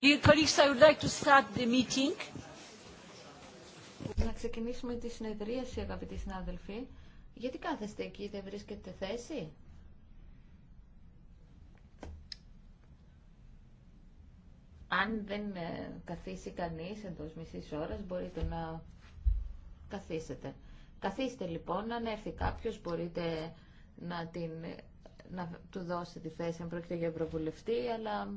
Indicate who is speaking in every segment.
Speaker 1: colleagues, I would Να ξεκινήσουμε τη συνεδρίαση, αγαπητοί συνάδελφοι. Γιατί κάθεστε εκεί, δεν βρίσκετε θέση. Αν δεν ε, καθίσει κανείς εντός μισής ώρας, μπορείτε να καθίσετε. Καθίστε λοιπόν, αν έρθει κάποιος, μπορείτε να, την, να του δώσετε τη θέση, αν πρόκειται για ευρωβουλευτή, αλλά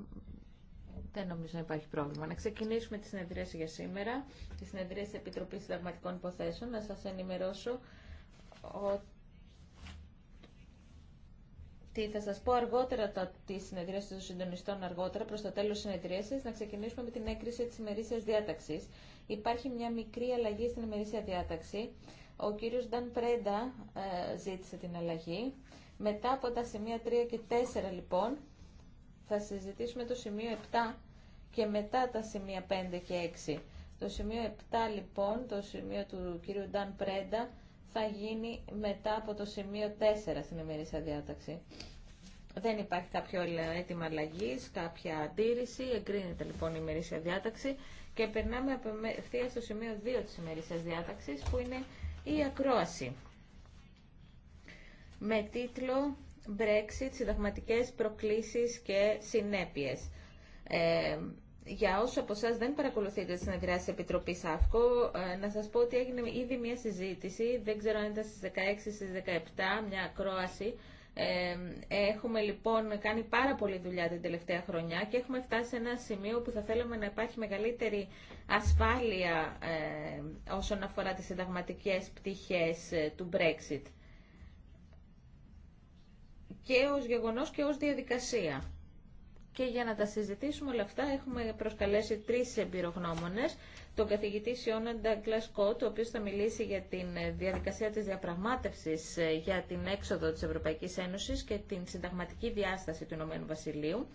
Speaker 1: δεν νομίζω να υπάρχει πρόβλημα. Να ξεκινήσουμε τη συνεδρίαση για σήμερα, τη συνεδρίαση τη Επιτροπή Συνταγματικών Υποθέσεων. Να σα ενημερώσω ότι θα σα πω αργότερα τα, τη συνεδρίαση των συντονιστών αργότερα, προ το τέλος της συνεδρίασης, να ξεκινήσουμε με την έκρηση τη ημερήσια διάταξη. Υπάρχει μια μικρή αλλαγή στην ημερήσια διάταξη. Ο κύριος Νταν Πρέντα ε, ζήτησε την αλλαγή. Μετά από τα σημεία 3 και 4 λοιπόν, θα συζητήσουμε το σημείο 7 και μετά τα σημεία 5 και 6. Το σημείο 7 λοιπόν, το σημείο του κύριου Νταν Πρέντα, θα γίνει μετά από το σημείο 4 στην ημερήσια διάταξη. Δεν υπάρχει κάποιο αίτημα αλλαγή, κάποια αντίρρηση. Εγκρίνεται λοιπόν η ημερήσια διάταξη και περνάμε απευθεία στο σημείο 2 της ημερήσια διάταξης, που είναι η ακρόαση. Με τίτλο Brexit, συνταγματικέ προκλήσεις και συνέπειες. Ε, για όσους από εσά δεν παρακολουθείτε τις συνεδριάσεις της Επιτροπής ΑΦΚΟ, ε, να σας πω ότι έγινε ήδη μια συζήτηση, δεν ξέρω αν ήταν στις 16, στις 17, μια ακρόαση. Ε, έχουμε λοιπόν κάνει πάρα πολλή δουλειά την τελευταία χρονιά και έχουμε φτάσει σε ένα σημείο που θα θέλαμε να υπάρχει μεγαλύτερη ασφάλεια ε, όσον αφορά τις συνταγματικές πτυχές ε, του Brexit και ως γεγονός και ως διαδικασία. Και για να τα συζητήσουμε όλα αυτά έχουμε προσκαλέσει τρεις εμπειρογνώμονες. Τον καθηγητή Σιώναντα Γκλασκότ, ο οποίος θα μιλήσει για τη ε, διαδικασία της διαπραγμάτευσης ε, για την έξοδο της Ευρωπαϊκής Ένωσης και την συνταγματική διάσταση του Ηνωμένου Βασιλείου.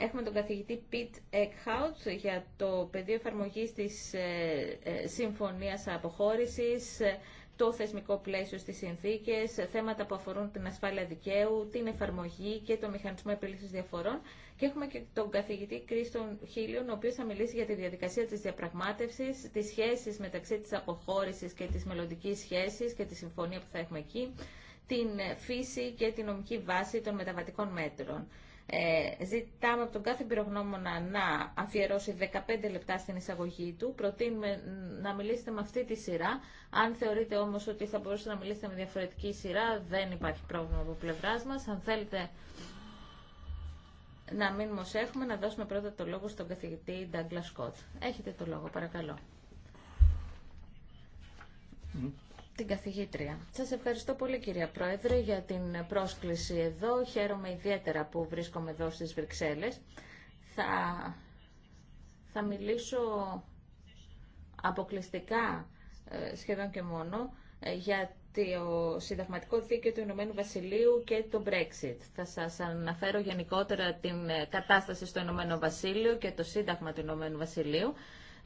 Speaker 1: Έχουμε τον καθηγητή Πιτ Εκχάουτ για το πεδίο εφαρμογής της ε, Συμφωνίας Αποχώρησης, το θεσμικό πλαίσιο στις συνθήκες, θέματα που αφορούν την ασφάλεια δικαίου, την εφαρμογή και το μηχανισμό επίλυσης διαφορών. Και έχουμε και τον καθηγητή Κρίστον Χίλιον, ο οποίος θα μιλήσει για τη διαδικασία της διαπραγμάτευσης, τις σχέσεις μεταξύ της αποχώρησης και της μελλοντική σχέσης και τη συμφωνία που θα έχουμε εκεί, την φύση και την νομική βάση των μεταβατικών μέτρων. Ε, ζητάμε από τον κάθε πυρογνώμονα να αφιερώσει 15 λεπτά στην εισαγωγή του. Προτείνουμε να μιλήσετε με αυτή τη σειρά. Αν θεωρείτε όμως ότι θα μπορούσατε να μιλήσετε με διαφορετική σειρά, δεν υπάρχει πρόβλημα από πλευρά μας. Αν θέλετε να μην μας έχουμε, να δώσουμε πρώτα το λόγο στον καθηγητή Ντάγκλα Σκότ. Έχετε το λόγο, παρακαλώ την καθηγήτρια. Σας ευχαριστώ πολύ κυρία Πρόεδρε για την πρόσκληση εδώ. Χαίρομαι ιδιαίτερα που βρίσκομαι εδώ στις Βρυξέλλες. Θα, θα μιλήσω αποκλειστικά ε, σχεδόν και μόνο ε, για το συνταγματικό δίκαιο του Ηνωμένου Βασιλείου και το Brexit. Θα σας αναφέρω γενικότερα την ε, κατάσταση στο Ηνωμένο Βασίλειο και το σύνταγμα του Ηνωμένου Βασιλείου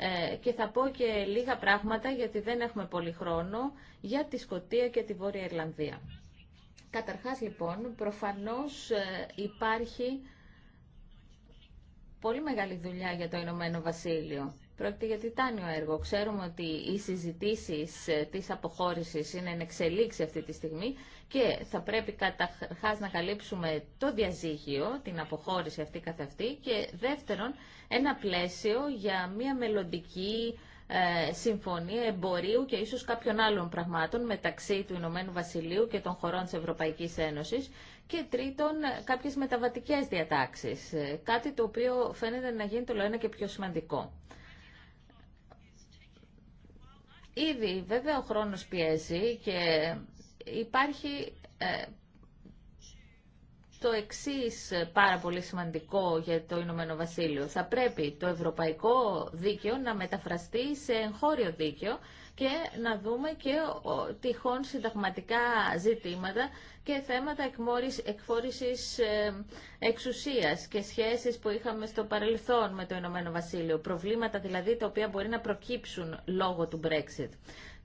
Speaker 1: ε, και θα πω και λίγα πράγματα, γιατί δεν έχουμε πολύ χρόνο, για τη Σκοτία και τη Βόρεια Ιρλανδία. Καταρχάς, λοιπόν, προφανώς ε, υπάρχει πολύ μεγάλη δουλειά για το Ηνωμένο Βασίλειο. Πρόκειται για τιτάνιο έργο. Ξέρουμε ότι οι συζητήσεις ε, της αποχώρησης είναι εν εξελίξη αυτή τη στιγμή και θα πρέπει καταρχά να καλύψουμε το διαζύγιο, την αποχώρηση αυτή καθ' αυτή και δεύτερον ένα πλαίσιο για μια μελλοντική ε, συμφωνία εμπορίου και ίσως κάποιων άλλων πραγμάτων μεταξύ του Ηνωμένου Βασιλείου και των χωρών της Ευρωπαϊκής Ένωσης και τρίτον ε, κάποιες μεταβατικές διατάξεις, ε, κάτι το οποίο φαίνεται να γίνεται το ένα και πιο σημαντικό. Ήδη βέβαια ο χρόνος πιέζει και υπάρχει ε, το εξής πάρα πολύ σημαντικό για το Ηνωμένο Βασίλειο. Θα πρέπει το ευρωπαϊκό δίκαιο να μεταφραστεί σε εγχώριο δίκαιο και να δούμε και τυχόν συνταγματικά ζητήματα και θέματα εκφόρησης ε, εξουσίας και σχέσεις που είχαμε στο παρελθόν με το Ηνωμένο Βασίλειο. Προβλήματα δηλαδή τα οποία μπορεί να προκύψουν λόγω του Brexit.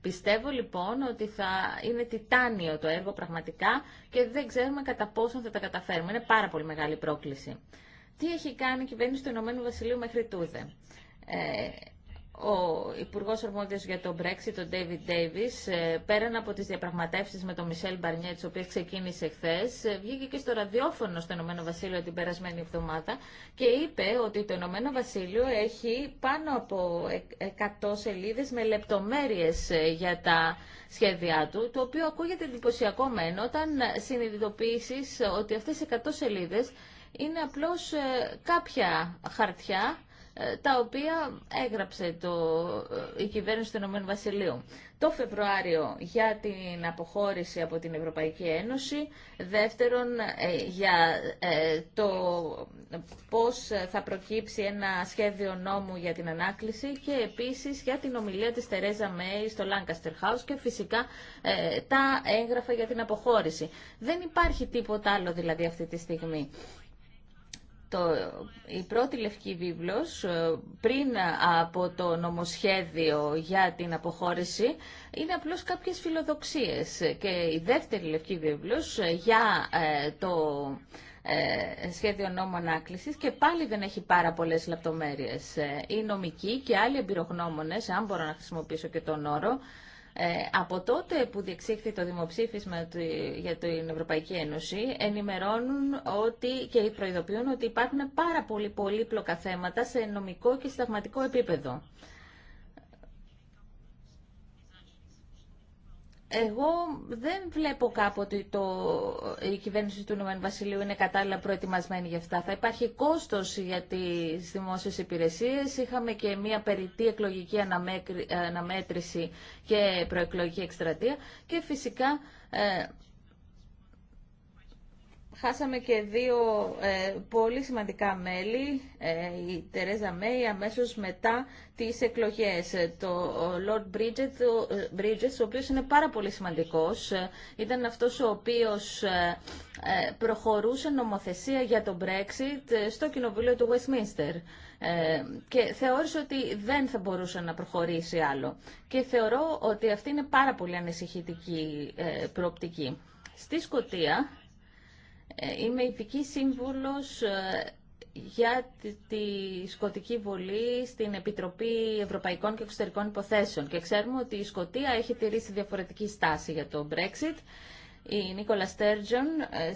Speaker 1: Πιστεύω λοιπόν ότι θα είναι τιτάνιο το έργο πραγματικά και δεν ξέρουμε κατά πόσον θα τα καταφέρουμε. Είναι πάρα πολύ μεγάλη πρόκληση. Τι έχει κάνει η κυβέρνηση του Ηνωμένου Βασιλείου μέχρι τούδε. Ε, ο Υπουργό Ορμόδιο για τον Brexit, ο David Davis, ε, πέραν από τι διαπραγματεύσει με τον Μισελ Μπαρνιέ, τι οποίε ξεκίνησε χθε, ε, βγήκε και στο ραδιόφωνο στο Ηνωμένο Βασίλειο την περασμένη εβδομάδα και είπε ότι το Ηνωμένο Βασίλειο έχει πάνω από 100 σελίδε με λεπτομέρειε ε, για τα σχέδιά του, το οποίο ακούγεται εντυπωσιακό μεν όταν συνειδητοποιήσει ότι αυτέ οι 100 σελίδε είναι απλώς κάποια χαρτιά ε, τα οποία έγραψε το, ε, η κυβέρνηση του Ηνωμένου Βασιλείου. Το Φεβρουάριο για την αποχώρηση από την Ευρωπαϊκή Ένωση, δεύτερον ε, για το πώς θα προκύψει ένα σχέδιο νόμου για την ανάκληση και επίσης για την ομιλία της Τερέζα Μέη στο Lancaster House και φυσικά τα έγγραφα για την αποχώρηση. Δεν υπάρχει τίποτα άλλο δηλαδή αυτή τη στιγμή το, η πρώτη λευκή βίβλος ε, πριν από το νομοσχέδιο για την αποχώρηση είναι απλώς κάποιες φιλοδοξίες και η δεύτερη λευκή βίβλος ε, για ε, το σχέδιο νόμου ανάκλησης και πάλι δεν έχει πάρα πολλές λεπτομέρειες. Οι νομικοί και άλλοι εμπειρογνώμονες, αν μπορώ να χρησιμοποιήσω και τον όρο, ε, από τότε που διεξήχθη το δημοψήφισμα για την Ευρωπαϊκή Ένωση ενημερώνουν ότι και προειδοποιούν ότι υπάρχουν πάρα πολύ πολύπλοκα θέματα σε νομικό και συνταγματικό επίπεδο. Εγώ δεν βλέπω κάπου ότι η κυβέρνηση του Νομένου Βασιλείου είναι κατάλληλα προετοιμασμένη για αυτά. Θα υπάρχει κόστος για τις δημόσιες υπηρεσίες. Είχαμε και μια περιττή εκλογική αναμέτρηση και προεκλογική εκστρατεία. Και φυσικά ε, Χάσαμε και δύο ε, πολύ σημαντικά μέλη, ε, η Τερέζα Μέη αμέσως μετά τις εκλογές. Το Λόρτ Lord ο, ε, ο οποίος είναι πάρα πολύ σημαντικός, ήταν αυτός ο οποίος προχωρούσε νομοθεσία για το Brexit στο κοινοβούλιο του Westminster. Και θεώρησε ότι δεν θα μπορούσε να προχωρήσει άλλο. Και θεωρώ ότι αυτή είναι πάρα πολύ ανησυχητική προοπτική. Στη Σκοτία ε, είμαι ειδική σύμβουλος ε, για τη σκοτική βολή στην Επιτροπή Ευρωπαϊκών και Εξωτερικών Υποθέσεων και ξέρουμε ότι η Σκοτία έχει τηρήσει διαφορετική στάση για το Brexit. Η Νίκολα Στέρτζον, ε,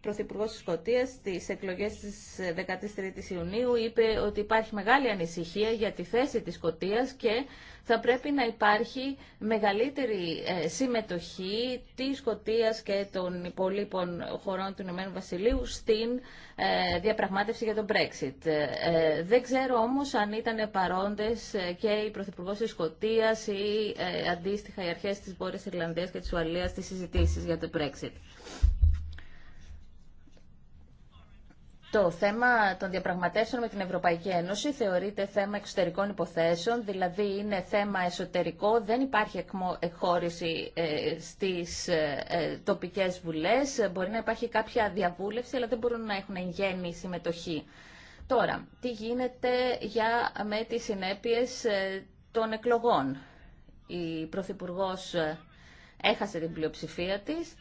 Speaker 1: Πρωθυπουργό τη Σκωτία στι εκλογέ τη 13η Ιουνίου είπε ότι υπάρχει μεγάλη ανησυχία για τη θέση της Σκωτία και θα πρέπει να υπάρχει μεγαλύτερη ε, συμμετοχή τη Σκωτία και των υπολείπων χωρών του Ηνωμένου Βασιλείου στην ε, διαπραγμάτευση για τον Brexit. Ε, δεν ξέρω όμω αν ήταν παρόντε και η Πρωθυπουργό τη Σκωτία ή αντίστοιχα οι αρχέ τη Βόρεια Ιρλανδία και τη Ουαλία στι συζητήσει για τον Brexit. Το θέμα των διαπραγματεύσεων με την Ευρωπαϊκή Ένωση θεωρείται θέμα εξωτερικών υποθέσεων, δηλαδή είναι θέμα εσωτερικό, δεν υπάρχει εκχώρηση ε, στις ε, ε, τοπικές βουλές, μπορεί να υπάρχει κάποια διαβούλευση, αλλά δεν μπορούν να έχουν γέννη συμμετοχή. Τώρα, τι γίνεται για, με τις συνέπειες των εκλογών. Η Πρωθυπουργός έχασε την πλειοψηφία της,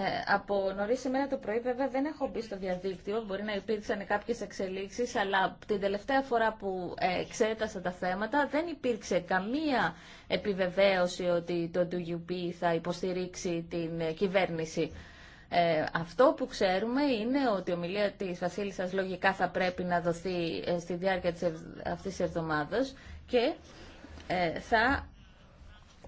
Speaker 1: Ε, από νωρί σήμερα το πρωί βέβαια δεν έχω μπει στο διαδίκτυο, μπορεί να υπήρξαν κάποιες εξελίξεις, αλλά την τελευταία φορά που ε, εξέτασα τα θέματα δεν υπήρξε καμία επιβεβαίωση ότι το DUP θα υποστηρίξει την ε, κυβέρνηση. αυτό που ξέρουμε είναι ότι η ομιλία τη Βασίλισσας λογικά θα πρέπει να δοθεί στη διάρκεια αυτής της εβδομάδας και θα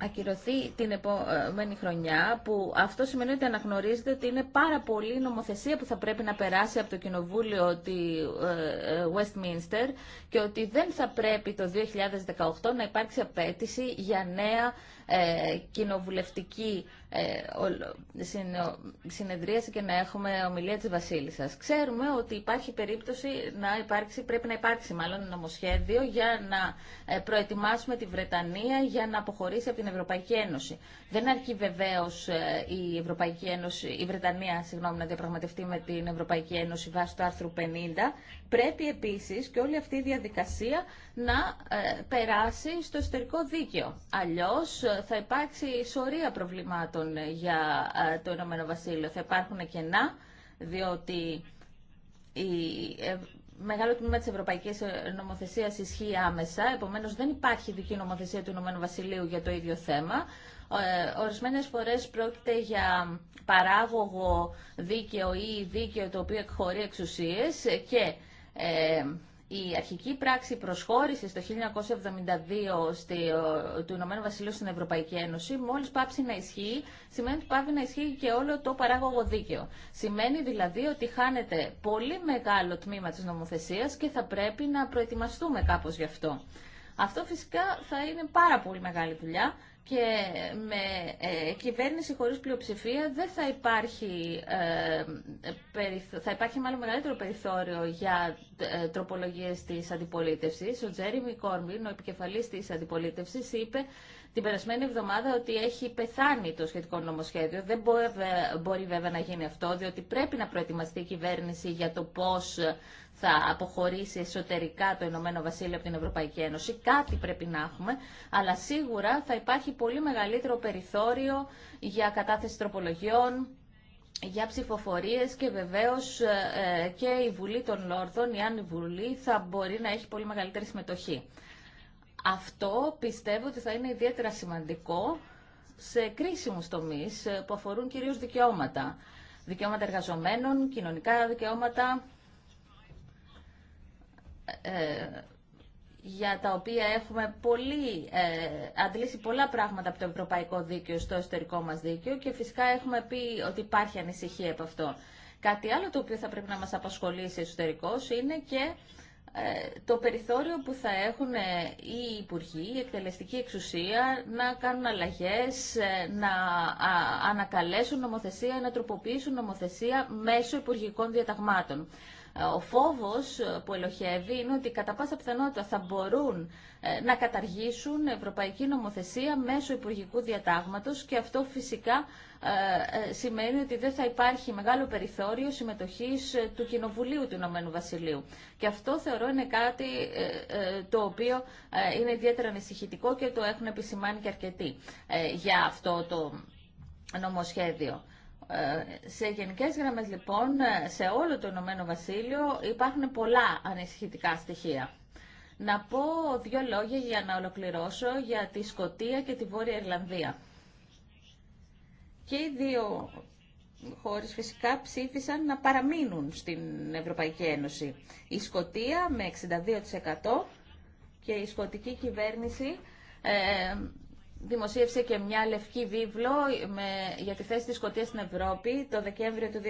Speaker 1: ακυρωθεί την επόμενη χρονιά, που αυτό σημαίνει ότι αναγνωρίζεται ότι είναι πάρα πολύ νομοθεσία που θα πρέπει να περάσει από το Κοινοβούλιο τη ε, ε, Westminster και ότι δεν θα πρέπει το 2018 να υπάρξει απέτηση για νέα ε, κοινοβουλευτική ε, συνεδρίαση και να έχουμε ομιλία της Βασίλισσας. Ξέρουμε ότι υπάρχει περίπτωση να υπάρξει, πρέπει να υπάρξει μάλλον νομοσχέδιο για να ε, προετοιμάσουμε τη Βρετανία για να αποχωρήσει από την Ευρωπαϊκή Ένωση. Δεν αρκεί βεβαίω ε, η Ευρωπαϊκή Ένωση, η Βρετανία συγγνώμη, να διαπραγματευτεί με την Ευρωπαϊκή Ένωση βάσει του άρθρου 50. Πρέπει επίση και όλη αυτή η διαδικασία να περάσει στο εσωτερικό δίκαιο. Αλλιώ θα υπάρξει σωρία προβλημάτων για ε, το Ηνωμένο Βασίλειο. Θα υπάρχουν κενά, διότι η ε, μεγάλο τμήμα τη Ευρωπαϊκής ε, Νομοθεσίας ισχύει άμεσα, επομένως δεν υπάρχει δική νομοθεσία του Ηνωμένου Βασιλείου για το ίδιο θέμα. Ορισμένε φορές πρόκειται για παράγωγο δίκαιο ή δίκαιο το οποίο εκχωρεί εξουσίες και η αρχική πράξη προσχώρηση το 1972 στη, του Ηνωμένου Βασιλείου στην Ευρωπαϊκή Ένωση, μόλις πάψει να ισχύει, σημαίνει ότι πάβει να ισχύει και όλο το παράγωγο δίκαιο. Σημαίνει δηλαδή ότι χάνεται πολύ μεγάλο τμήμα της νομοθεσίας και θα πρέπει να προετοιμαστούμε κάπως γι' αυτό. Αυτό φυσικά θα είναι πάρα πολύ μεγάλη δουλειά και με ε, κυβέρνηση χωρίς πλειοψηφία δεν θα υπάρχει, ε, θα υπάρχει μάλλον μεγαλύτερο περιθώριο για ε, τροπολογίες της αντιπολίτευσης. Ο Τζέριμι Κόρμπιν, ο επικεφαλής της αντιπολίτευσης, είπε την περασμένη εβδομάδα ότι έχει πεθάνει το σχετικό νομοσχέδιο. Δεν μπορεί βέβαια να γίνει αυτό, διότι πρέπει να προετοιμαστεί η κυβέρνηση για το πώς θα αποχωρήσει εσωτερικά το Ηνωμένο Βασίλειο από την Ευρωπαϊκή Ένωση. Κάτι πρέπει να έχουμε, αλλά σίγουρα θα υπάρχει πολύ μεγαλύτερο περιθώριο για κατάθεση τροπολογιών, για ψηφοφορίες και βεβαίως ε, ε, και η Βουλή των Λόρδων, η Άννη Βουλή, θα μπορεί να έχει πολύ μεγαλύτερη συμμετοχή. Αυτό πιστεύω ότι θα είναι ιδιαίτερα σημαντικό σε κρίσιμους τομείς ε, που αφορούν κυρίως δικαιώματα. Δικαιώματα εργαζομένων, κοινωνικά δικαιώματα, ε, για τα οποία έχουμε πολύ, ε, αντλήσει πολλά πράγματα από το ευρωπαϊκό δίκαιο στο εσωτερικό μας δίκαιο και φυσικά έχουμε πει ότι υπάρχει ανησυχία από αυτό. Κάτι άλλο το οποίο θα πρέπει να μας απασχολήσει εσωτερικώς είναι και ε, το περιθώριο που θα έχουν ε, οι υπουργοί, η εκτελεστική εξουσία, να κάνουν αλλαγές, ε, να ανακαλέσουν νομοθεσία, να τροποποιήσουν νομοθεσία μέσω υπουργικών διαταγμάτων. Ε, ο φόβος ε, που ελοχεύει είναι ότι κατά πάσα πιθανότητα θα μπορούν ε, να καταργήσουν ευρωπαϊκή νομοθεσία μέσω υπουργικού διατάγματος και αυτό φυσικά σημαίνει ότι δεν θα υπάρχει μεγάλο περιθώριο συμμετοχής του Κοινοβουλίου του Ηνωμένου Βασιλείου. Και αυτό θεωρώ είναι κάτι το οποίο είναι ιδιαίτερα ανησυχητικό και το έχουν επισημάνει και αρκετοί για αυτό το νομοσχέδιο. Ε, σε γενικές γραμμές λοιπόν, ε, σε όλο το Ηνωμένο Βασίλειο υπάρχουν πολλά ανησυχητικά στοιχεία. Να πω δύο λόγια για να ολοκληρώσω για τη Σκοτία και τη Βόρεια Ιρλανδία. Και οι δύο χώρες φυσικά ψήφισαν να παραμείνουν στην Ευρωπαϊκή Ένωση. Η Σκοτία με 62% και η σκοτική κυβέρνηση ε, δημοσίευσε και μια λευκή βίβλο με, για τη θέση της Σκωτίας στην Ευρώπη το Δεκέμβριο του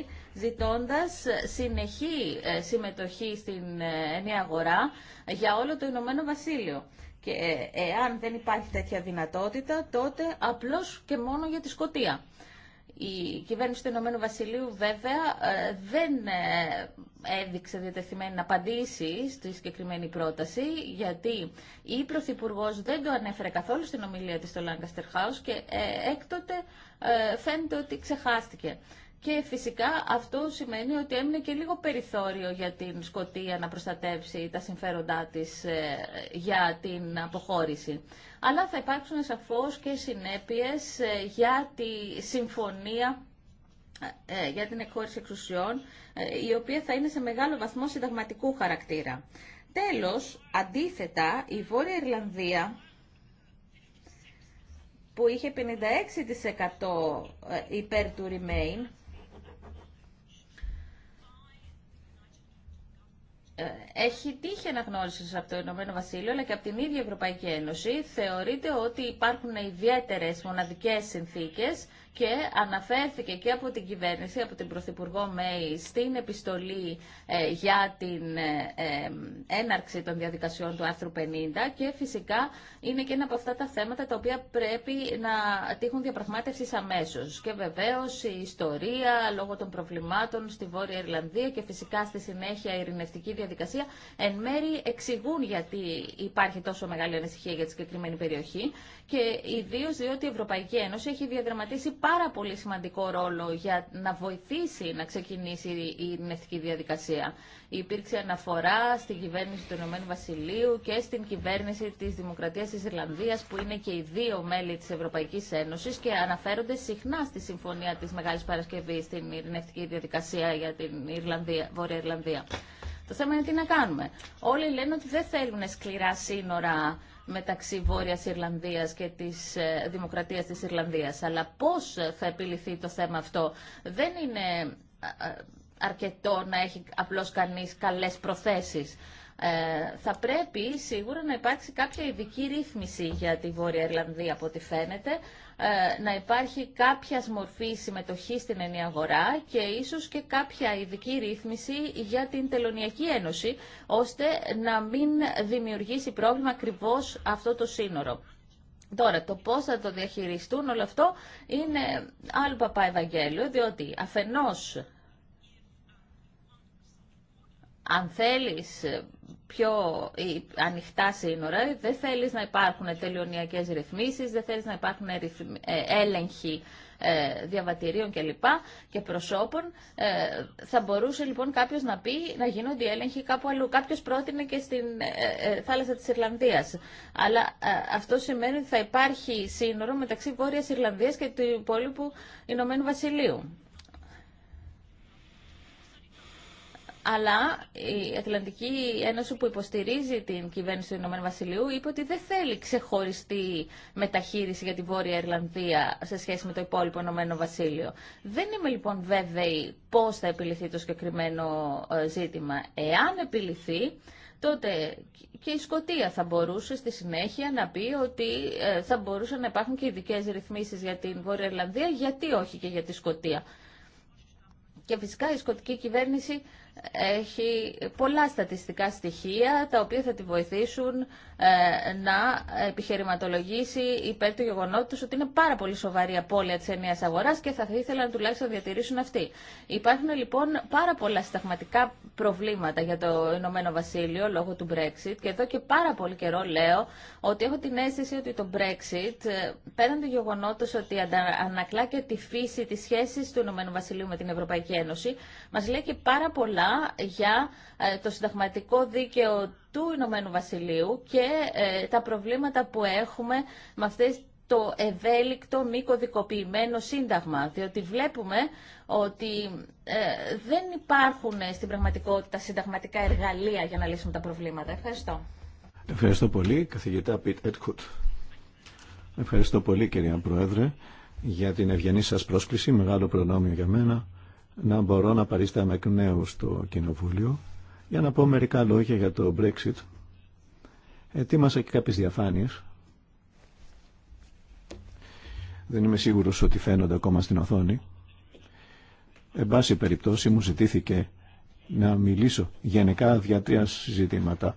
Speaker 1: 2016, ζητώντας συνεχή ε, συμμετοχή στην ε, νέα αγορά για όλο το Ηνωμένο Βασίλειο. Και ε, εάν δεν υπάρχει τέτοια δυνατότητα, τότε απλώς και μόνο για τη σκοτία. Η κυβέρνηση του Ηνωμένου Βασιλείου βέβαια ε, δεν ε, έδειξε διατεθειμένη να απαντήσει στη συγκεκριμένη πρόταση γιατί η Πρωθυπουργό δεν το ανέφερε καθόλου στην ομιλία της στο Lancaster House και ε, έκτοτε φαίνεται ότι ξεχάστηκε. Και φυσικά αυτό σημαίνει ότι έμεινε και λίγο περιθώριο για την Σκοτία να προστατεύσει τα συμφέροντά της για την αποχώρηση αλλά θα υπάρξουν σαφώς και συνέπειες ε, για τη συμφωνία ε, ε, για την εκχώρηση εξουσιών, η οποία θα είναι σε μεγάλο βαθμό συνταγματικού χαρακτήρα. Τέλος, αντίθετα, η Βόρεια Ιρλανδία, που είχε 56% υπέρ του Remain, Ε, έχει τύχει αναγνώριση από το Ηνωμένο Βασίλειο αλλά και από την ίδια Ευρωπαϊκή Ένωση. Θεωρείται ότι υπάρχουν ιδιαίτερε μοναδικές συνθήκες και αναφέρθηκε και από την κυβέρνηση, από την Πρωθυπουργό Μέη στην επιστολή ε, για την ε, ε, έναρξη των διαδικασιών του άρθρου 50 και φυσικά είναι και ένα από αυτά τα θέματα τα οποία πρέπει να τύχουν διαπραγμάτευση αμέσω. Και βεβαίω η ιστορία λόγω των προβλημάτων στη Βόρεια Ιρλανδία και φυσικά στη συνέχεια η ειρηνευτική διαδικασία εν μέρη εξηγούν γιατί υπάρχει τόσο μεγάλη ανησυχία για τη συγκεκριμένη περιοχή και ιδίω διότι η Ευρωπαϊκή Ένωση έχει διαδραματίσει πάρα πολύ σημαντικό ρόλο για να βοηθήσει να ξεκινήσει η ειρηνευτική διαδικασία. Υπήρξε αναφορά στην κυβέρνηση του Ηνωμένου Βασιλείου και στην κυβέρνηση τη Δημοκρατία τη Ιρλανδία, που είναι και οι δύο μέλη τη Ευρωπαϊκή Ένωση και αναφέρονται συχνά στη Συμφωνία τη μεγάλη παρασκευή στην ειρηνευτική διαδικασία για την Ιρλανδία, Βόρεια Ιρλανδία. Το θέμα είναι τι να κάνουμε. Όλοι λένε ότι δεν θέλουν σκληρά σύνορα μεταξύ Βόρειας Ιρλανδίας και της ε, Δημοκρατίας της Ιρλανδίας. Αλλά πώς θα επιληθεί το θέμα αυτό. Δεν είναι ε, αρκετό να έχει απλώς κανείς καλές προθέσεις. Ε, θα πρέπει σίγουρα να υπάρξει κάποια ειδική ρύθμιση για τη Βόρεια Ιρλανδία από ό,τι φαίνεται, ε, να υπάρχει κάποια μορφή συμμετοχή στην ενιαγορά αγορά και ίσως και κάποια ειδική ρύθμιση για την Τελωνιακή Ένωση, ώστε να μην δημιουργήσει πρόβλημα ακριβώ αυτό το σύνορο. Τώρα, το πώ θα το διαχειριστούν όλο αυτό είναι άλλο παπά Ευαγγέλιο, διότι αφενός αν θέλεις ε, πιο ε, ανοιχτά σύνορα, δεν θέλεις να υπάρχουν τελειωνιακές ρυθμίσεις, δεν θέλεις να υπάρχουν ε, έλεγχοι διαβατηρίων κλπ. και προσώπων. Θα μπορούσε λοιπόν κάποιος να πει να γίνονται έλεγχοι κάπου αλλού. Κάποιο πρότεινε και στην θάλασσα της Ιρλανδίας. Αλλά αυτό σημαίνει ότι θα υπάρχει σύνορο μεταξύ Βόρειας Ιρλανδίας και του υπόλοιπου Ηνωμένου Βασιλείου. αλλά η Ατλαντική Ένωση που υποστηρίζει την κυβέρνηση του Ηνωμένου Βασιλείου είπε ότι δεν θέλει ξεχωριστή μεταχείριση για τη Βόρεια Ιρλανδία σε σχέση με το υπόλοιπο Ηνωμένο Βασίλειο. Δεν είμαι λοιπόν βέβαιη πώς θα επιληθεί το συγκεκριμένο ε, ζήτημα. Εάν επιληθεί, τότε και η Σκοτία θα μπορούσε στη συνέχεια να πει ότι ε, θα μπορούσαν να υπάρχουν και ειδικέ ρυθμίσεις για την Βόρεια Ιρλανδία, γιατί όχι και για τη Σκοτία. Και φυσικά η σκοτική κυβέρνηση έχει πολλά στατιστικά στοιχεία τα οποία θα τη βοηθήσουν ε, να επιχειρηματολογήσει υπέρ του γεγονότος ότι είναι πάρα πολύ σοβαρή απώλεια της ενιαίας αγοράς και θα ήθελαν τουλάχιστον να διατηρήσουν αυτή. Υπάρχουν λοιπόν πάρα πολλά συνταγματικά προβλήματα για το Ηνωμένο Βασίλειο λόγω του Brexit και εδώ και πάρα πολύ καιρό λέω ότι έχω την αίσθηση ότι το Brexit ε, πέραν του γεγονότος ότι ανακλά και τη φύση της σχέσης του Ηνωμένου Βασιλείου με την Ευρωπαϊκή Ένωση μας λέει και πάρα πολλά για ε, το συνταγματικό δίκαιο του Ηνωμένου Βασιλείου και ε, τα προβλήματα που έχουμε με αυτές το ευέλικτο μη κωδικοποιημένο σύνταγμα, διότι βλέπουμε ότι ε, δεν υπάρχουν στην πραγματικότητα συνταγματικά εργαλεία για να λύσουμε τα προβλήματα. Ευχαριστώ.
Speaker 2: Ευχαριστώ πολύ, καθηγητά Πιτ Έτκουτ. Ευχαριστώ πολύ, κυρία Πρόεδρε, για την ευγενή σας πρόσκληση, μεγάλο προνόμιο για μένα να μπορώ να παρίσταμαι εκ νέου στο Κοινοβούλιο για να πω μερικά λόγια για το Brexit. Ετοίμασα και κάποιες διαφάνειες. Δεν είμαι σίγουρος ότι φαίνονται ακόμα στην οθόνη. Εν πάση περιπτώσει μου ζητήθηκε να μιλήσω γενικά για τρία ζητήματα.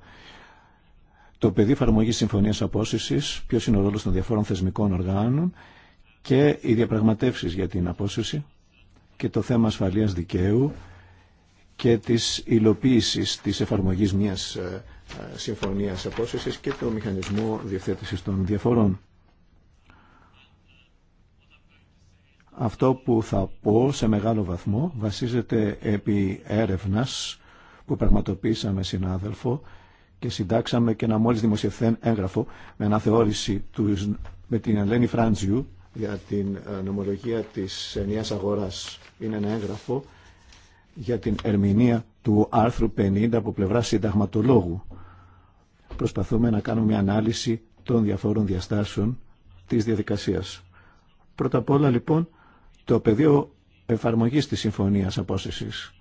Speaker 2: Το πεδίο εφαρμογή συμφωνία απόσυρση, ποιο είναι ο ρόλο των διαφόρων θεσμικών οργάνων και οι διαπραγματεύσει για την απόσυρση και το θέμα ασφαλείας δικαίου και της υλοποίηση της εφαρμογής μιας ε, ε, συμφωνίας απόσυσης και το μηχανισμό διευθέτησης των διαφορών. Αυτό που θα πω σε μεγάλο βαθμό βασίζεται επί έρευνας που πραγματοποίησαμε συνάδελφο και συντάξαμε και ένα μόλις δημοσιευθέν έγγραφο με αναθεώρηση του, με την Ελένη Φράντζιου για την ε, νομολογία της ενιαίας αγοράς. Είναι ένα έγγραφο για την ερμηνεία του άρθρου 50 από πλευρά συνταγματολόγου. Προσπαθούμε να κάνουμε μια ανάλυση των διαφόρων διαστάσεων της διαδικασίας. Πρώτα απ' όλα λοιπόν το πεδίο εφαρμογής της Συμφωνίας Απόσυσης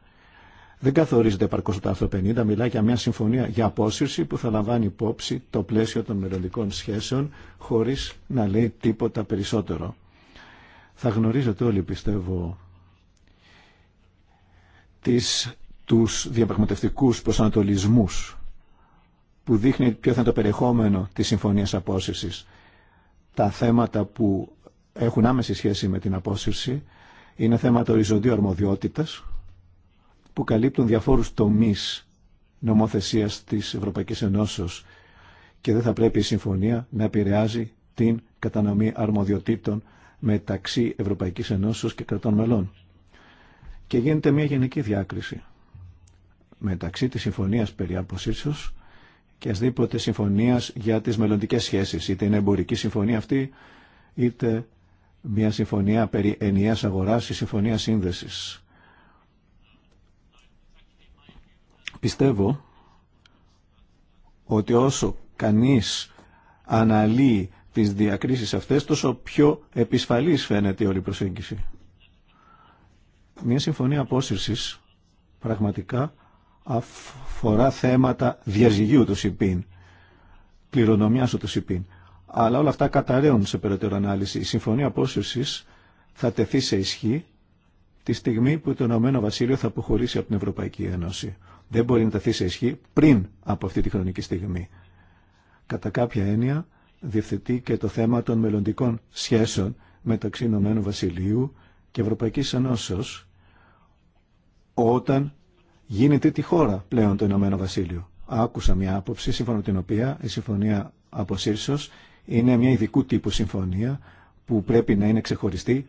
Speaker 2: δεν καθορίζεται επαρκώ το άρθρο 50, μιλάει για μια συμφωνία για απόσυρση που θα λαμβάνει υπόψη το πλαίσιο των μελλοντικών σχέσεων χωρί να λέει τίποτα περισσότερο. Θα γνωρίζετε όλοι, πιστεύω, τις, τους διαπραγματευτικούς προσανατολισμούς που δείχνει ποιο θα είναι το περιεχόμενο της συμφωνίας απόσυρσης. Τα θέματα που έχουν άμεση σχέση με την απόσυρση είναι θέματα οριζοντίου αρμοδιότητας, που καλύπτουν διαφόρους τομείς νομοθεσίας της Ευρωπαϊκής Ενώσεως και δεν θα πρέπει η συμφωνία να επηρεάζει την κατανομή αρμοδιοτήτων μεταξύ Ευρωπαϊκής Ενώσεως και κρατών μελών. Και γίνεται μια γενική διάκριση μεταξύ της συμφωνίας περί αποσύρσεως και ασδήποτε συμφωνίας για τις μελλοντικές σχέσεις, είτε είναι εμπορική συμφωνία αυτή, είτε μια συμφωνία περί ενιαίας αγοράς ή συμφωνία σύνδεσης. Πιστεύω ότι όσο κανείς αναλύει τις διακρίσεις αυτές, τόσο πιο επισφαλής φαίνεται η όλη προσέγγιση. Μια συμφωνία απόσυρσης πραγματικά αφορά θέματα διαζυγίου του ΣΥΠΗΝ, κληρονομιάς του ΣΥΠΗΝ. Αλλά όλα αυτά καταραίουν σε περαιτέρω ανάλυση. Η συμφωνία απόσυρσης θα τεθεί σε ισχύ τη στιγμή που το Ηνωμένο Βασίλειο θα αποχωρήσει από την Ευρωπαϊκή Ένωση δεν μπορεί να τεθεί σε ισχύ πριν από αυτή τη χρονική στιγμή. Κατά κάποια έννοια, διευθετεί και το θέμα των μελλοντικών σχέσεων μεταξύ Ηνωμένου Βασιλείου και Ευρωπαϊκής Ενώσεως όταν γίνεται τη χώρα πλέον το Ηνωμένο Βασίλειο. Άκουσα μια άποψη σύμφωνα με την οποία η συμφωνία από ΣΥΡΣΟΣ είναι μια ειδικού τύπου συμφωνία που πρέπει να είναι ξεχωριστή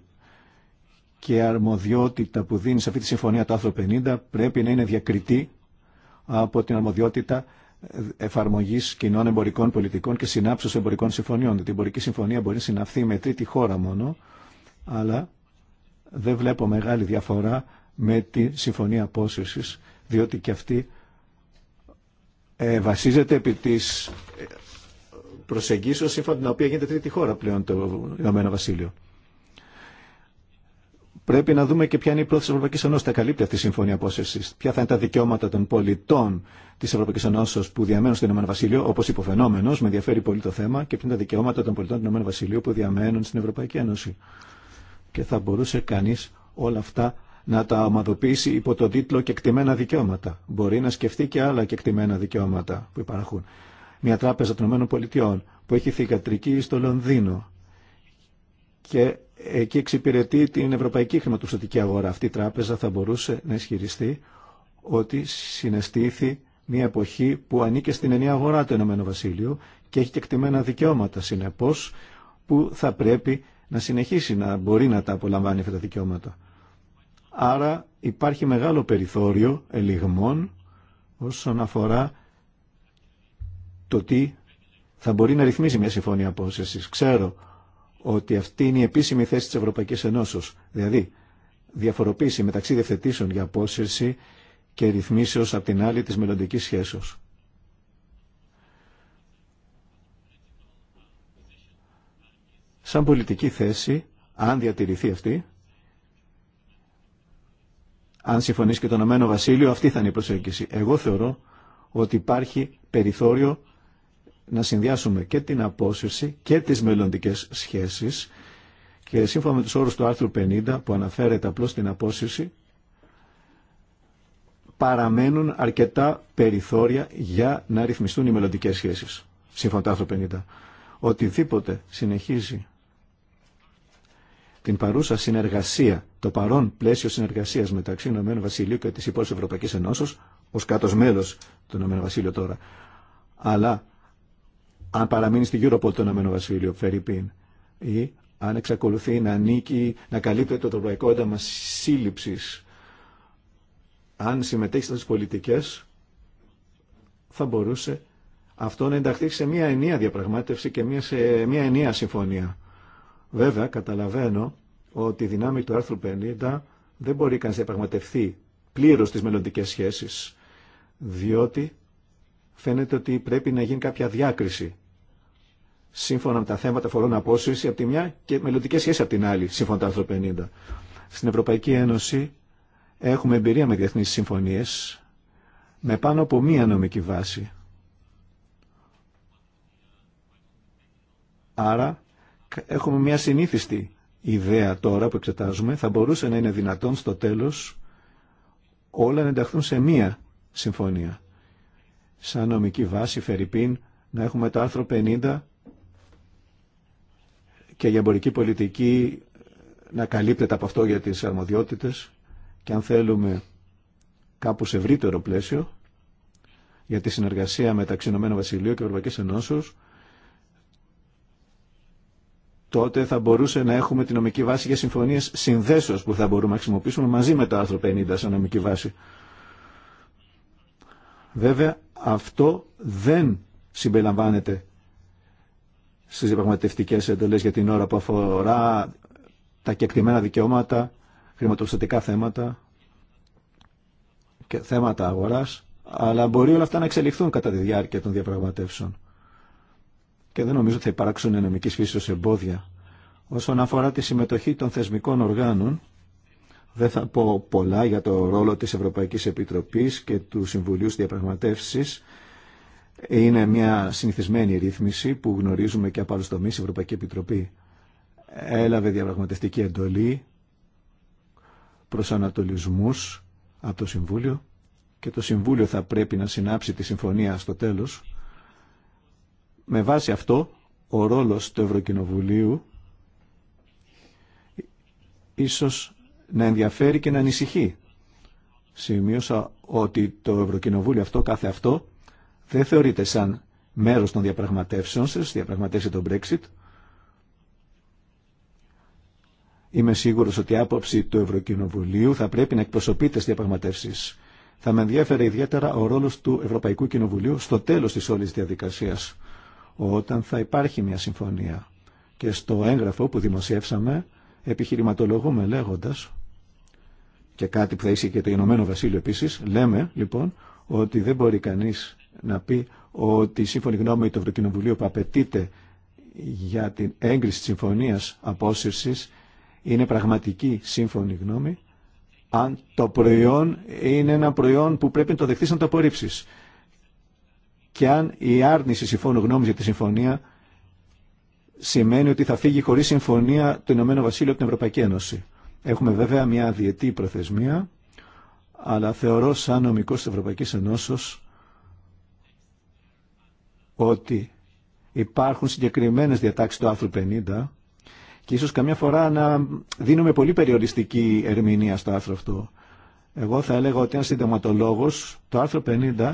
Speaker 2: και αρμοδιότητα που δίνει σε αυτή τη συμφωνία το άρθρο 50 πρέπει να είναι διακριτή από την αρμοδιότητα εφαρμογή κοινών εμπορικών πολιτικών και συνάψεω εμπορικών συμφωνιών. η εμπορική συμφωνία μπορεί να συναφθεί με τρίτη χώρα μόνο, αλλά δεν βλέπω μεγάλη διαφορά με τη συμφωνία απόσυρση, διότι και αυτή ε, βασίζεται επί τη ε, προσεγγίσεω σύμφωνα την οποία γίνεται τρίτη χώρα πλέον το Ηνωμένο Βασίλειο. Πρέπει να δούμε και ποια είναι η πρόθεση τη Ευρωπαϊκή Ενώση. Θα καλύπτει αυτή η συμφωνία απόσυρση. Ποια θα είναι τα δικαιώματα των πολιτών τη Ευρωπαϊκή Ένωση που διαμένουν στο Ηνωμένο Βασίλειο, όπω υποφαινόμενο, με ενδιαφέρει πολύ το θέμα, και ποια είναι τα δικαιώματα των πολιτών του Ε.Β. Βασιλείου που διαμένουν στην Ευρωπαϊκή Ένωση. Και θα μπορούσε κανεί όλα αυτά να τα ομαδοποιήσει υπό τον τίτλο Κεκτημένα δικαιώματα. Μπορεί να σκεφτεί και άλλα κεκτημένα δικαιώματα που υπάρχουν. Μια τράπεζα των ΗΠΑ που έχει θηγατρική στο Λονδίνο και εκεί εξυπηρετεί την ευρωπαϊκή χρηματοπιστωτική αγορά. Αυτή η τράπεζα θα μπορούσε να ισχυριστεί ότι συναισθήθη μια εποχή που ανήκε στην ενιαία αγορά του Ηνωμένο Βασίλειο και έχει κεκτημένα δικαιώματα, Συνεπώ, που θα πρέπει να συνεχίσει να μπορεί να τα απολαμβάνει αυτά τα δικαιώματα. Άρα υπάρχει μεγάλο περιθώριο ελιγμών όσον αφορά το τι θα μπορεί να ρυθμίζει μια συμφωνία απόσυρση. Ξέρω ότι αυτή είναι η επίσημη θέση της Ευρωπαϊκής Ενώσεως. Δηλαδή, διαφοροποίηση μεταξύ διευθετήσεων για απόσυρση και ρυθμίσεως από την άλλη της μελλοντικής σχέσεως. Σαν πολιτική θέση, αν διατηρηθεί αυτή, αν συμφωνήσει και το Ηνωμένο Βασίλειο, αυτή θα είναι η προσέγγιση. Εγώ θεωρώ ότι υπάρχει περιθώριο να συνδυάσουμε και την απόσυρση και τις μελλοντικέ σχέσεις και σύμφωνα με τους όρους του άρθρου 50 που αναφέρεται απλώς την απόσυρση παραμένουν αρκετά περιθώρια για να ρυθμιστούν οι μελλοντικέ σχέσεις σύμφωνα με το άρθρο 50. Οτιδήποτε συνεχίζει την παρούσα συνεργασία, το παρόν πλαίσιο συνεργασίας μεταξύ Ηνωμένου Βασιλείου και της υπόλοιπης Ευρωπαϊκής Ενώσεως, ως κάτω μέλος του Ηνωμένου τώρα, αλλά αν παραμείνει στη Europol το Ηνωμένο Βασίλειο, Φερρυπίν, ή αν εξακολουθεί να ανήκει, να καλύπτεται το ευρωπαϊκό ένταμα σύλληψη. Αν συμμετέχει στι πολιτικέ, θα μπορούσε αυτό να ενταχθεί σε μια ενιαία διαπραγμάτευση και μια, σε μια ενιαία συμφωνία. Βέβαια, καταλαβαίνω ότι η δυνάμη του άρθρου 50 δεν μπορεί καν να διαπραγματευτεί πλήρως τις μελλοντικέ σχέσεις, διότι φαίνεται ότι πρέπει να γίνει κάποια διάκριση σύμφωνα με τα θέματα φορών απόσυρση από τη μια και μελλοντικέ σχέσει από την άλλη, σύμφωνα με το άρθρο 50. Στην Ευρωπαϊκή Ένωση έχουμε εμπειρία με διεθνεί συμφωνίε με πάνω από μία νομική βάση. Άρα έχουμε μια συνήθιστη ιδέα τώρα που εξετάζουμε, θα μπορούσε να είναι δυνατόν στο τέλος όλα να ενταχθούν σε μία συμφωνία. Σαν νομική βάση, Φερρυπίν, να έχουμε το άρθρο 50 και η εμπορική πολιτική να καλύπτεται από αυτό για τις αρμοδιότητες και αν θέλουμε κάπου σε ευρύτερο πλαίσιο για τη συνεργασία μεταξύ Ηνωμένων Βασιλείου και Ευρωπαϊκής Ενώσεως τότε θα μπορούσε να έχουμε τη νομική βάση για συμφωνίες συνδέσεως που θα μπορούμε να χρησιμοποιήσουμε μαζί με το άρθρο 50 σαν νομική βάση. Βέβαια αυτό δεν συμπεριλαμβάνεται στις διαπραγματεύτικέ εντολές για την ώρα που αφορά τα κεκτημένα δικαιώματα, χρηματοπιστωτικά θέματα και θέματα αγοράς, αλλά μπορεί όλα αυτά να εξελιχθούν κατά τη διάρκεια των διαπραγματεύσεων. Και δεν νομίζω ότι θα υπάρξουν φύση ως εμπόδια. Όσον αφορά τη συμμετοχή των θεσμικών οργάνων, δεν θα πω πολλά για το ρόλο της Ευρωπαϊκής Επιτροπής και του Συμβουλίου διαπραγματεύσεις. Είναι μια συνηθισμένη ρύθμιση που γνωρίζουμε και από άλλου τομεί. Η Ευρωπαϊκή Επιτροπή έλαβε διαπραγματευτική εντολή προς ανατολισμούς από το Συμβούλιο και το Συμβούλιο θα πρέπει να συνάψει τη συμφωνία στο τέλος. Με βάση αυτό, ο ρόλος του Ευρωκοινοβουλίου ίσως να ενδιαφέρει και να ανησυχεί. Σημείωσα ότι το Ευρωκοινοβούλιο αυτό κάθε αυτό δεν θεωρείται σαν μέρος των διαπραγματεύσεων σας, διαπραγματεύσει τον Brexit. Είμαι σίγουρος ότι η άποψη του Ευρωκοινοβουλίου θα πρέπει να εκπροσωπείται στις διαπραγματεύσεις. Θα με ενδιαφέρεται ιδιαίτερα ο ρόλος του Ευρωπαϊκού Κοινοβουλίου στο τέλος της όλης διαδικασίας, όταν θα υπάρχει μια συμφωνία. Και στο έγγραφο που δημοσιεύσαμε, επιχειρηματολογούμε λέγοντας, και κάτι που θα ίσχυε και το Ηνωμένο Βασίλειο επίσης, λέμε λοιπόν ότι δεν μπορεί κανείς να πει ότι η σύμφωνη γνώμη του Ευρωκοινοβουλίου που απαιτείται για την έγκριση της συμφωνίας απόσυρσης είναι πραγματική σύμφωνη γνώμη αν το προϊόν είναι ένα προϊόν που πρέπει να το δεχτείς να το απορρίψεις και αν η άρνηση συμφώνου γνώμης για τη συμφωνία σημαίνει ότι θα φύγει χωρίς συμφωνία το Ηνωμένο Βασίλειο από την Ευρωπαϊκή Ένωση. Έχουμε βέβαια μια διετή προθεσμία, αλλά θεωρώ σαν νομικός της Ευρωπαϊκής Ενώσεως ότι υπάρχουν συγκεκριμένες διατάξεις του άρθρου 50 και ίσως καμιά φορά να δίνουμε πολύ περιοριστική ερμηνεία στο άρθρο αυτό. Εγώ θα έλεγα ότι ένας συνταγματολόγος το άρθρο 50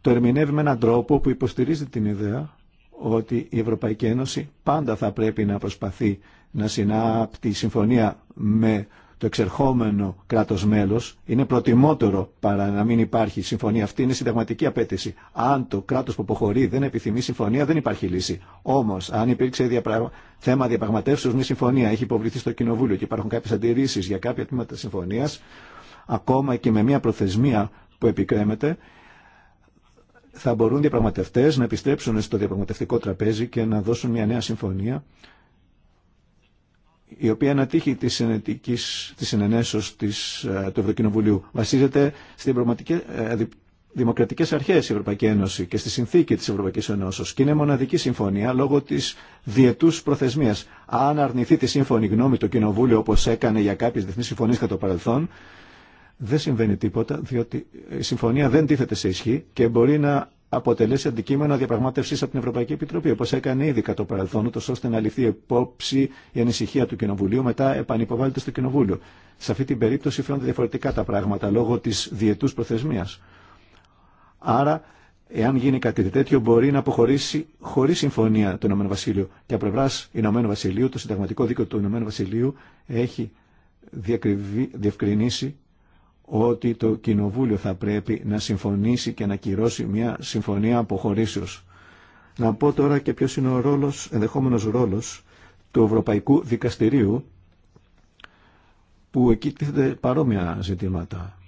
Speaker 2: το ερμηνεύει με έναν τρόπο που υποστηρίζει την ιδέα ότι η Ευρωπαϊκή Ένωση πάντα θα πρέπει να προσπαθεί να συνάπτει συμφωνία με το εξερχόμενο κράτος μέλος είναι προτιμότερο παρά να μην υπάρχει συμφωνία. Αυτή είναι συνταγματική απέτηση. Αν το κράτος που αποχωρεί δεν επιθυμεί συμφωνία, δεν υπάρχει λύση. Όμως, αν υπήρξε θέμα διαπραγματεύσεως, μη συμφωνία έχει υποβληθεί στο Κοινοβούλιο και υπάρχουν κάποιες αντιρρήσεις για κάποια τμήματα συμφωνίας, ακόμα και με μια προθεσμία που επικρέμεται, θα μπορούν διαπραγματευτές να επιστρέψουν στο διαπραγματευτικό τραπέζι και να δώσουν μια νέα συμφωνία η οποία ανατύχει της, συνενέσεως της ε, του Ευρωκοινοβουλίου. Βασίζεται στις ε, δημοκρατικές αρχές η Ευρωπαϊκή Ένωση και στη συνθήκη της Ευρωπαϊκής Ένωσης και είναι μοναδική συμφωνία λόγω της διετούς προθεσμίας. Αν αρνηθεί τη σύμφωνη γνώμη το Κοινοβούλιο όπως έκανε για κάποιες διεθνείς συμφωνίες κατά το παρελθόν, δεν συμβαίνει τίποτα, διότι η συμφωνία δεν τίθεται σε ισχύ και μπορεί να αποτελέσει αντικείμενο διαπραγμάτευση από την Ευρωπαϊκή Επιτροπή, όπω έκανε ήδη κατά το παρελθόν, ούτω ώστε να ληφθεί υπόψη η ανησυχία του Κοινοβουλίου, μετά επανυποβάλλεται στο Κοινοβούλιο. Σε αυτή την περίπτωση φαίνονται διαφορετικά τα πράγματα λόγω τη διετού προθεσμία. Άρα, εάν γίνει κάτι τέτοιο, μπορεί να αποχωρήσει χωρί συμφωνία το Ηνωμένο Βασίλειο. Και από πλευρά Ηνωμένου Βασιλείου, το συνταγματικό δίκαιο του Ηνωμένου Βασιλείου έχει διευκρινίσει ότι το Κοινοβούλιο θα πρέπει να συμφωνήσει και να κυρώσει μια συμφωνία αποχωρήσεως. Να πω τώρα και ποιος είναι ο ρόλος, ενδεχόμενος ρόλος του Ευρωπαϊκού Δικαστηρίου που εκεί τίθεται παρόμοια ζητήματα.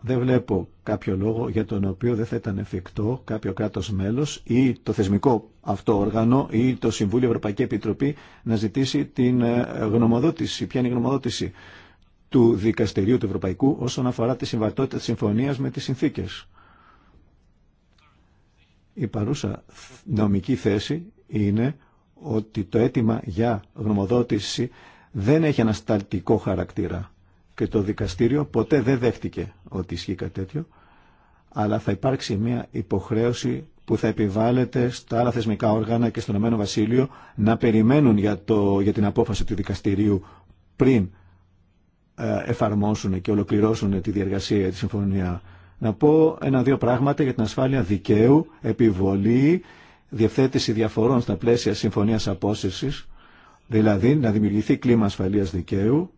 Speaker 2: Δεν βλέπω κάποιο λόγο για τον οποίο δεν θα ήταν εφικτό κάποιο κράτο μέλο ή το θεσμικό αυτό όργανο ή το Συμβούλιο Ευρωπαϊκή Επιτροπή να ε, μέλος η γνωμοδότηση του Δικαστηρίου του Ευρωπαϊκού όσον αφορά τη συμβατότητα της συμφωνίας με τις συνθήκες. Η παρούσα νομική θέση είναι ότι το αίτημα για γνωμοδότηση δεν έχει ανασταλτικό χαρακτήρα και το δικαστήριο ποτέ δεν δέχτηκε ότι ισχύει κάτι τέτοιο, αλλά θα υπάρξει μια υποχρέωση που θα επιβάλλεται στα άλλα θεσμικά όργανα και στον Ηνωμένο Βασίλειο να περιμένουν για, το, για την απόφαση του δικαστηρίου πριν ε, εφαρμόσουν και ολοκληρώσουν τη διεργασία, τη συμφωνία. Να πω ένα-δύο πράγματα για την ασφάλεια δικαίου, επιβολή, διευθέτηση διαφορών στα πλαίσια συμφωνίας απόσυρσης, δηλαδή να δημιουργηθεί κλίμα ασφαλείας δικαίου,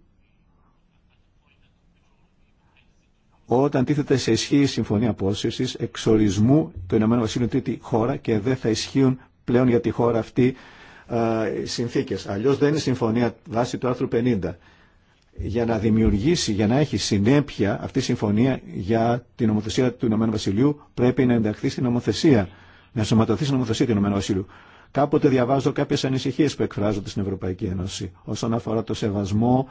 Speaker 2: όταν τίθεται σε ισχύ η συμφωνία απόσυρση εξορισμού του Ηνωμένου Βασίλειου τρίτη χώρα και δεν θα ισχύουν πλέον για τη χώρα αυτή ε, συνθήκε. Αλλιώ δεν είναι συμφωνία βάσει του άρθρου 50 για να δημιουργήσει, για να έχει συνέπεια αυτή η συμφωνία για την νομοθεσία του Ηνωμένου Βασιλείου πρέπει να ενταχθεί στην νομοθεσία, να ενσωματωθεί στην νομοθεσία του Ηνωμένου Βασιλείου. Κάποτε διαβάζω κάποιε ανησυχίε που εκφράζονται στην Ευρωπαϊκή Ένωση όσον αφορά το σεβασμό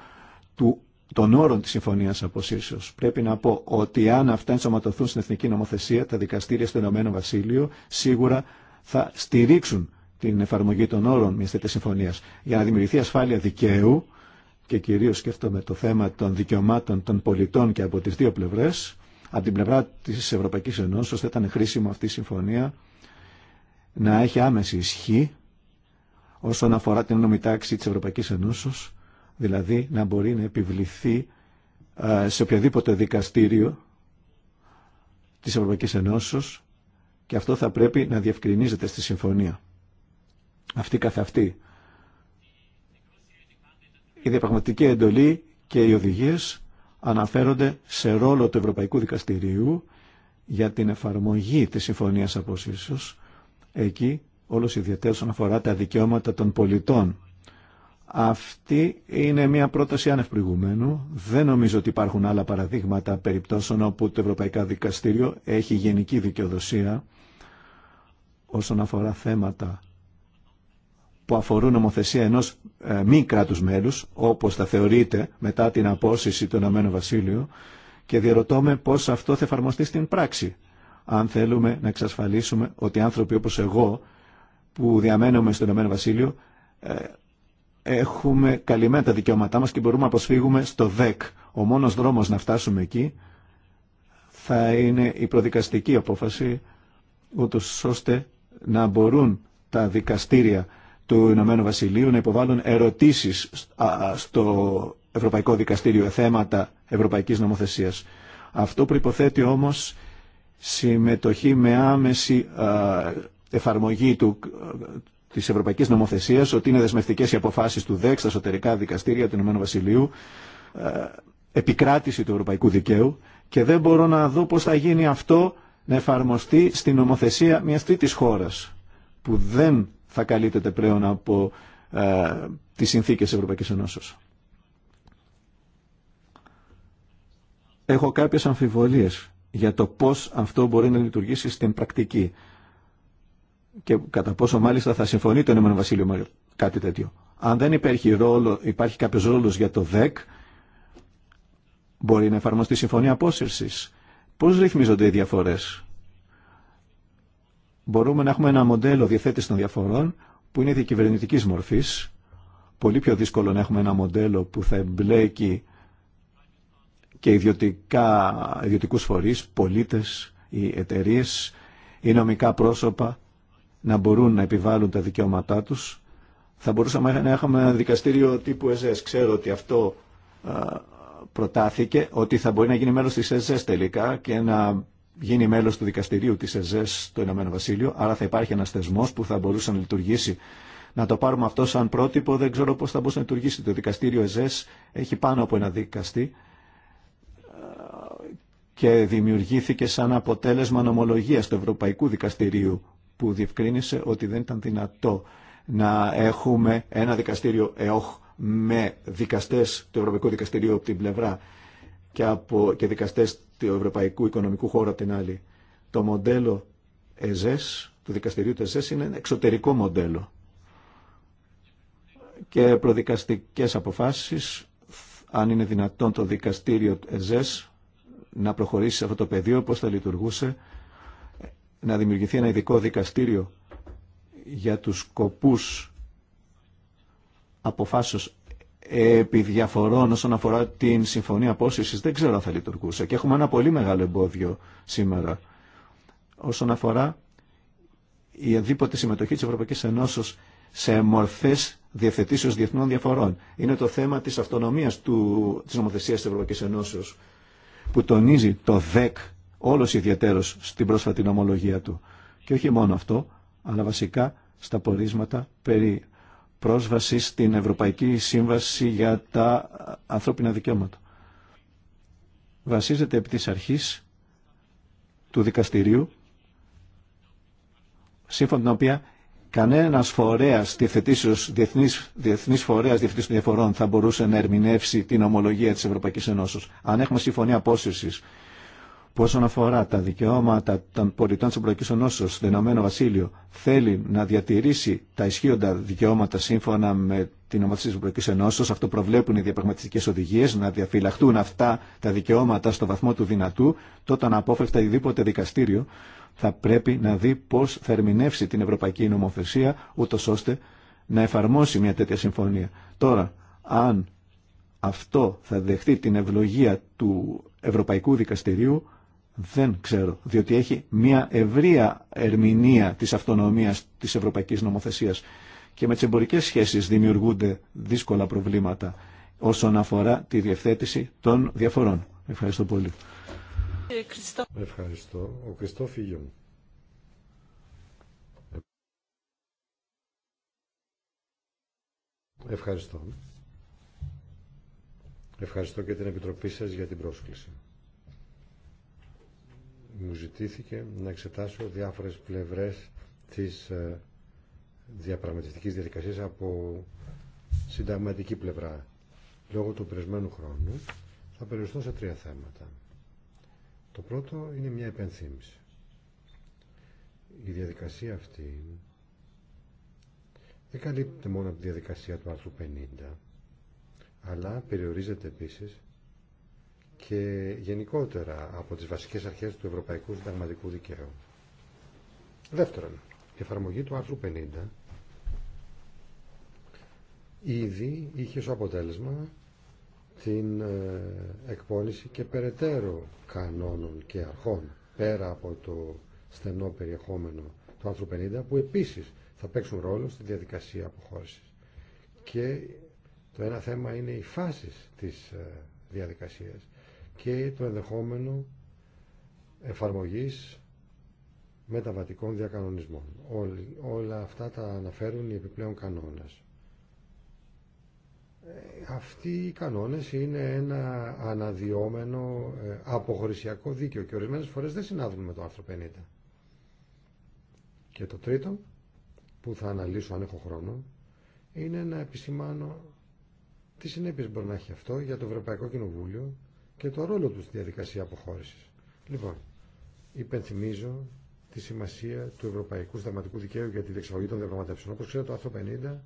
Speaker 2: του, των όρων της συμφωνία αποσύρσεω. Πρέπει να πω ότι αν αυτά ενσωματωθούν στην Εθνική Νομοθεσία, τα δικαστήρια στο Ηνωμένο Βασίλειο σίγουρα θα στηρίξουν την εφαρμογή των όρων μια τέτοια συμφωνία, για να δημιουργηθεί ασφάλεια δικαίου και κυρίως σκέφτομαι το θέμα των δικαιωμάτων των πολιτών και από τις δύο πλευρές, από την πλευρά της Ευρωπαϊκής Ένωσης θα ήταν χρήσιμο αυτή η συμφωνία να έχει άμεση ισχύ όσον αφορά την νόμη τάξη της Ευρωπαϊκής Ένωσης δηλαδή να μπορεί να επιβληθεί ε, σε οποιοδήποτε δικαστήριο της Ευρωπαϊκής Ενώσεως και αυτό θα πρέπει να διευκρινίζεται στη συμφωνία. Αυτή καθ' αυτή η διαπραγματική εντολή και οι οδηγίες αναφέρονται σε ρόλο του Ευρωπαϊκού Δικαστηρίου για την εφαρμογή της Συμφωνίας Αποσύσεως. Εκεί όλος ιδιαίτερος αφορά τα δικαιώματα των πολιτών. Αυτή είναι μια πρόταση άνευ Δεν νομίζω ότι υπάρχουν άλλα παραδείγματα περιπτώσεων όπου το Ευρωπαϊκό Δικαστήριο έχει γενική δικαιοδοσία όσον αφορά θέματα που αφορούν νομοθεσία ενός ε, μη κράτου μέλους, όπως θα θεωρείται μετά την απόσυση του Ηνωμένου Βασίλειου, και με πώς αυτό θα εφαρμοστεί στην πράξη, αν θέλουμε να εξασφαλίσουμε ότι άνθρωποι όπως εγώ, που διαμένουμε στο Ηνωμένο Βασίλειο, ε, έχουμε καλυμμένα τα δικαιώματά μα και μπορούμε να αποσφύγουμε στο ΔΕΚ. Ο μόνος δρόμο να φτάσουμε εκεί θα είναι η προδικαστική απόφαση, ούτω ώστε να μπορούν τα δικαστήρια του Ηνωμένου Βασιλείου να υποβάλουν ερωτήσεις στο Ευρωπαϊκό Δικαστήριο θέματα ευρωπαϊκής νομοθεσίας. Αυτό προϋποθέτει όμως συμμετοχή με άμεση εφαρμογή του, της Ευρωπαϊκής Νομοθεσίας ότι είναι δεσμευτικές οι αποφάσεις του ΔΕΚ στα εσωτερικά δικαστήρια του Ηνωμένου Βασιλείου επικράτηση του ευρωπαϊκού δικαίου και δεν μπορώ να δω πώς θα γίνει αυτό να εφαρμοστεί στην νομοθεσία μιας τρίτης χώρας που δεν θα καλύπτεται πλέον από ε, τις συνθήκες Ευρωπαϊκής Ενώσεως. Έχω κάποιες αμφιβολίες για το πώς αυτό μπορεί να λειτουργήσει στην πρακτική και κατά πόσο μάλιστα θα συμφωνεί το Ηνωμένο Βασίλειο με κάτι τέτοιο. Αν δεν υπάρχει, ρόλο, υπάρχει κάποιος ρόλος για το ΔΕΚ, μπορεί να εφαρμοστεί συμφωνία απόσυρσης. Πώς ρυθμίζονται οι διαφορές μπορούμε να έχουμε ένα μοντέλο διαθέτηση των διαφορών που είναι διακυβερνητική μορφής. Πολύ πιο δύσκολο να έχουμε ένα μοντέλο που θα εμπλέκει και ιδιωτικά, ιδιωτικούς φορείς, πολίτες, οι εταιρείε, ή νομικά πρόσωπα να μπορούν να επιβάλλουν τα δικαιώματά τους. Θα μπορούσαμε να έχουμε ένα δικαστήριο τύπου ΕΖΕΣ. Ξέρω ότι αυτό ε, προτάθηκε, ότι θα μπορεί να γίνει μέλος της ΕΖΕΣ τελικά και να γίνει μέλος του δικαστηρίου της ΕΖΕΣ στο Ηνωμένο Βασίλειο, άρα θα υπάρχει ένας θεσμός που θα μπορούσε να λειτουργήσει. Να το πάρουμε αυτό σαν πρότυπο, δεν ξέρω πώς θα μπορούσε να λειτουργήσει. Το δικαστήριο ΕΖΕΣ έχει πάνω από ένα δικαστή ε, και δημιουργήθηκε σαν αποτέλεσμα νομολογίας του Ευρωπαϊκού Δικαστηρίου που διευκρίνησε ότι δεν ήταν δυνατό να έχουμε ένα δικαστήριο ΕΟΧ με δικαστές του Ευρωπαϊκού Δικαστηρίου από την πλευρά και, από, και δικαστές του Ευρωπαϊκού Οικονομικού Χώρου την άλλη. Το μοντέλο ΕΖΕΣ, του δικαστηρίου του ΕΖΕΣ, είναι ένα εξωτερικό μοντέλο. Και προδικαστικές αποφάσεις, αν είναι δυνατόν το δικαστήριο ΕΖΕΣ να προχωρήσει σε αυτό το πεδίο, πώς θα λειτουργούσε, να δημιουργηθεί ένα ειδικό δικαστήριο για τους σκοπούς αποφάσεως επί διαφορών όσον αφορά την συμφωνία απόσυρση, δεν ξέρω αν θα λειτουργούσε και έχουμε ένα πολύ μεγάλο εμπόδιο σήμερα όσον αφορά η αντίποτε συμμετοχή της Ευρωπαϊκής Ενώσεως σε μορφές διευθετήσεως διεθνών διαφορών. Είναι το θέμα της αυτονομίας του, της νομοθεσίας της Ευρωπαϊκής που τονίζει το ΔΕΚ όλος ιδιαίτερος στην πρόσφατη νομολογία του. Και όχι μόνο αυτό, αλλά βασικά στα πορίσματα περί πρόσβαση στην Ευρωπαϊκή Σύμβαση για τα ανθρώπινα δικαιώματα. Βασίζεται επί της αρχής του δικαστηρίου, σύμφωνα την οποία κανένας φορέας διευθετήσεως, διεθνής, διεθνής φορέας διευθυντής διαφορών θα μπορούσε να ερμηνεύσει την ομολογία της Ευρωπαϊκής Ενώσεως. Αν έχουμε συμφωνία απόσυρσης που όσον αφορά τα δικαιώματα των πολιτών της Εμπλοκής Ενώσεως στο Ενωμένο Βασίλειο θέλει να διατηρήσει τα ισχύοντα δικαιώματα σύμφωνα με την Ομοθεσία της Εμπλοκής Ενώσεως, αυτό προβλέπουν οι διαπραγματικές οδηγίες, να διαφυλαχτούν αυτά τα δικαιώματα στο βαθμό του δυνατού, τότε αναπόφευκτα οτιδήποτε δικαστήριο θα πρέπει να δει πώς θα ερμηνεύσει την Ευρωπαϊκή Νομοθεσία, ούτως ώστε να εφαρμόσει μια τέτοια συμφωνία. Τώρα, αν αυτό θα δεχτεί την ευλογία του Ευρωπαϊκού Δικαστηρίου, δεν ξέρω, διότι έχει μια ευρεία ερμηνεία της αυτονομίας της ευρωπαϊκής νομοθεσίας και με τις εμπορικές σχέσεις δημιουργούνται δύσκολα προβλήματα όσον αφορά τη διευθέτηση των διαφορών. Ευχαριστώ πολύ.
Speaker 3: Ευχαριστώ. Ο Κριστό Ευχαριστώ. Ευχαριστώ και την Επιτροπή σας για την πρόσκληση μου ζητήθηκε να εξετάσω διάφορες πλευρές της ε, διαπραγματευτικής διαδικασίας από συνταγματική πλευρά. Λόγω του περισμένου χρόνου θα περιοριστώ σε τρία θέματα. Το πρώτο είναι μια επενθύμηση. Η διαδικασία αυτή δεν καλύπτεται μόνο από τη διαδικασία του άρθρου 50, αλλά περιορίζεται επίσης και γενικότερα από τις βασικές αρχές του Ευρωπαϊκού Συνταγματικού Δικαίου. Δεύτερον, η εφαρμογή του άρθρου 50 ήδη είχε ως αποτέλεσμα την ε, εκπόνηση και περαιτέρω κανόνων και αρχών πέρα από το στενό περιεχόμενο του άρθρου 50 που επίσης θα παίξουν ρόλο στη διαδικασία αποχώρησης. Και το ένα θέμα είναι οι φάσεις της ε, διαδικασίας και το ενδεχόμενο εφαρμογής μεταβατικών διακανονισμών. όλα αυτά τα αναφέρουν οι επιπλέον κανόνες. Ε, αυτοί οι κανόνες είναι ένα αναδιόμενο ε, αποχωρησιακό δίκαιο και ορισμένες φορές δεν συνάδουν με το άρθρο 50. Και το τρίτο που θα αναλύσω αν έχω χρόνο είναι να επισημάνω τι συνέπειες μπορεί να έχει αυτό για το Ευρωπαϊκό Κοινοβούλιο και το ρόλο του στη διαδικασία αποχώρησης. Λοιπόν, υπενθυμίζω τη σημασία του Ευρωπαϊκού Σταματικού Δικαίου για τη διεξαγωγή των διαπραγματεύσεων. Όπως ξέρετε, το άρθρο 50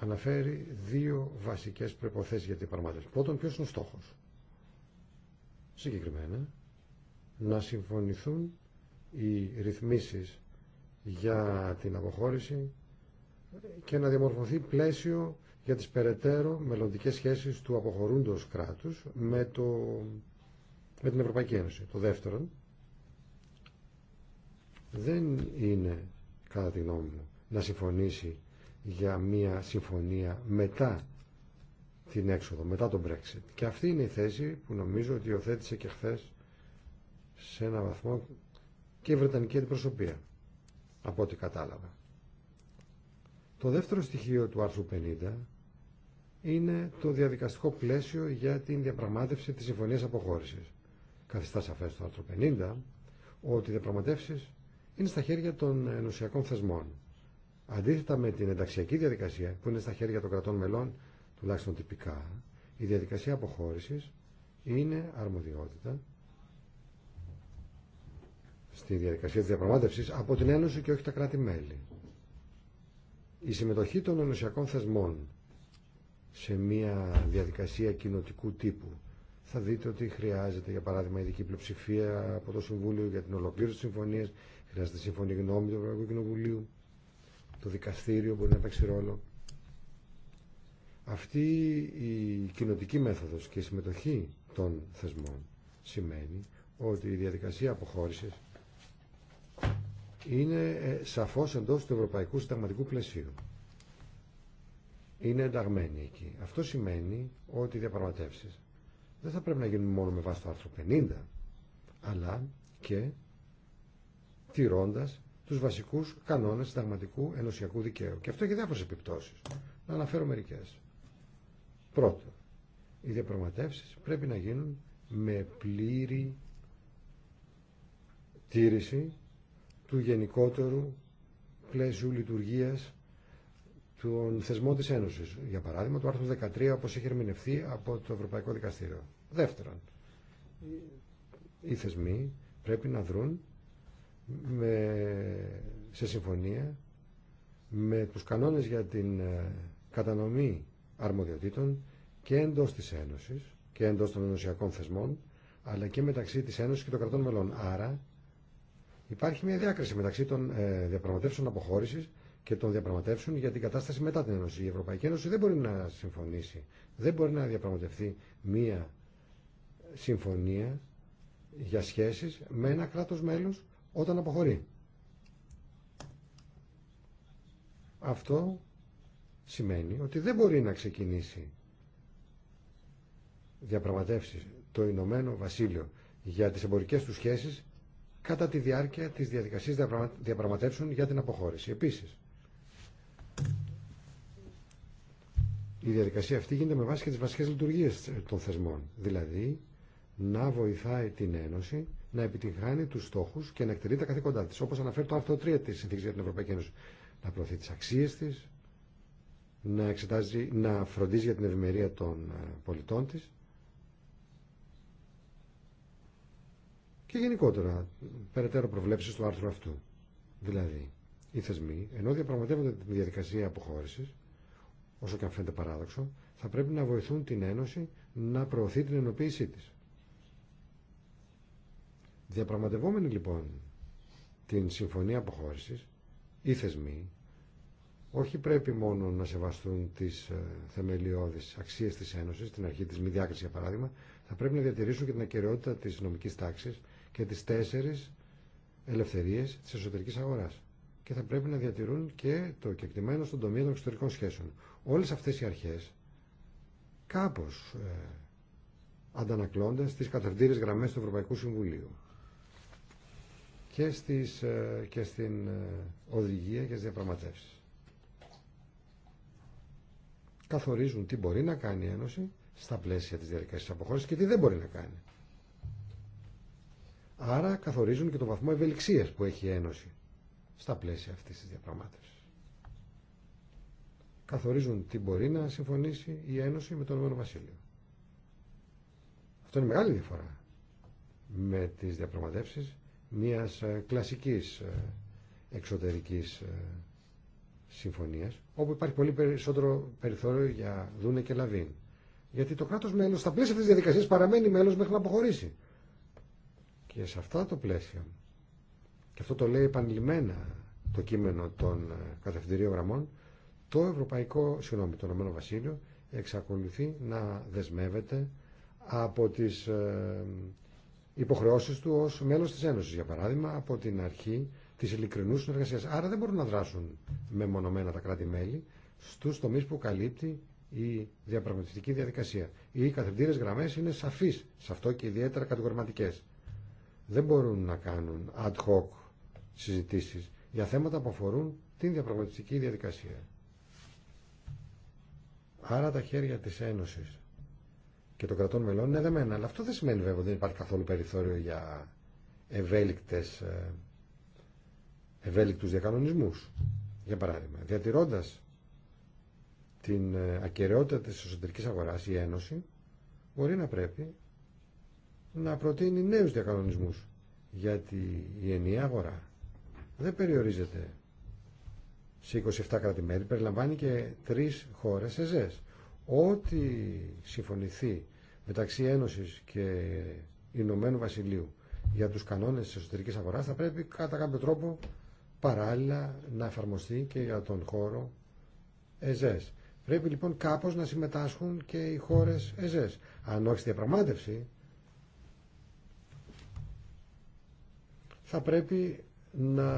Speaker 3: αναφέρει δύο βασικές προϋποθέσεις για την διαπραγμάτευση. Πρώτον, ποιος είναι ο στόχος. Συγκεκριμένα, να συμφωνηθούν οι ρυθμίσεις για την αποχώρηση και να διαμορφωθεί πλαίσιο για τις περαιτέρω μελλοντικέ σχέσεις του αποχωρούντος κράτους με, το, με την Ευρωπαϊκή Ένωση. Το δεύτερον, δεν είναι, κατά τη γνώμη μου, να συμφωνήσει για μια συμφωνία μετά την έξοδο, μετά τον Brexit. Και αυτή είναι η θέση που νομίζω ότι υιοθέτησε και χθε σε ένα βαθμό και η Βρετανική αντιπροσωπεία, από ό,τι κατάλαβα. Το δεύτερο στοιχείο του άρθρου 50 είναι το διαδικαστικό πλαίσιο για την διαπραγμάτευση της συμφωνίας αποχώρησης. Καθιστά σαφές στο άρθρο 50 ότι οι διαπραγματεύσεις είναι στα χέρια των ενωσιακών θεσμών. Αντίθετα με την ενταξιακή διαδικασία που είναι στα χέρια των κρατών μελών, τουλάχιστον τυπικά, η διαδικασία αποχώρησης είναι αρμοδιότητα στη διαδικασία της διαπραγμάτευσης από την Ένωση και όχι τα κράτη-μέλη. Η συμμετοχή των ενωσιακών θεσμών σε μια διαδικασία κοινοτικού τύπου. Θα δείτε ότι χρειάζεται, για παράδειγμα, ειδική πλειοψηφία από το Συμβούλιο για την ολοκλήρωση τη συμφωνία, χρειάζεται συμφωνή γνώμη του Ευρωπαϊκού Κοινοβουλίου, το δικαστήριο μπορεί να παίξει ρόλο. Αυτή η κοινοτική μέθοδος και η συμμετοχή των θεσμών σημαίνει ότι η διαδικασία αποχώρησης είναι ε, σαφώς εντός του ευρωπαϊκού συνταγματικού πλαισίου είναι ενταγμένη εκεί. Αυτό σημαίνει ότι οι διαπραγματεύσει δεν θα πρέπει να γίνουν μόνο με βάση το άρθρο 50, αλλά και τηρώντα του βασικού κανόνε συνταγματικού ενωσιακού δικαίου. Και αυτό έχει διάφορε επιπτώσει. Να αναφέρω μερικέ. Πρώτον, οι διαπραγματεύσει πρέπει να γίνουν με πλήρη τήρηση του γενικότερου πλαίσιου λειτουργίας τον θεσμό της Ένωσης. Για παράδειγμα, το άρθρο 13, όπως έχει ερμηνευθεί από το Ευρωπαϊκό Δικαστήριο. Δεύτερον, οι θεσμοί πρέπει να δρουν με, σε συμφωνία με τους κανόνες για την ε, κατανομή αρμοδιοτήτων και εντός της Ένωσης και εντός των ενωσιακών θεσμών αλλά και μεταξύ της Ένωσης και των κρατών μελών. Άρα υπάρχει μια διάκριση μεταξύ των ε, διαπραγματεύσεων αποχώρησης και των διαπραγματεύσεων για την κατάσταση μετά την Ένωση. Η Ευρωπαϊκή Ένωση δεν μπορεί να συμφωνήσει, δεν μπορεί να διαπραγματευτεί μία συμφωνία για σχέσεις με ένα κράτος μέλος όταν αποχωρεί. Αυτό σημαίνει ότι δεν μπορεί να ξεκινήσει διαπραγματεύσει το Ηνωμένο Βασίλειο για τις εμπορικές του σχέσεις κατά τη διάρκεια της διαδικασίας διαπραγματεύσεων για την αποχώρηση. Επίσης, Η διαδικασία αυτή γίνεται με βάση και τις βασικές λειτουργίες των θεσμών. Δηλαδή, να βοηθάει την Ένωση να επιτυγχάνει τους στόχους και να εκτελεί τα καθήκοντά της. Όπως αναφέρει το άρθρο 3 της Συνθήκης για την Ευρωπαϊκή Ένωση. Να προωθεί τις αξίες της, να, εξετάζει, να φροντίζει για την ευημερία των ε, πολιτών της και γενικότερα περαιτέρω προβλέψεις του άρθρου αυτού. Δηλαδή, οι θεσμοί, ενώ διαπραγματεύονται τη διαδικασία αποχώρηση όσο και αν φαίνεται παράδοξο, θα πρέπει να βοηθούν την Ένωση να προωθεί την ενοποίησή της. Διαπραγματευόμενοι λοιπόν την συμφωνία αποχώρησης, οι θεσμοί, όχι πρέπει μόνο να σεβαστούν τις ε, θεμελιώδεις αξίες της Ένωσης, την αρχή της μη διάκρισης για παράδειγμα, θα πρέπει να διατηρήσουν και την ακεραιότητα της νομικής τάξης και τις τέσσερις ελευθερίες της εσωτερικής αγοράς και θα πρέπει να διατηρούν και το κεκτημένο στον τομέα των εξωτερικών σχέσεων. Όλες αυτές οι αρχές κάπως ε, αντανακλώνται στις κατευθύνες γραμμές του Ευρωπαϊκού Συμβουλίου και, ε, στην ε, οδηγία και στις διαπραγματεύσεις. Καθορίζουν τι μπορεί να κάνει η Ένωση στα πλαίσια της διαδικασίας αποχώρησης και τι δεν μπορεί να κάνει. Άρα καθορίζουν και τον βαθμό ευελιξίας που έχει η Ένωση στα πλαίσια αυτής της διαπραγμάτευσης. Καθορίζουν τι μπορεί να συμφωνήσει η Ένωση με τον Ηνωμένο Βασίλειο. Αυτό είναι μεγάλη διαφορά με τις διαπραγματεύσεις μιας ε, κλασικής ε, εξωτερικής ε, συμφωνίας όπου υπάρχει πολύ περισσότερο περιθώριο για δούνε και λαβίν. Γιατί το κράτος μέλος στα πλαίσια αυτής της διαδικασίας παραμένει μέλος μέχρι να αποχωρήσει. Και σε αυτά το πλαίσιο και αυτό το λέει επανειλημμένα το κείμενο των ε, κατευθυντηρίων γραμμών, το Ευρωπαϊκό, συγγνώμη, το Ηνωμένο Βασίλειο εξακολουθεί να δεσμεύεται από τις ε, υποχρεώσεις του ως μέλος της Ένωσης, για παράδειγμα, από την αρχή της ειλικρινούς συνεργασίας. Άρα δεν μπορούν να δράσουν μεμονωμένα τα κράτη-μέλη στους τομείς που καλύπτει η διαπραγματευτική διαδικασία. Οι καθημερινές γραμμές είναι σαφείς σε αυτό και ιδιαίτερα κατηγορηματικές. Δεν μπορούν να κάνουν ad hoc συζητήσεις για θέματα που αφορούν την διαπραγματευτική διαδικασία. Άρα τα χέρια της Ένωσης και των κρατών μελών είναι δεμένα. Αλλά αυτό δεν σημαίνει βέβαια ότι δεν υπάρχει καθόλου περιθώριο για ευέλικτες, ε, ευέλικτους διακανονισμούς. Για παράδειγμα, διατηρώντας την ε, ακαιρεότητα της εσωτερικής αγοράς, η Ένωση μπορεί να πρέπει να προτείνει νέους διακανονισμούς γιατί η ενιαία αγορά δεν περιορίζεται σε 27 κράτη-μέλη, περιλαμβάνει και τρεις χώρες ΕΖΕΣ. Ό,τι συμφωνηθεί μεταξύ Ένωσης και Ηνωμένου Βασιλείου για τους κανόνες της εσωτερικής αγοράς θα πρέπει κατά κάποιο τρόπο παράλληλα να εφαρμοστεί και για τον χώρο ΕΖΕΣ. Πρέπει λοιπόν κάπως να συμμετάσχουν και οι χώρες ΕΖΕΣ. Αν όχι στη διαπραγμάτευση, θα πρέπει να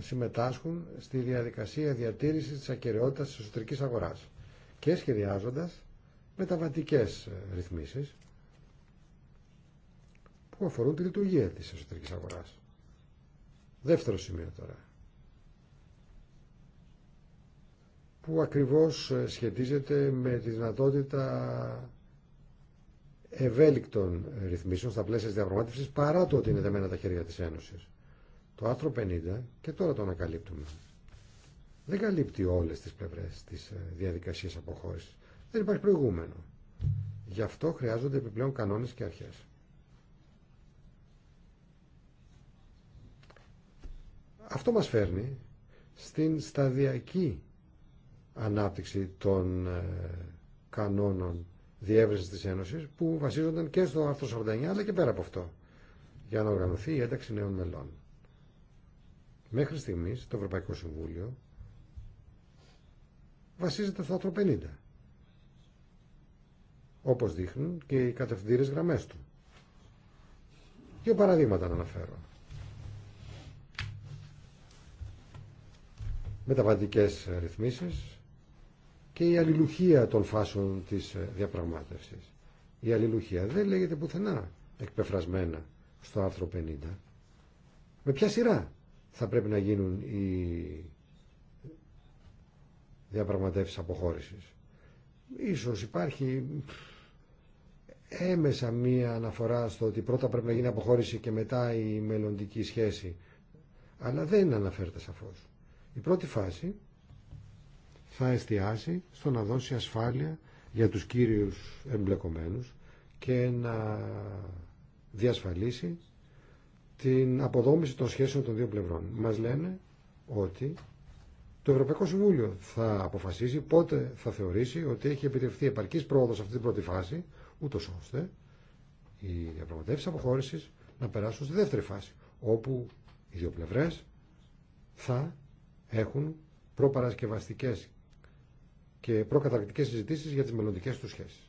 Speaker 3: συμμετάσχουν στη διαδικασία διατήρησης της ακαιρεότητας της εσωτερικής αγοράς και σχεδιάζοντας μεταβατικές ε, ρυθμίσεις που αφορούν τη λειτουργία της εσωτερικής αγοράς. Δεύτερο σημείο τώρα, που ακριβώς ε, σχετίζεται με τη δυνατότητα ευέλικτων ρυθμίσεων στα πλαίσια της διαπραγμάτευσης παρά το ότι είναι δεμένα τα χέρια της Ένωσης. Το άρθρο 50 και τώρα το ανακαλύπτουμε. Δεν καλύπτει όλες τις πλευρές της ε, διαδικασίας αποχώρησης. Δεν υπάρχει προηγούμενο. Γι' αυτό χρειάζονται επιπλέον κανόνες και αρχές. Αυτό μας φέρνει στην σταδιακή ανάπτυξη των ε, κανόνων διεύρυνση της Ένωσης που βασίζονταν και στο άρθρο 49 αλλά και πέρα από αυτό για να οργανωθεί η ένταξη νέων μελών. Μέχρι στιγμή το Ευρωπαϊκό Συμβούλιο βασίζεται στο άρθρο 50 όπως δείχνουν και οι κατευθυντήρες γραμμές του. Δύο παραδείγματα να αναφέρω. Μεταβατικές ρυθμίσεις και η αλληλουχία των φάσεων της διαπραγμάτευσης. Η αλληλουχία δεν λέγεται πουθενά εκπεφρασμένα στο άρθρο 50. Με ποια σειρά θα πρέπει να γίνουν οι διαπραγματεύσεις αποχώρησης. Ίσως υπάρχει έμεσα μία αναφορά στο ότι πρώτα πρέπει να γίνει αποχώρηση και μετά η μελλοντική σχέση. Αλλά δεν αναφέρεται σαφώς. Η πρώτη φάση θα εστιάσει στο να δώσει ασφάλεια για τους κύριους εμπλεκομένους και να διασφαλίσει την αποδόμηση των σχέσεων των δύο πλευρών. Μας λένε ότι το Ευρωπαϊκό Συμβούλιο θα αποφασίσει πότε θα θεωρήσει ότι έχει επιτευχθεί επαρκή πρόοδο σε αυτή την πρώτη φάση, ούτω ώστε οι διαπραγματεύσει αποχώρηση να περάσουν στη δεύτερη φάση, όπου οι δύο πλευρέ θα έχουν προπαρασκευαστικέ και προκαταρκτικέ συζητήσει για τι μελλοντικέ του σχέσει.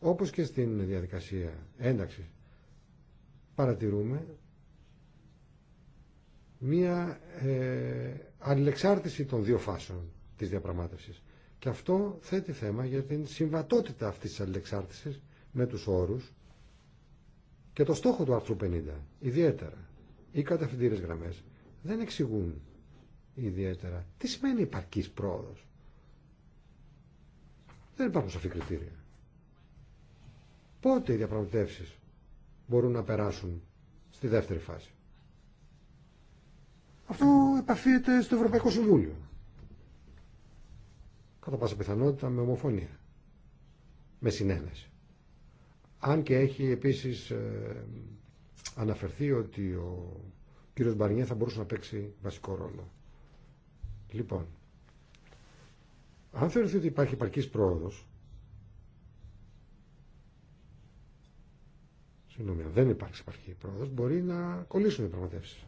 Speaker 3: Όπω και στην διαδικασία ένταξη παρατηρούμε μία ε, αλληλεξάρτηση των δύο φάσεων της διαπραγμάτευσης. Και αυτό θέτει θέμα για την συμβατότητα αυτής της αλληλεξάρτησης με τους όρους και το στόχο του άρθρου 50. Ιδιαίτερα, οι κατευθυντήρες γραμμές δεν εξηγούν ιδιαίτερα τι σημαίνει υπαρκής πρόοδος. Δεν υπάρχουν σαφή κριτήρια. Πότε οι διαπραγματεύσεις μπορούν να περάσουν στη δεύτερη φάση. Αυτό επαφείται στο Ευρωπαϊκό Συμβούλιο. Κατά πάσα πιθανότητα με ομοφωνία. Με συνένεση. Αν και έχει επίσης ε, αναφερθεί ότι ο κύριος Μπαρνιέ θα μπορούσε να παίξει βασικό ρόλο. Λοιπόν, αν θεωρηθεί ότι υπάρχει επαρκής πρόοδος, συγγνώμη, αν δεν υπάρξει επαρκή πρόοδο, μπορεί να κολλήσουν οι πραγματεύσει.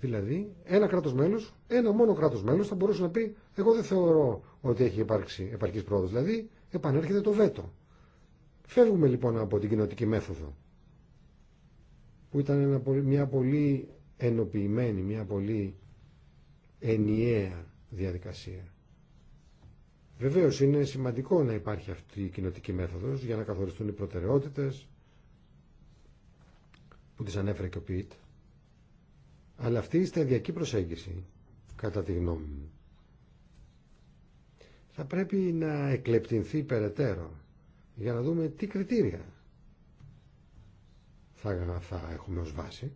Speaker 3: Δηλαδή, ένα κράτο μέλο, ένα μόνο κράτο μέλο θα μπορούσε να πει εγώ δεν θεωρώ ότι έχει υπάρξει επαρκής πρόοδο. Δηλαδή, επανέρχεται το βέτο. Φεύγουμε λοιπόν από την κοινοτική μέθοδο, που ήταν μια πολύ ενοποιημένη, μια πολύ ενιαία διαδικασία. Βεβαίω είναι σημαντικό να υπάρχει αυτή η κοινοτική μέθοδος για να καθοριστούν οι προτεραιότητες που τι ανέφερε και ο Πιτ. Αλλά αυτή η σταδιακή προσέγγιση, κατά τη γνώμη μου, θα πρέπει να εκλεπτυνθεί περαιτέρω για να δούμε τι κριτήρια θα, θα έχουμε ως βάση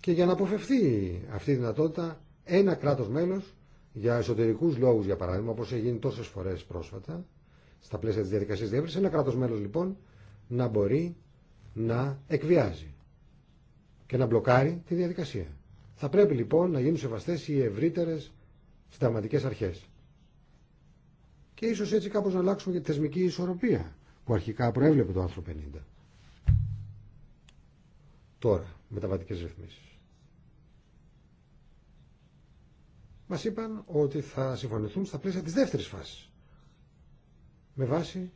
Speaker 3: και για να αποφευθεί αυτή η δυνατότητα ένα κράτος μέλος για εσωτερικού λόγου, για παράδειγμα, όπω έχει γίνει τόσες φορές πρόσφατα, στα πλαίσια της διαδικασίας διεύρυνση, ένα κράτος μέλος λοιπόν να μπορεί να εκβιάζει και να μπλοκάρει τη διαδικασία. Θα πρέπει λοιπόν να γίνουν σεβαστέ οι ευρύτερε συνταγματικέ αρχές. Και ίσως έτσι κάπως να αλλάξουμε και τη θεσμική ισορροπία που αρχικά προέβλεπε το άρθρο 50. Τώρα, μεταβατικές ρυθμίσει. μας είπαν ότι θα συμφωνηθούν στα πλαίσια της δεύτερης φάσης με βάση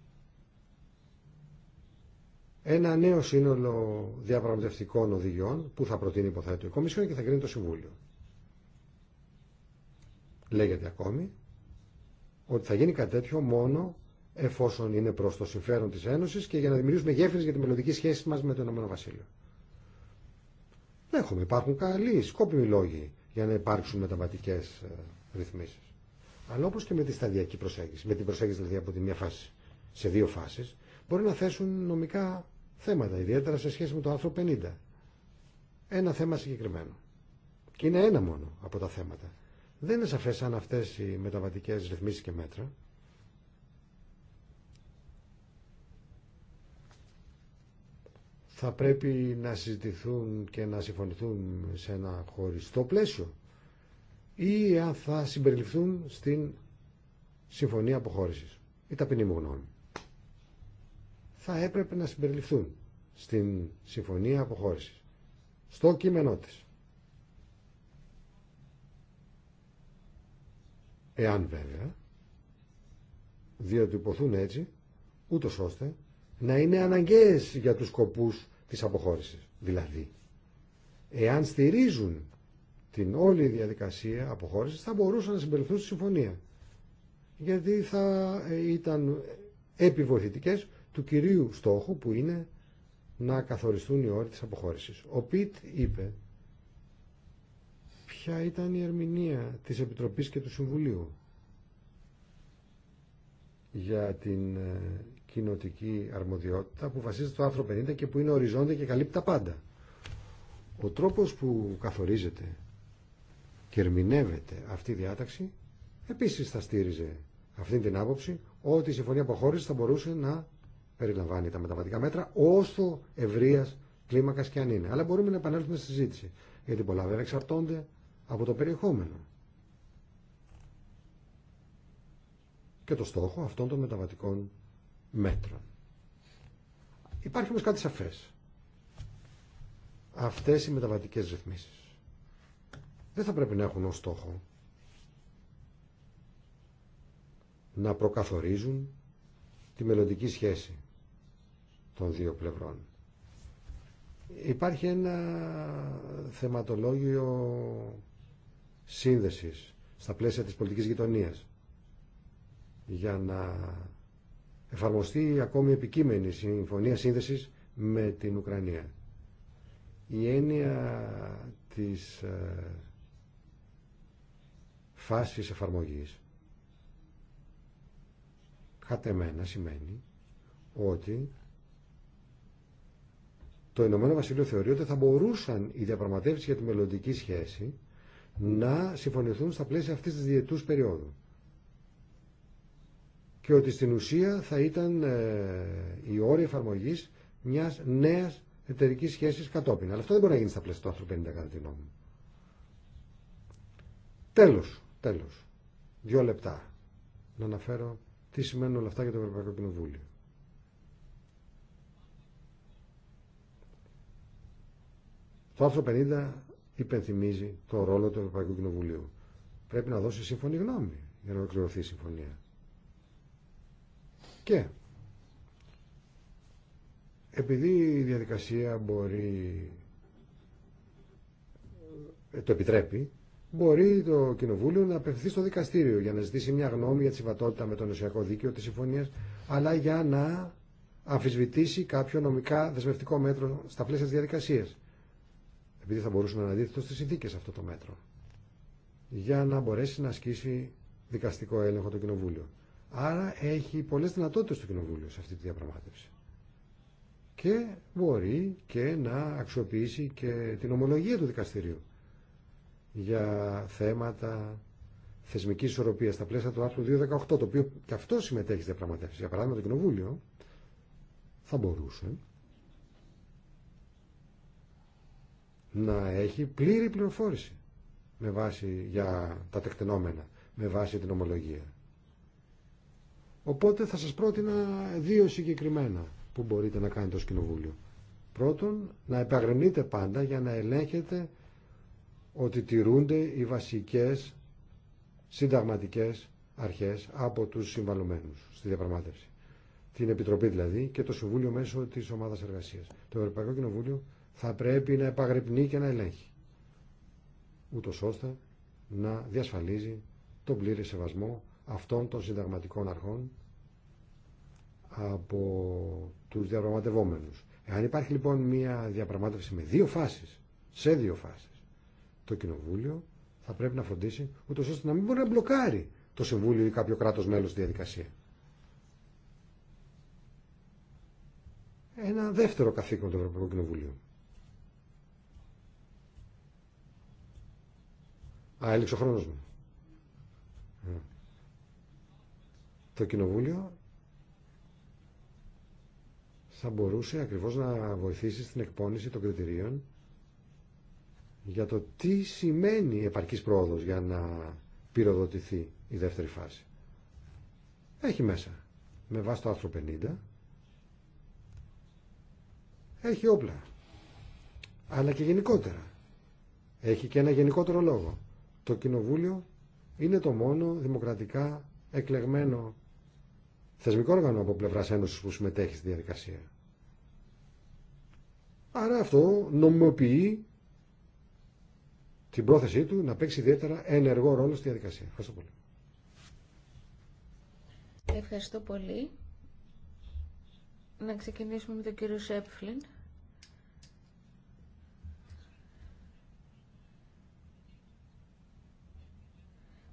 Speaker 3: ένα νέο σύνολο διαπραγματευτικών οδηγιών που θα προτείνει υποθέτω η Κομισιόν και θα κρίνει το Συμβούλιο. Λέγεται ακόμη ότι θα γίνει κάτι τέτοιο μόνο εφόσον είναι προς το συμφέρον της Ένωσης και για να δημιουργήσουμε γέφυρες για τη μελλοντική σχέση μας με το Ηνωμένο Βασίλειο. Έχουμε, υπάρχουν καλοί, σκόπιμοι λόγοι για να υπάρξουν μεταβατικέ ε, ρυθμίσει. Αλλά όπω και με τη σταδιακή προσέγγιση, με την προσέγγιση δηλαδή από τη μία φάση σε δύο φάσει, μπορεί να θέσουν νομικά θέματα, ιδιαίτερα σε σχέση με το άρθρο 50. Ένα θέμα συγκεκριμένο. Και είναι ένα μόνο από τα θέματα. Δεν είναι σαφέ αν αυτέ οι μεταβατικέ ρυθμίσει και μέτρα θα πρέπει να συζητηθούν και να συμφωνηθούν σε ένα χωριστό πλαίσιο ή αν θα συμπεριληφθούν στην συμφωνία αποχώρησης. Η ταπεινή μου γνώμη. Θα έπρεπε να συμπεριληφθούν στην συμφωνία αποχώρησης. Στο κείμενό της. Εάν βέβαια, διότι υποθούν έτσι, ούτως ώστε να είναι αναγκαίες για τους σκοπούς της αποχώρησης. Δηλαδή, εάν στηρίζουν την όλη διαδικασία αποχώρησης θα μπορούσαν να συμπεριφθούν στη συμφωνία. Γιατί θα ε, ήταν επιβοηθητικές του κυρίου στόχου που είναι να καθοριστούν οι όροι της αποχώρησης. Ο Πιτ είπε ποια ήταν η ερμηνεία της Επιτροπής και του Συμβουλίου για την ε, κοινοτική αρμοδιότητα που βασίζεται στο άρθρο 50 και που είναι οριζόντια και καλύπτει τα πάντα. Ο τρόπος που καθορίζεται και ερμηνεύεται αυτή η διάταξη επίσης θα στήριζε αυτή την άποψη ότι η Συμφωνία Αποχώρησης θα μπορούσε να περιλαμβάνει τα μεταβατικά μέτρα όσο ευρεία κλίμακα και αν είναι. Αλλά μπορούμε να επανέλθουμε στη συζήτηση. Γιατί πολλά βέβαια εξαρτώνται από το περιεχόμενο. Και το στόχο αυτών των μεταβατικών μέτρων. Υπάρχει όμως κάτι σαφές. Αυτές οι μεταβατικές ρυθμίσεις δεν θα πρέπει να έχουν ως στόχο να προκαθορίζουν τη μελλοντική σχέση των δύο πλευρών. Υπάρχει ένα θεματολόγιο σύνδεσης στα πλαίσια της πολιτικής γειτονίας για να εφαρμοστεί ακόμη επικείμενη συμφωνία σύνδεσης με την Ουκρανία. Η έννοια της ε, φάσης εφαρμογής κατεμένα σημαίνει ότι το Ηνωμένο Βασίλειο θεωρεί ότι θα μπορούσαν οι διαπραγματεύσει για τη μελλοντική σχέση να συμφωνηθούν στα πλαίσια αυτής της διετούς περίοδου και ότι στην ουσία θα ήταν ε, η όρη εφαρμογή μια νέα εταιρική σχέση κατόπιν. Αλλά αυτό δεν μπορεί να γίνει στα πλαίσια του άρθρου 50 κατά τη γνώμη μου. Τέλο, τέλο. Δύο λεπτά να αναφέρω τι σημαίνουν όλα αυτά για το Ευρωπαϊκό Κοινοβούλιο. Το άρθρο 50 υπενθυμίζει το ρόλο του Ευρωπαϊκού Κοινοβουλίου. Πρέπει να δώσει σύμφωνη γνώμη για να ολοκληρωθεί η συμφωνία. Και επειδή η διαδικασία μπορεί ε, το επιτρέπει, μπορεί το Κοινοβούλιο να απευθυνθεί στο δικαστήριο για να ζητήσει μια γνώμη για τη συμβατότητα με το νοσιακό δίκαιο της συμφωνίας, αλλά για να αμφισβητήσει κάποιο νομικά δεσμευτικό μέτρο στα πλαίσια της διαδικασίας. Επειδή θα μπορούσε να αναδείξει στις συνθήκε αυτό το μέτρο. Για να μπορέσει να ασκήσει δικαστικό έλεγχο το Κοινοβούλιο. Άρα έχει πολλές δυνατότητες το Κοινοβούλιο σε αυτή τη διαπραγμάτευση. Και μπορεί και να αξιοποιήσει και την ομολογία του δικαστηρίου για θέματα θεσμική ισορροπία στα πλαίσια του άρθρου 218, το οποίο και αυτό συμμετέχει στη διαπραγματεύση. Για παράδειγμα, το Κοινοβούλιο θα μπορούσε να έχει πλήρη πληροφόρηση με βάση για τα τεκτενόμενα, με βάση την ομολογία. Οπότε θα σας πρότεινα δύο συγκεκριμένα που μπορείτε να κάνετε ως κοινοβούλιο. Πρώτον, να επαγρενείτε πάντα για να ελέγχετε ότι τηρούνται οι βασικές συνταγματικές αρχές από τους συμβαλωμένους στη διαπραγμάτευση. Την Επιτροπή δηλαδή και το Συμβούλιο μέσω της Ομάδας Εργασίας. Το Ευρωπαϊκό Κοινοβούλιο θα πρέπει να επαγρυπνεί και να ελέγχει. Ούτως ώστε να διασφαλίζει τον πλήρη σεβασμό αυτών των συνταγματικών αρχών από τους διαπραγματευόμενους. Εάν υπάρχει λοιπόν μια διαπραγμάτευση με δύο φάσεις, σε δύο φάσεις, το Κοινοβούλιο θα πρέπει να φροντίσει ούτως ώστε να μην μπορεί να μπλοκάρει το Συμβούλιο ή κάποιο κράτος μέλος στη διαδικασία. Ένα δεύτερο καθήκον του Ευρωπαϊκού Κοινοβουλίου. Α, έλειξε ο χρόνος μου. το Κοινοβούλιο θα μπορούσε ακριβώς να βοηθήσει στην εκπόνηση των κριτηρίων για το τι σημαίνει επαρκής πρόοδος για να πυροδοτηθεί η δεύτερη φάση. Έχει μέσα, με βάση το άρθρο 50, έχει όπλα, αλλά και γενικότερα. Έχει και ένα γενικότερο λόγο. Το Κοινοβούλιο είναι το μόνο δημοκρατικά εκλεγμένο θεσμικό όργανο από πλευρά Ένωση που συμμετέχει στη διαδικασία. Άρα αυτό νομιμοποιεί την πρόθεσή του να παίξει ιδιαίτερα ενεργό ρόλο στη διαδικασία. Ευχαριστώ πολύ.
Speaker 1: Ευχαριστώ πολύ. Να ξεκινήσουμε με τον κύριο Σέπφλιν.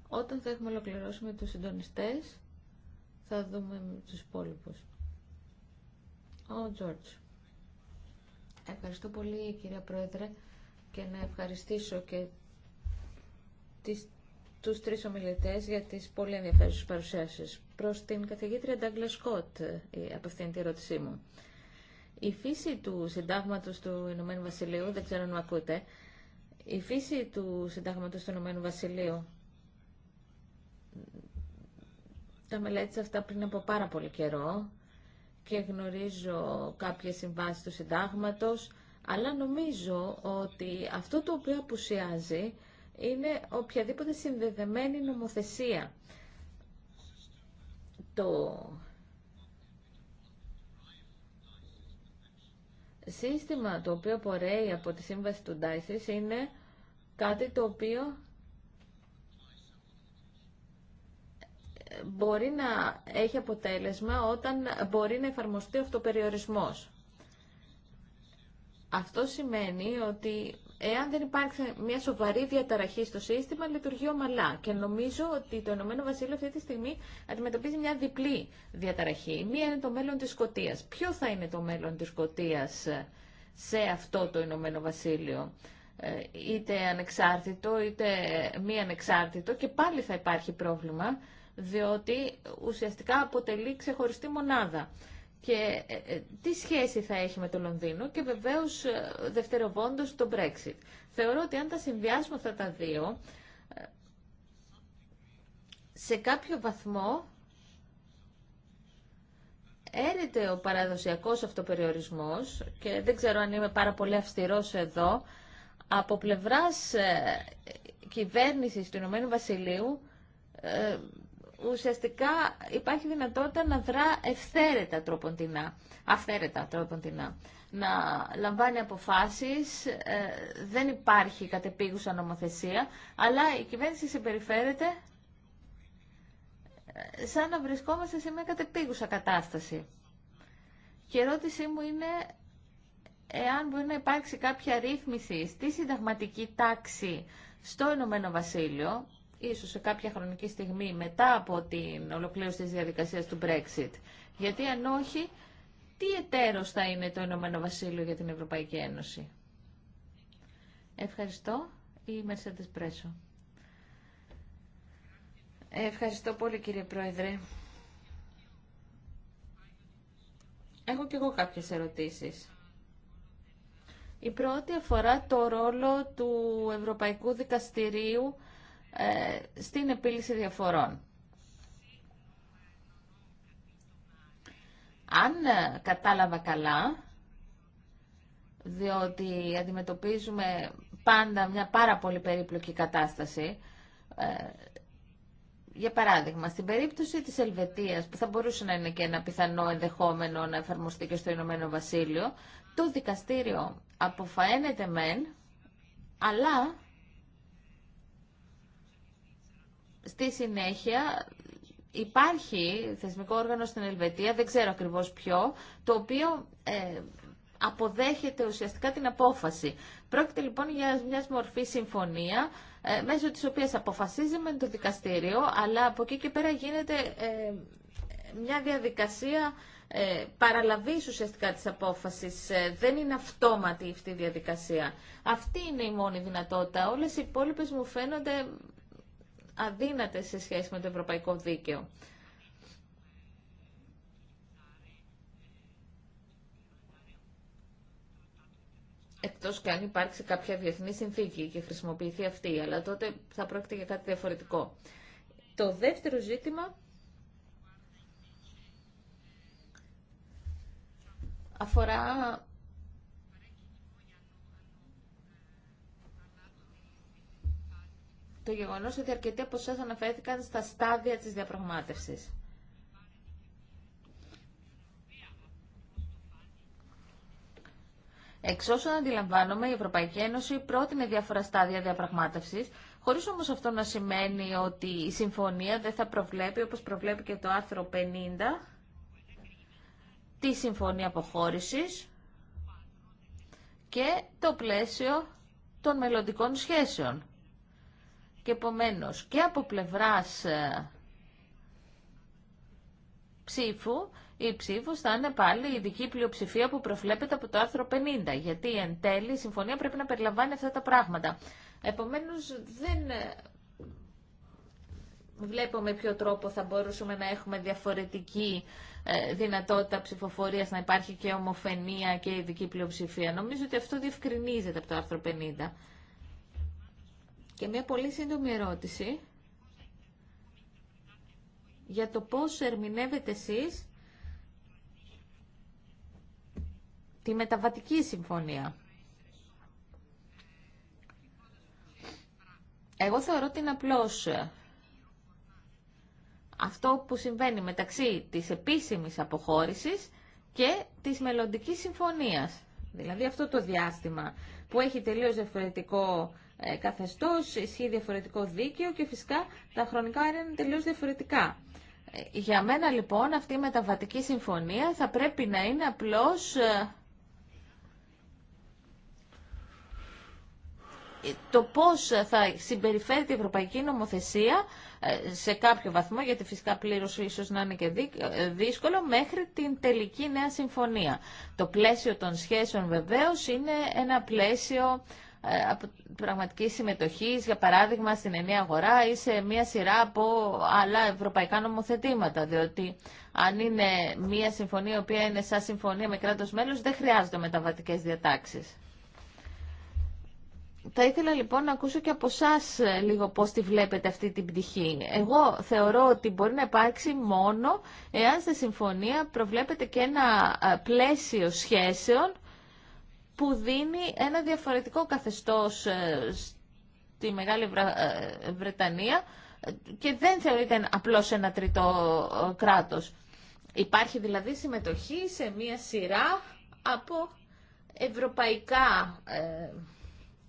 Speaker 1: Όταν θα έχουμε ολοκληρώσει με τους συντονιστές, θα δούμε τους υπόλοιπους. Ο Τζόρτζ. Ευχαριστώ πολύ κυρία Πρόεδρε και να ευχαριστήσω και τις, τους τρεις ομιλητές για τις πολύ ενδιαφέρουσες παρουσιάσεις. Προς την καθηγήτρια Ντάγκλα Σκότ ε, απευθύνει τη ερώτησή μου. Η φύση του συντάγματος του Ηνωμένου Βασιλείου, δεν ξέρω αν ακούτε, η φύση του συντάγματος του Ηνωμένου Βασιλείου Τα μελέτησα αυτά πριν από πάρα πολύ καιρό και γνωρίζω κάποιες συμβάσεις του συντάγματος, αλλά νομίζω ότι αυτό το οποίο απουσιάζει είναι οποιαδήποτε συνδεδεμένη νομοθεσία. Το σύστημα το οποίο πορεύει από τη σύμβαση του Ντάισις είναι κάτι το οποίο μπορεί να έχει αποτέλεσμα όταν μπορεί να εφαρμοστεί αυτοπεριορισμός. Αυτό σημαίνει ότι εάν δεν υπάρχει μια σοβαρή διαταραχή στο σύστημα, λειτουργεί ομαλά. Και νομίζω ότι το Ηνωμένο Βασίλειο αυτή τη στιγμή αντιμετωπίζει μια διπλή διαταραχή. Μία είναι το μέλλον της Σκοτίας. Ποιο θα είναι το μέλλον της Σκοτίας ε, σε αυτό το Ηνωμένο Βασίλειο ε, είτε ανεξάρτητο είτε μη ανεξάρτητο και πάλι θα υπάρχει πρόβλημα διότι ουσιαστικά αποτελεί ξεχωριστή μονάδα. Και ε, ε, τι σχέση θα έχει με το Λονδίνο και βεβαίως ε, δευτεροβόντως το Brexit. Θεωρώ ότι αν τα συνδυάσουμε αυτά τα δύο, σε κάποιο βαθμό έρεται ο παραδοσιακός αυτοπεριορισμός και δεν ξέρω αν είμαι πάρα πολύ αυστηρός εδώ, από πλευράς κυβέρνησης του Ηνωμένου Βασιλείου ουσιαστικά υπάρχει δυνατότητα να δρά ευθέρετα τροποντινά, αυθαίρετα την Να λαμβάνει αποφάσεις, ε, δεν υπάρχει κατεπίγουσα νομοθεσία, αλλά η κυβέρνηση συμπεριφέρεται ε, σαν να βρισκόμαστε σε μια κατεπίγουσα κατάσταση. Και η ερώτησή μου είναι εάν μπορεί να υπάρξει κάποια ρύθμιση στη συνταγματική τάξη στο Ηνωμένο Βασίλειο, ίσως σε κάποια χρονική στιγμή μετά από την ολοκλήρωση της διαδικασίας του Brexit. Γιατί αν όχι, τι εταίρος θα είναι το Ηνωμένο Βασίλειο για την Ευρωπαϊκή Ένωση. Ευχαριστώ. Η Mercedes Πρέσο. Ευχαριστώ πολύ κύριε Πρόεδρε. Έχω και εγώ κάποιες ερωτήσεις. Η πρώτη αφορά το ρόλο του Ευρωπαϊκού Δικαστηρίου ε, στην επίλυση διαφορών. Αν ε, κατάλαβα καλά, διότι αντιμετωπίζουμε πάντα μια πάρα πολύ περίπλοκη κατάσταση, ε, για παράδειγμα, στην περίπτωση της Ελβετίας, που θα μπορούσε να είναι και ένα πιθανό ενδεχόμενο να εφαρμοστεί και στο Ηνωμένο Βασίλειο, το δικαστήριο αποφαίνεται μεν, αλλά Στη συνέχεια υπάρχει θεσμικό όργανο στην Ελβετία, δεν ξέρω ακριβώς ποιο, το οποίο ε, αποδέχεται ουσιαστικά την απόφαση. Πρόκειται λοιπόν για μια μορφή συμφωνία, ε, μέσω της οποίας αποφασίζει με το δικαστήριο, αλλά από εκεί και πέρα γίνεται ε, μια διαδικασία ε, παραλαβής ουσιαστικά της απόφασης. Ε, δεν είναι αυτόματη αυτή η διαδικασία. Αυτή είναι η μόνη δυνατότητα. Όλες οι υπόλοιπε μου φαίνονται αδύνατες σε σχέση με το ευρωπαϊκό δίκαιο. Εκτός και αν υπάρξει κάποια διεθνή συνθήκη και χρησιμοποιηθεί αυτή, αλλά τότε θα πρόκειται για κάτι διαφορετικό. Το δεύτερο ζήτημα αφορά το γεγονός ότι αρκετοί από εσάς αναφέρθηκαν στα στάδια της διαπραγμάτευσης. Εξ όσων αντιλαμβάνομαι, η Ευρωπαϊκή Ένωση πρότεινε διάφορα στάδια διαπραγμάτευσης, χωρίς όμως αυτό να σημαίνει ότι η συμφωνία δεν θα προβλέπει, όπως προβλέπει και το άρθρο 50, τη συμφωνία αποχώρησης και το πλαίσιο των μελλοντικών σχέσεων. Και επομένως και από πλευράς ε, ψήφου, η ψήφο θα είναι πάλι η ειδική πλειοψηφία που προβλέπεται από το άρθρο 50, γιατί εν τέλει η συμφωνία πρέπει να περιλαμβάνει αυτά τα πράγματα. Επομένως δεν ε, βλέπω με ποιο τρόπο θα μπορούσαμε να έχουμε διαφορετική ε, δυνατότητα ψηφοφορίας, να υπάρχει και ομοφενία και ειδική πλειοψηφία. Νομίζω ότι αυτό διευκρινίζεται από το άρθρο 50. Και μια πολύ σύντομη ερώτηση για το πώς ερμηνεύετε εσείς τη μεταβατική συμφωνία. Εγώ θεωρώ ότι είναι απλώς αυτό που συμβαίνει μεταξύ της επίσημης αποχώρησης και της μελλοντική συμφωνίας. Δηλαδή αυτό το διάστημα που έχει τελείως διαφορετικό ε, καθεστώς, ισχύει διαφορετικό δίκαιο και φυσικά τα χρονικά είναι τελείως διαφορετικά. Ε, για μένα λοιπόν αυτή η μεταβατική συμφωνία θα πρέπει να είναι απλώς ε, το πώς θα συμπεριφέρει η Ευρωπαϊκή Νομοθεσία σε κάποιο βαθμό, γιατί φυσικά πλήρως ίσως να είναι και δύσκολο, μέχρι την τελική νέα συμφωνία. Το πλαίσιο των σχέσεων βεβαίως είναι ένα πλαίσιο ε, από πραγματική συμμετοχή, για παράδειγμα στην ενιαία αγορά ή σε μια σειρά από άλλα ευρωπαϊκά νομοθετήματα, διότι αν είναι μια συμφωνία η οποία είναι σαν συμφωνία με κράτος μέλος δεν χρειάζονται μεταβατικές διατάξεις. Θα ήθελα λοιπόν να ακούσω και από εσά ε, λίγο πώς τη βλέπετε αυτή την πτυχή. Εγώ θεωρώ ότι μπορεί να υπάρξει μόνο εάν στη συμφωνία προβλέπεται και ένα ε, πλαίσιο σχέσεων που δίνει ένα διαφορετικό καθεστώς ε, στη Μεγάλη ε, Βρετανία και δεν θεωρείται απλώς ένα τρίτο ε, κράτος. Υπάρχει δηλαδή συμμετοχή σε μία σειρά από ευρωπαϊκά ε,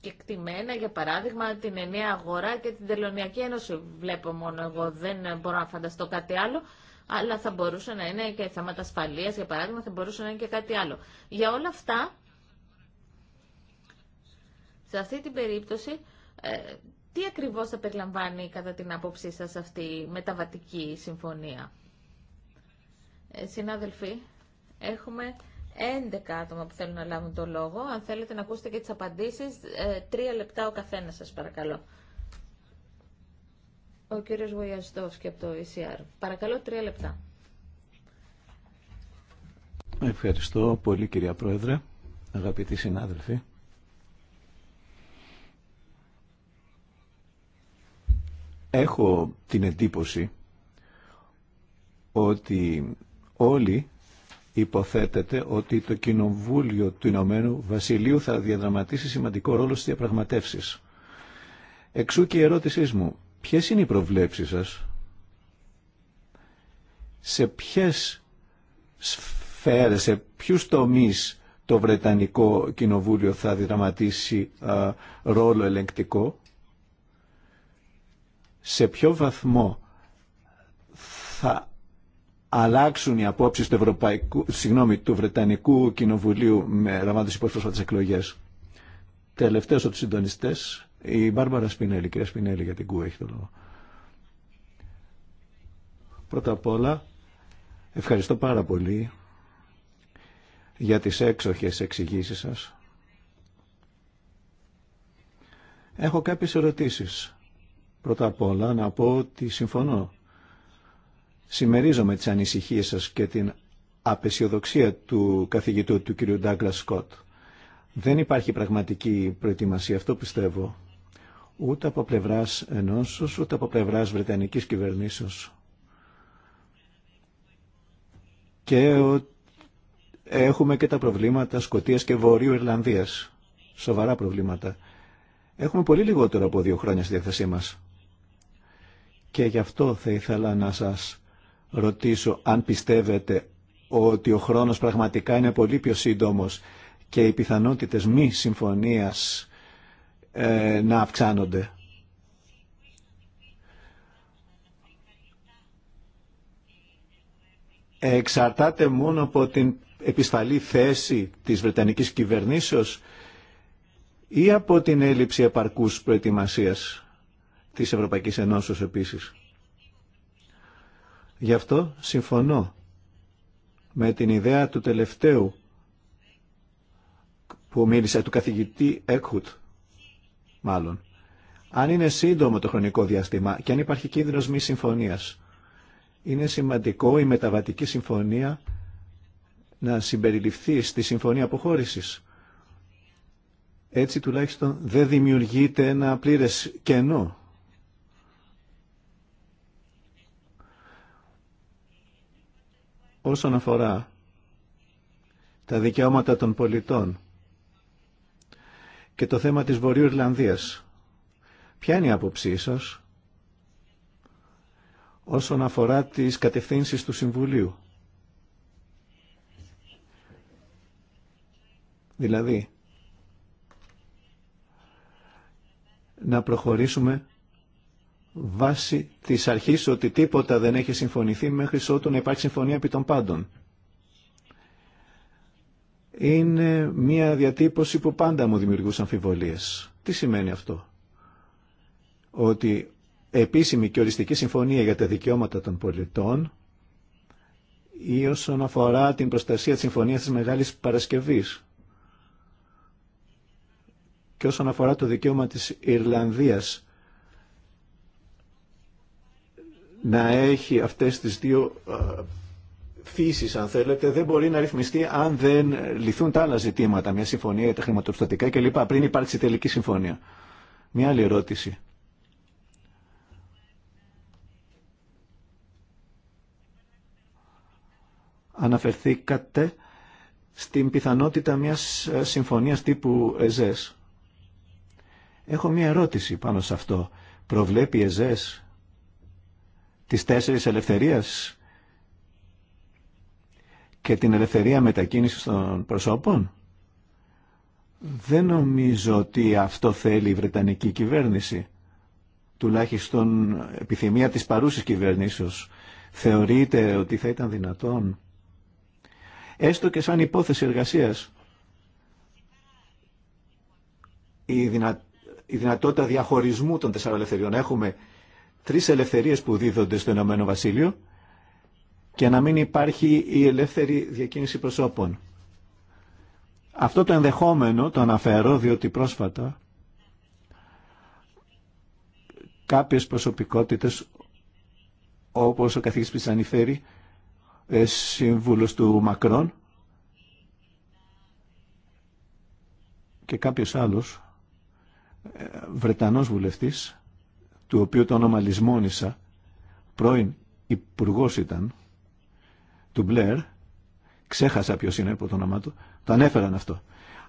Speaker 1: κεκτημένα, για παράδειγμα την Εννέα αγορά και την τελωνιακή ένωση. Βλέπω μόνο εγώ, δεν μπορώ να φανταστώ κάτι άλλο, αλλά θα μπορούσε να είναι και θέματα ασφαλείας, για παράδειγμα, θα μπορούσε να είναι και κάτι άλλο. Για όλα αυτά σε αυτή την περίπτωση, ε, τι ακριβώς θα περιλαμβάνει κατά την άποψή σας αυτή η μεταβατική συμφωνία. Ε, συνάδελφοι, έχουμε 11 άτομα που θέλουν να λάβουν το λόγο. Αν θέλετε να ακούσετε και τις απαντήσεις, ε, τρία λεπτά ο καθένας σας παρακαλώ. Ο κύριος Βοιαστός και από το ECR. Παρακαλώ τρία λεπτά.
Speaker 2: Ευχαριστώ πολύ κυρία Πρόεδρε, αγαπητοί συνάδελφοι. Έχω την εντύπωση ότι όλοι υποθέτεται ότι το Κοινοβούλιο του Ηνωμένου Βασιλείου θα διαδραματίσει σημαντικό ρόλο στις διαπραγματεύσεις. Εξού και η ερώτησή μου, ποιες είναι οι προβλέψεις σας, σε ποιες σφαίρες, σε ποιους τομείς το Βρετανικό Κοινοβούλιο θα διαδραματίσει ρόλο ελεγκτικό σε ποιο βαθμό θα αλλάξουν οι απόψει του, Ευρωπαϊκού, του Βρετανικού Κοινοβουλίου με λαμβάνοντα από τι εκλογέ. Τελευταίο από του συντονιστέ, η Μπάρμπαρα Σπινέλη. Κυρία Σπινέλη, για την ΚΟΥ έχει το λόγο. Πρώτα απ' όλα, ευχαριστώ πάρα πολύ για τις έξοχες εξηγήσεις σας. Έχω κάποιες ερωτήσεις. Πρώτα απ' όλα να πω ότι συμφωνώ. Συμμερίζομαι τις ανησυχίες σας και την απεσιοδοξία του καθηγητού του κ. Ντάγκλα Σκότ. Δεν υπάρχει πραγματική προετοιμασία, αυτό πιστεύω, ούτε από πλευράς ενώσεως, ούτε από πλευράς Βρετανικής κυβερνήσεως. Και έχουμε και τα προβλήματα Σκοτίας και Βορείου Ιρλανδίας. Σοβαρά προβλήματα. Έχουμε πολύ λιγότερο από δύο χρόνια στη διάθεσή μας. Και γι' αυτό θα ήθελα να σας ρωτήσω αν πιστεύετε ότι ο χρόνος πραγματικά είναι πολύ πιο σύντομος και οι πιθανότητες μη συμφωνίας ε, να αυξάνονται. Εξαρτάται μόνο από την επισφαλή θέση της Βρετανικής κυβερνήσεως ή από την έλλειψη επαρκούς προετοιμασίας της Ευρωπαϊκής Ενώσεως επίσης. Γι' αυτό συμφωνώ με την ιδέα του τελευταίου που μίλησε, του καθηγητή Έκχουτ, μάλλον. Αν είναι σύντομο το χρονικό διάστημα και αν υπάρχει κίνδυνος μη συμφωνίας, είναι σημαντικό η μεταβατική συμφωνία να συμπεριληφθεί στη συμφωνία αποχώρησης. Έτσι τουλάχιστον δεν δημιουργείται ένα πλήρες κενό όσον αφορά τα δικαιώματα των πολιτών και το θέμα της Βορείου Ιρλανδίας. Ποια είναι η άποψή σας όσον αφορά τις κατευθύνσεις του Συμβουλίου. Δηλαδή, να προχωρήσουμε βάσει της αρχής ότι τίποτα δεν έχει συμφωνηθεί μέχρι ότου να υπάρχει συμφωνία επί των πάντων. Είναι μια διατύπωση που πάντα μου δημιουργούσε αμφιβολίες. Τι σημαίνει αυτό. Ότι επίσημη και οριστική συμφωνία για τα δικαιώματα των πολιτών ή όσον αφορά την προστασία της Συμφωνίας της Μεγάλης Παρασκευής και όσον αφορά το δικαίωμα της Ιρλανδίας να έχει αυτές τις δύο ε, φύσεις αν θέλετε δεν μπορεί να ρυθμιστεί αν δεν λυθούν τα άλλα ζητήματα, μια συμφωνία για τα χρηματοπιστωτικά κλπ. πριν υπάρξει τελική συμφωνία. Μια άλλη ερώτηση. Αναφερθήκατε στην πιθανότητα μιας ε, συμφωνίας τύπου ΕΖΕΣ. Έχω μια ερώτηση πάνω σε αυτό. Προβλέπει η ΕΖΕΣ τις τέσσερις ελευθερίες και την ελευθερία μετακίνησης των προσώπων. Δεν νομίζω ότι αυτό θέλει η Βρετανική κυβέρνηση. Τουλάχιστον επιθυμία της παρούσης κυβερνήσεως. Θεωρείται ότι θα ήταν δυνατόν. Έστω και σαν υπόθεση εργασίας. Η, η δυνατότητα διαχωρισμού των τεσσάρων ελευθεριών. Έχουμε τρεις ελευθερίες που δίδονται στο Ηνωμένο Βασίλειο και να μην υπάρχει η ελεύθερη διακίνηση προσώπων. Αυτό το ενδεχόμενο το αναφέρω διότι πρόσφατα κάποιες προσωπικότητες όπως ο καθηγητής Πισανιφέρη ε, σύμβουλος του Μακρόν και κάποιος άλλος ε, Βρετανός βουλευτής του οποίου το όνομα λησμόνησα, πρώην υπουργό ήταν, του Μπλερ, ξέχασα ποιο είναι από το όνομά του, το ανέφεραν αυτό.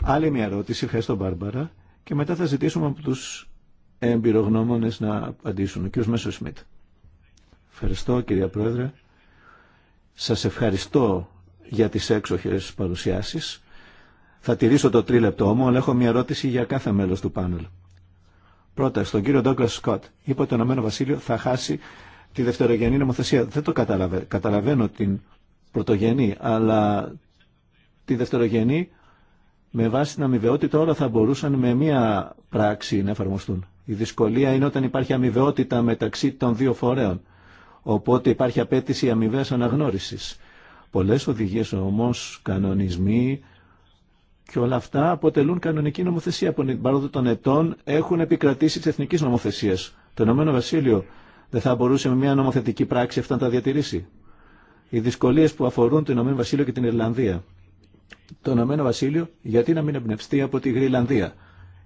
Speaker 2: Άλλη μια ερώτηση, ευχαριστώ Μπάρμπαρα, και μετά θα ζητήσουμε από τους εμπειρογνώμονε να απαντήσουν. Ο κ. Μέσο Σμιτ. Ευχαριστώ κυρία Πρόεδρε. Σας ευχαριστώ για τις έξοχες παρουσιάσεις. Θα τηρήσω το τρίλεπτο μου, αλλά έχω μια ερώτηση για κάθε μέλο του πάνελ. Πρώτα, στον κύριο Ντόγκλα Σκοτ. Είπε ότι το Ηνωμένο Βασίλειο θα χάσει τη δευτερογενή νομοθεσία. Δεν το καταλαβαίνω. Καταλαβαίνω την πρωτογενή, αλλά τη δευτερογενή με βάση την αμοιβαιότητα όλα θα μπορούσαν με μία πράξη να εφαρμοστούν. Η δυσκολία είναι όταν υπάρχει αμοιβαιότητα μεταξύ των δύο φορέων. Οπότε υπάρχει απέτηση αμοιβαία αναγνώριση. Πολλέ οδηγίε όμω, κανονισμοί και όλα αυτά αποτελούν κανονική νομοθεσία Από την παρόλο των ετών έχουν επικρατήσει τη εθνική νομοθεσία. Το Ηνωμένο Βασίλειο δεν θα μπορούσε με μια νομοθετική πράξη αυτά να τα διατηρήσει. Οι δυσκολίε που αφορούν το Ηνωμένο Βασίλειο και την Ιρλανδία. Το Ηνωμένο Βασίλειο γιατί να μην εμπνευστεί από τη Γρυλανδία,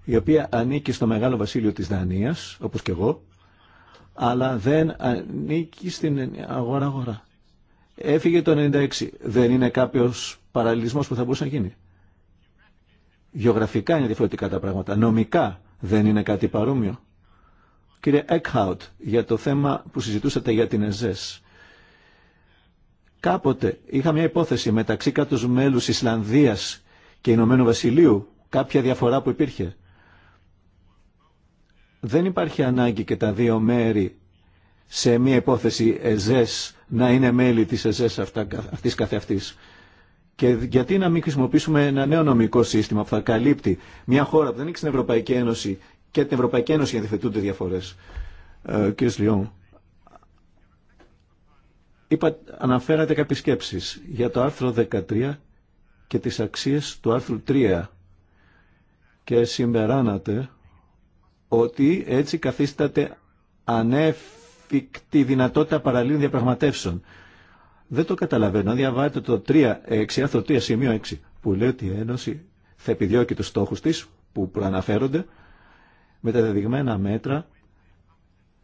Speaker 2: η οποία ανήκει στο Μεγάλο Βασίλειο τη Δανία, όπω και εγώ, αλλά δεν ανήκει στην αγορά-αγορά. Έφυγε το 1996. Δεν είναι κάποιο παραλληλισμό που θα μπορούσε να γίνει. Γεωγραφικά είναι διαφορετικά τα πράγματα. Νομικά δεν είναι κάτι παρόμοιο. Κύριε Εκχάουτ, για το θέμα που συζητούσατε για την ΕΖΕΣ. Κάποτε είχα μια υπόθεση μεταξύ κάτω μέλους Ισλανδίας και Ηνωμένου Βασιλείου, κάποια διαφορά που υπήρχε. Δεν υπάρχει ανάγκη και τα δύο μέρη σε μια υπόθεση ΕΖΕΣ να είναι μέλη της ΕΖΕΣ αυτής καθεαυτής. Και γιατί να μην χρησιμοποιήσουμε ένα νέο νομικό σύστημα που θα καλύπτει μια χώρα που δεν είναι στην Ευρωπαϊκή Ένωση και την Ευρωπαϊκή Ένωση ενδιαφετούνται διαφορέ. Ε, κύριε Σλιόν, είπα, αναφέρατε κάποιε σκέψει για το άρθρο 13 και τις αξίες του άρθρου 3 και συμπεράνατε ότι έτσι καθίσταται ανέφικτη δυνατότητα παραλλήλων διαπραγματεύσεων. Δεν το καταλαβαίνω. Αν το 3.6, άρθρο 3 σημείο 6, που λέει ότι η Ένωση θα επιδιώκει του στόχου τη που προαναφέρονται, με τα δεδειγμένα μέτρα,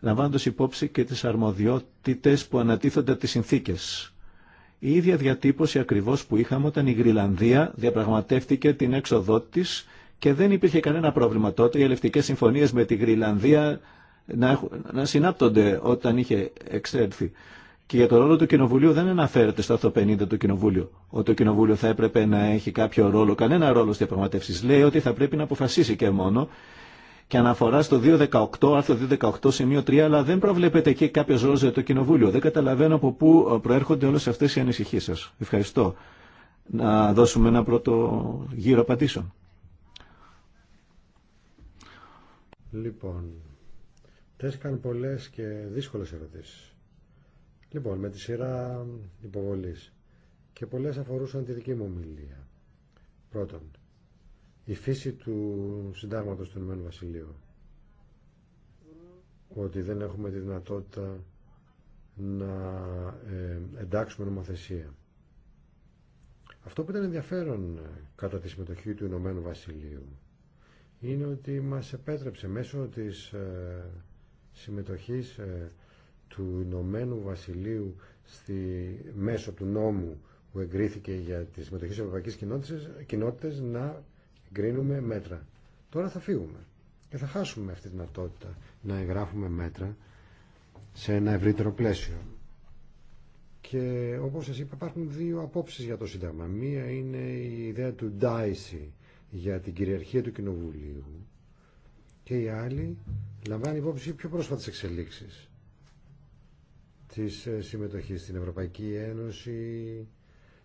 Speaker 2: λαμβάνοντα υπόψη και τι αρμοδιότητε που ανατίθονται από τι συνθήκε. Η ίδια διατύπωση ακριβώ που είχαμε όταν η Γρυλανδία διαπραγματεύτηκε την έξοδό τη και δεν υπήρχε κανένα πρόβλημα τότε. Οι ελευτικέ συμφωνίε με τη Γρυλανδία να, να συνάπτονται όταν είχε εξέλθει και για το ρόλο του Κοινοβουλίου δεν αναφέρεται στο άρθρο 50 του Κοινοβούλιο ότι το Κοινοβούλιο θα έπρεπε να έχει κάποιο ρόλο, κανένα ρόλο στι διαπραγματεύσει. Λέει ότι θα πρέπει να αποφασίσει και μόνο και αναφορά στο 218, άρθρο 218 σημείο 3, αλλά δεν προβλέπεται εκεί κάποιο ρόλο για το Κοινοβούλιο. Δεν καταλαβαίνω από πού προέρχονται όλε αυτέ οι ανησυχίε σα. Ευχαριστώ. Να δώσουμε ένα πρώτο γύρο απαντήσεων.
Speaker 3: Λοιπόν, τέσκαν πολλές και δύσκολες ερωτήσεις. Λοιπόν, με τη σειρά υποβολής και πολλές αφορούσαν τη δική μου ομιλία. Πρώτον, η φύση του συντάγματος του Ηνωμένου Βασιλείου. Ότι δεν έχουμε τη δυνατότητα να ε, εντάξουμε νομοθεσία. Αυτό που ήταν ενδιαφέρον ε, κατά τη συμμετοχή του Ηνωμένου Βασιλείου είναι ότι μας επέτρεψε μέσω της ε, συμμετοχής του Ηνωμένου Βασιλείου στη, μέσω του νόμου που εγκρίθηκε για τη συμμετοχή στις ευρωπαϊκές κοινότητες να εγκρίνουμε μέτρα. Τώρα θα φύγουμε και θα χάσουμε αυτή τη δυνατότητα να εγγράφουμε μέτρα σε ένα ευρύτερο πλαίσιο. Και όπως σας είπα υπάρχουν δύο απόψεις για το Σύνταγμα. Μία είναι η ιδέα του Ντάισι για την κυριαρχία του Κοινοβουλίου και η άλλη λαμβάνει υπόψη πιο πρόσφατες εξελίξεις της ε, συμμετοχής στην Ευρωπαϊκή Ένωση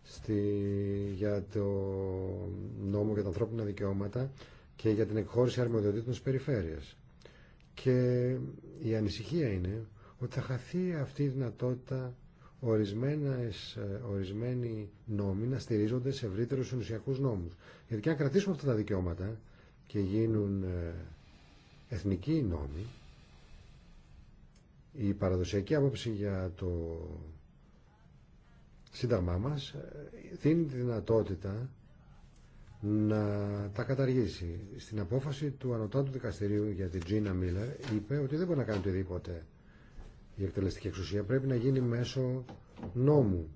Speaker 3: στη, για το νόμο για τα ανθρώπινα δικαιώματα και για την εκχώρηση αρμοδιοτήτων της περιφέρειας. Και η ανησυχία είναι ότι θα χαθεί αυτή η δυνατότητα ε, ορισμένοι νόμοι να στηρίζονται σε ευρύτερους ενουσιακούς νόμους. Γιατί αν κρατήσουμε αυτά τα δικαιώματα και γίνουν ε, εθνικοί νόμοι, η παραδοσιακή άποψη για το Σύνταγμά μας ε, δίνει τη δυνατότητα να τα καταργήσει. Στην απόφαση του Ανωτάτου Δικαστηρίου για την Τζίνα Μίλλερ είπε ότι δεν μπορεί να κάνει οτιδήποτε η εκτελεστική εξουσία. Πρέπει να γίνει μέσω νόμου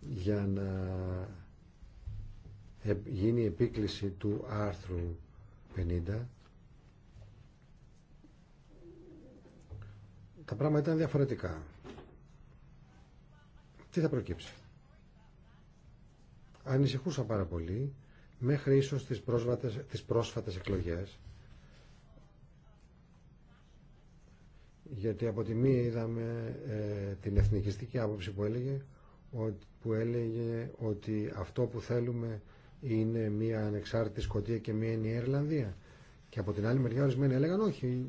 Speaker 3: για να ε, γίνει η επίκληση του άρθρου 50 τα πράγματα ήταν διαφορετικά. Τι θα προκύψει. Ανησυχούσα πάρα πολύ μέχρι ίσως τις, πρόσβατες, τις πρόσφατες εκλογές γιατί από τη μία είδαμε ε, την εθνικιστική άποψη που έλεγε ότι, που έλεγε ότι αυτό που θέλουμε είναι μια ανεξάρτητη Σκοτία και μια ενιαία Ιρλανδία και από την άλλη μεριά ορισμένοι έλεγαν όχι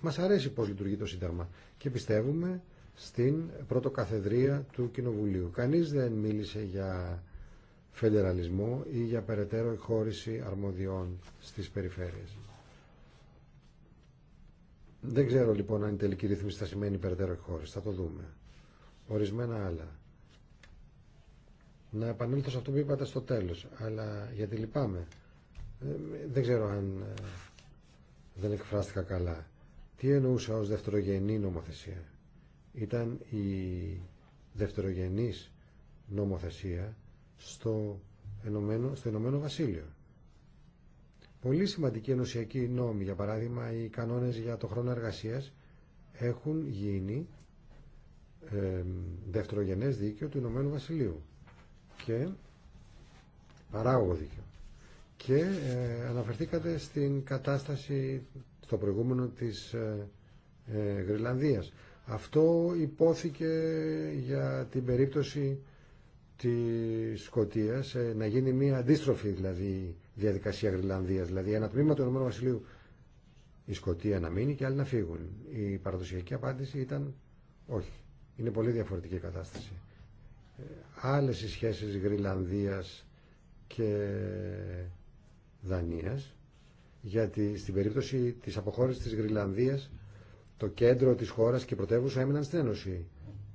Speaker 3: μας αρέσει πώς λειτουργεί το Σύνταγμα και πιστεύουμε στην πρωτοκαθεδρία του Κοινοβουλίου. Κανείς δεν μίλησε για φεντεραλισμό ή για περαιτέρω χώριση αρμοδιών στις περιφέρειες. Δεν ξέρω λοιπόν αν η τελική ρύθμιση θα σημαίνει περαιτέρω Θα το δούμε. Ορισμένα άλλα. Να επανέλθω σε αυτό που είπατε στο τέλος, αλλά γιατί λυπάμαι. Ε, δεν ξέρω αν ε, δεν εκφράστηκα καλά. Τι εννοούσα ως δευτερογενή νομοθεσία. Ήταν η δευτερογενής νομοθεσία στο Ενωμένο, στο Ενωμένο Βασίλειο. Πολύ σημαντική ενωσιακή νόμοι, για παράδειγμα οι κανόνες για το χρόνο εργασίας, έχουν γίνει ε, δευτερογενές δίκαιο του Ηνωμένου Βασιλείου και παράγωγο δίκαιο. Και ε, αναφερθήκατε στην κατάσταση το προηγούμενο της ε, ε, Γρυλανδίας. Αυτό υπόθηκε για την περίπτωση της Σκοτίας ε, να γίνει μια αντίστροφη δηλαδή διαδικασία Γρυλανδίας. Δηλαδή ένα τμήμα του Ηνωμένου Βασιλείου η Σκοτία να μείνει και άλλοι να φύγουν. Η παραδοσιακή απάντηση ήταν όχι. Είναι πολύ διαφορετική η κατάσταση. Ε, άλλες οι σχέσεις Γρυλανδίας και Δανίας γιατί στην περίπτωση της αποχώρησης της Γρυλανδίας το κέντρο της χώρας και η πρωτεύουσα έμειναν στην Ένωση.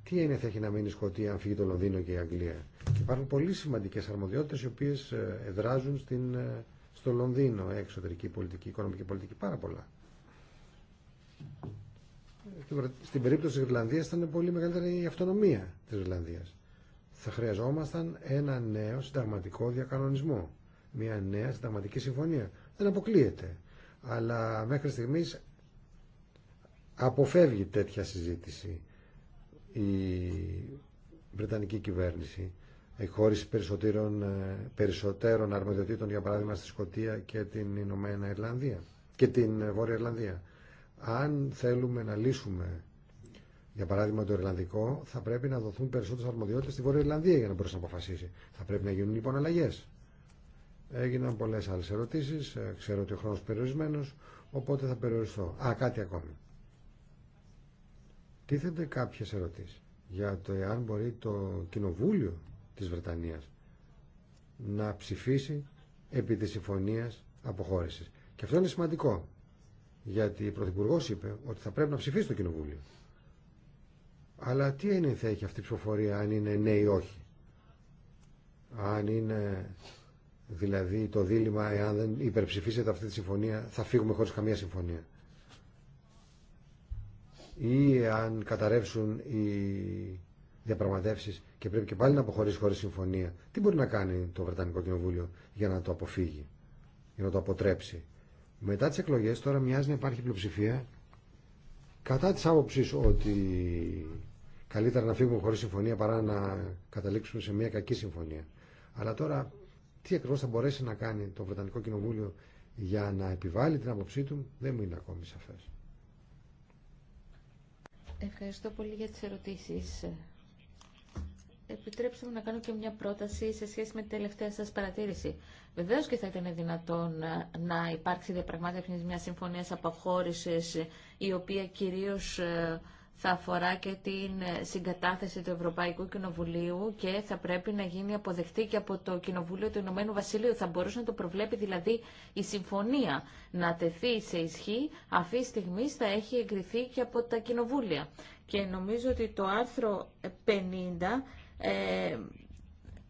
Speaker 3: Τι έννοια θα έχει να μείνει η Σκωτία αν φύγει το Λονδίνο και η Αγγλία. Και υπάρχουν πολύ σημαντικές αρμοδιότητες οι οποίες ε, εδράζουν στην, ε, στο Λονδίνο, εξωτερική πολιτική, οικονομική πολιτική, πάρα πολλά. Στην περίπτωση της Γρυλανδίας ήταν πολύ μεγαλύτερη η αυτονομία της Γρυλανδίας. Θα χρειαζόμασταν ένα νέο συνταγματικό διακανονισμό, μια νέα συνταγματική συμφωνία δεν αποκλείεται. Αλλά μέχρι στιγμής αποφεύγει τέτοια συζήτηση η Βρετανική κυβέρνηση. Η ε, περισσότερων, αρμοδιοτήτων, για παράδειγμα, στη Σκοτία και την Ηνωμένα Ιρλανδία και την ε, Βόρεια Ιρλανδία. Αν θέλουμε να λύσουμε, για παράδειγμα, το Ιρλανδικό, θα πρέπει να δοθούν περισσότερες αρμοδιότητε στη Βόρεια Ιρλανδία για να μπορέσει να αποφασίσει. Θα πρέπει να γίνουν λοιπόν αλλαγέ. Έγιναν πολλές άλλε ερωτήσει. Ε, ξέρω ότι ο χρόνος περιορισμένος, οπότε θα περιοριστώ. Α, κάτι ακόμη. Τίθενται κάποιε ερωτήσει για το εάν μπορεί το Κοινοβούλιο της Βρετανίας να ψηφίσει επί τη συμφωνία αποχώρησης. Και αυτό είναι σημαντικό, γιατί ο Πρωθυπουργό είπε ότι θα πρέπει να ψηφίσει το Κοινοβούλιο. Αλλά τι είναι θα έχει αυτή η ψηφοφορία αν είναι ναι ή όχι. Αν είναι Δηλαδή το δίλημα εάν δεν υπερψηφίσετε αυτή τη συμφωνία θα φύγουμε χωρίς καμία συμφωνία. Ή αν καταρρεύσουν οι διαπραγματεύσεις και πρέπει και πάλι να αποχωρήσει χωρίς συμφωνία. Τι μπορεί να κάνει το Βρετανικό Κοινοβούλιο για να το αποφύγει, για να το αποτρέψει. Μετά τις εκλογές τώρα μοιάζει να υπάρχει πλειοψηφία κατά της άποψης ότι καλύτερα να φύγουμε χωρίς συμφωνία παρά να καταλήξουμε σε μια κακή συμφωνία. Αλλά τώρα τι ακριβώς θα μπορέσει να κάνει το Βρετανικό Κοινοβούλιο για να επιβάλλει την άποψή του δεν μου είναι ακόμη σαφές.
Speaker 1: Ευχαριστώ πολύ για τις ερωτήσεις. Επιτρέψτε μου να κάνω και μια πρόταση σε σχέση με την τελευταία σας παρατήρηση. Βεβαίω και θα ήταν δυνατόν να υπάρξει διαπραγμάτευση μια συμφωνία αποχώρηση, η οποία κυρίως... Ε, θα αφορά και την ε, συγκατάθεση του Ευρωπαϊκού Κοινοβουλίου και θα πρέπει να γίνει αποδεκτή και από το Κοινοβούλιο του Ηνωμένου Βασιλείου. Θα μπορούσε να το προβλέπει δηλαδή η συμφωνία να τεθεί σε ισχύ, αυτή τη στιγμή θα έχει εγκριθεί και από τα Κοινοβούλια. Και νομίζω ότι το άρθρο 50 ε,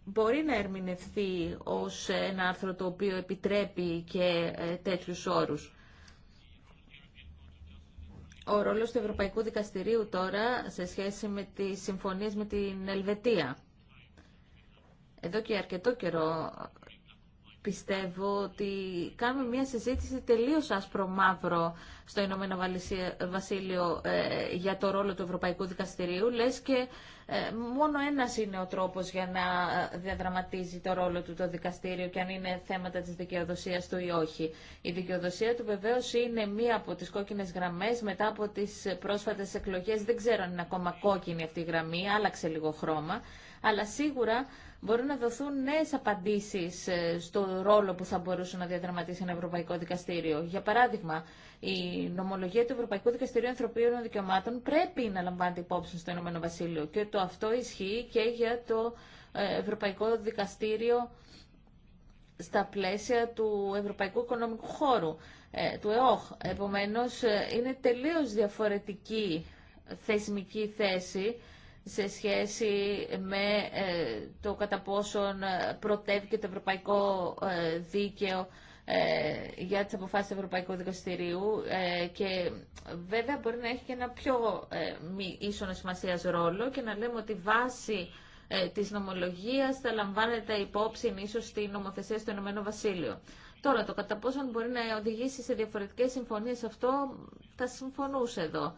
Speaker 1: μπορεί να ερμηνευθεί ως ένα άρθρο το οποίο επιτρέπει και ε, τέτοιους όρους ο ρόλος του Ευρωπαϊκού Δικαστηρίου τώρα σε σχέση με τις συμφωνίες με την Ελβετία. Εδώ και αρκετό καιρό πιστεύω ότι κάνουμε μια συζήτηση τελείως άσπρο-μαύρο στο Ηνωμένο Βασίλειο ε, για το ρόλο του Ευρωπαϊκού Δικαστηρίου, λες και ε, μόνο ένας είναι ο τρόπος για να ε, διαδραματίζει το ρόλο του το δικαστήριο και αν είναι θέματα της δικαιοδοσίας του ή όχι. Η δικαιοδοσία του βεβαίω είναι μία από τις κόκκινες γραμμές μετά από τις πρόσφατες εκλογές. Δεν ξέρω αν είναι ακόμα κόκκινη αυτή η γραμμή, άλλαξε λίγο χρώμα αλλά σίγουρα μπορούν να δοθούν νέε απαντήσει ε, στο ρόλο που θα μπορούσε να διαδραματίσει ένα Ευρωπαϊκό Δικαστήριο. Για παράδειγμα, η νομολογία του Ευρωπαϊκού Δικαστηρίου Ανθρωπίνων Δικαιωμάτων πρέπει να λαμβάνεται υπόψη στο Ηνωμένο Βασίλειο και το αυτό ισχύει και για το ε, Ευρωπαϊκό Δικαστήριο στα πλαίσια του Ευρωπαϊκού Οικονομικού Χώρου, ε, του ΕΟΧ. Επομένως, είναι τελείως διαφορετική θεσμική θέση σε σχέση με ε, το κατά πόσον ε, προτεύει και το ευρωπαϊκό ε, δίκαιο για τις αποφάσεις του Ευρωπαϊκού Δικαστηρίου και βέβαια μπορεί να έχει και ένα πιο ίσονο σημασίας ρόλο και να λέμε ότι βάση της νομολογίας θα λαμβάνεται υπόψη ίσως στη νομοθεσία στο Ηνωμένο Βασίλειο. Τώρα, το κατά πόσον μπορεί να οδηγήσει σε διαφορετικές συμφωνίες αυτό, θα συμφωνούσε εδώ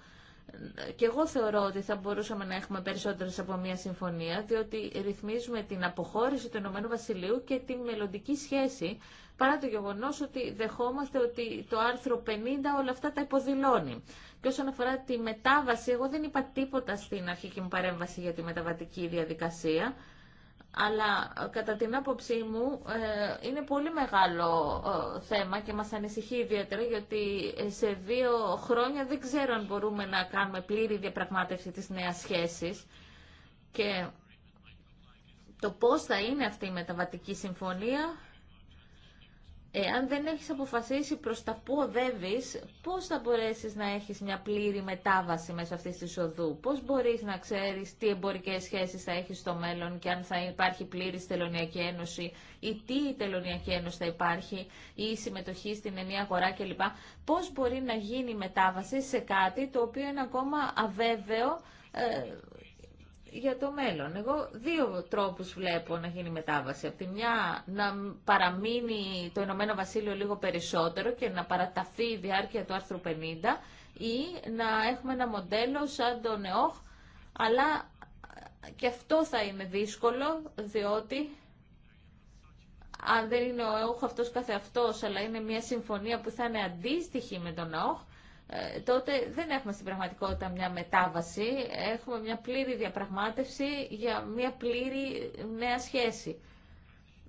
Speaker 1: και εγώ θεωρώ ότι θα μπορούσαμε να έχουμε περισσότερες από μία συμφωνία, διότι ρυθμίζουμε την αποχώρηση του Ηνωμένου Βασιλείου και τη μελλοντική σχέση, παρά το γεγονός ότι δεχόμαστε ότι το άρθρο 50 όλα αυτά τα υποδηλώνει. Και όσον αφορά τη μετάβαση, εγώ δεν είπα τίποτα στην αρχική μου παρέμβαση για τη μεταβατική διαδικασία αλλά ε, κατά την άποψή μου ε, είναι πολύ μεγάλο ε, θέμα και μας ανησυχεί ιδιαίτερα γιατί σε δύο χρόνια δεν ξέρω αν μπορούμε να κάνουμε πλήρη διαπραγμάτευση της νέας σχέσης και το πώς θα είναι αυτή η μεταβατική συμφωνία ε, αν δεν έχεις αποφασίσει προς τα που οδεύεις, πώς θα μπορέσεις να έχεις μια πλήρη μετάβαση μέσα αυτής της οδού. Πώς μπορείς να ξέρεις τι εμπορικές σχέσεις θα έχεις στο μέλλον και αν θα υπάρχει πλήρης τελωνιακή ένωση ή τι τελωνιακή ένωση θα υπάρχει ή η συμμετοχή στην ενία αγορά κλπ. Πώς μπορεί να γίνει η συμμετοχη στην ενια αγορα κλπ πως μπορει να γινει η μεταβαση σε κάτι το οποίο είναι ακόμα αβέβαιο ε, για το μέλλον. Εγώ δύο τρόπους βλέπω να γίνει μετάβαση. Από τη μια να παραμείνει το Ηνωμένο Βασίλειο λίγο περισσότερο και να παραταθεί η διάρκεια του άρθρου 50 ή να έχουμε ένα μοντέλο σαν τον ΕΟΧ, αλλά και αυτό θα είναι δύσκολο διότι αν δεν είναι ο ΕΟΧ αυτός καθεαυτός, αλλά είναι μια συμφωνία που θα είναι αντίστοιχη με τον ΕΟΧ, ε, τότε δεν έχουμε στην πραγματικότητα μια μετάβαση, έχουμε μια πλήρη διαπραγμάτευση για μια πλήρη νέα σχέση.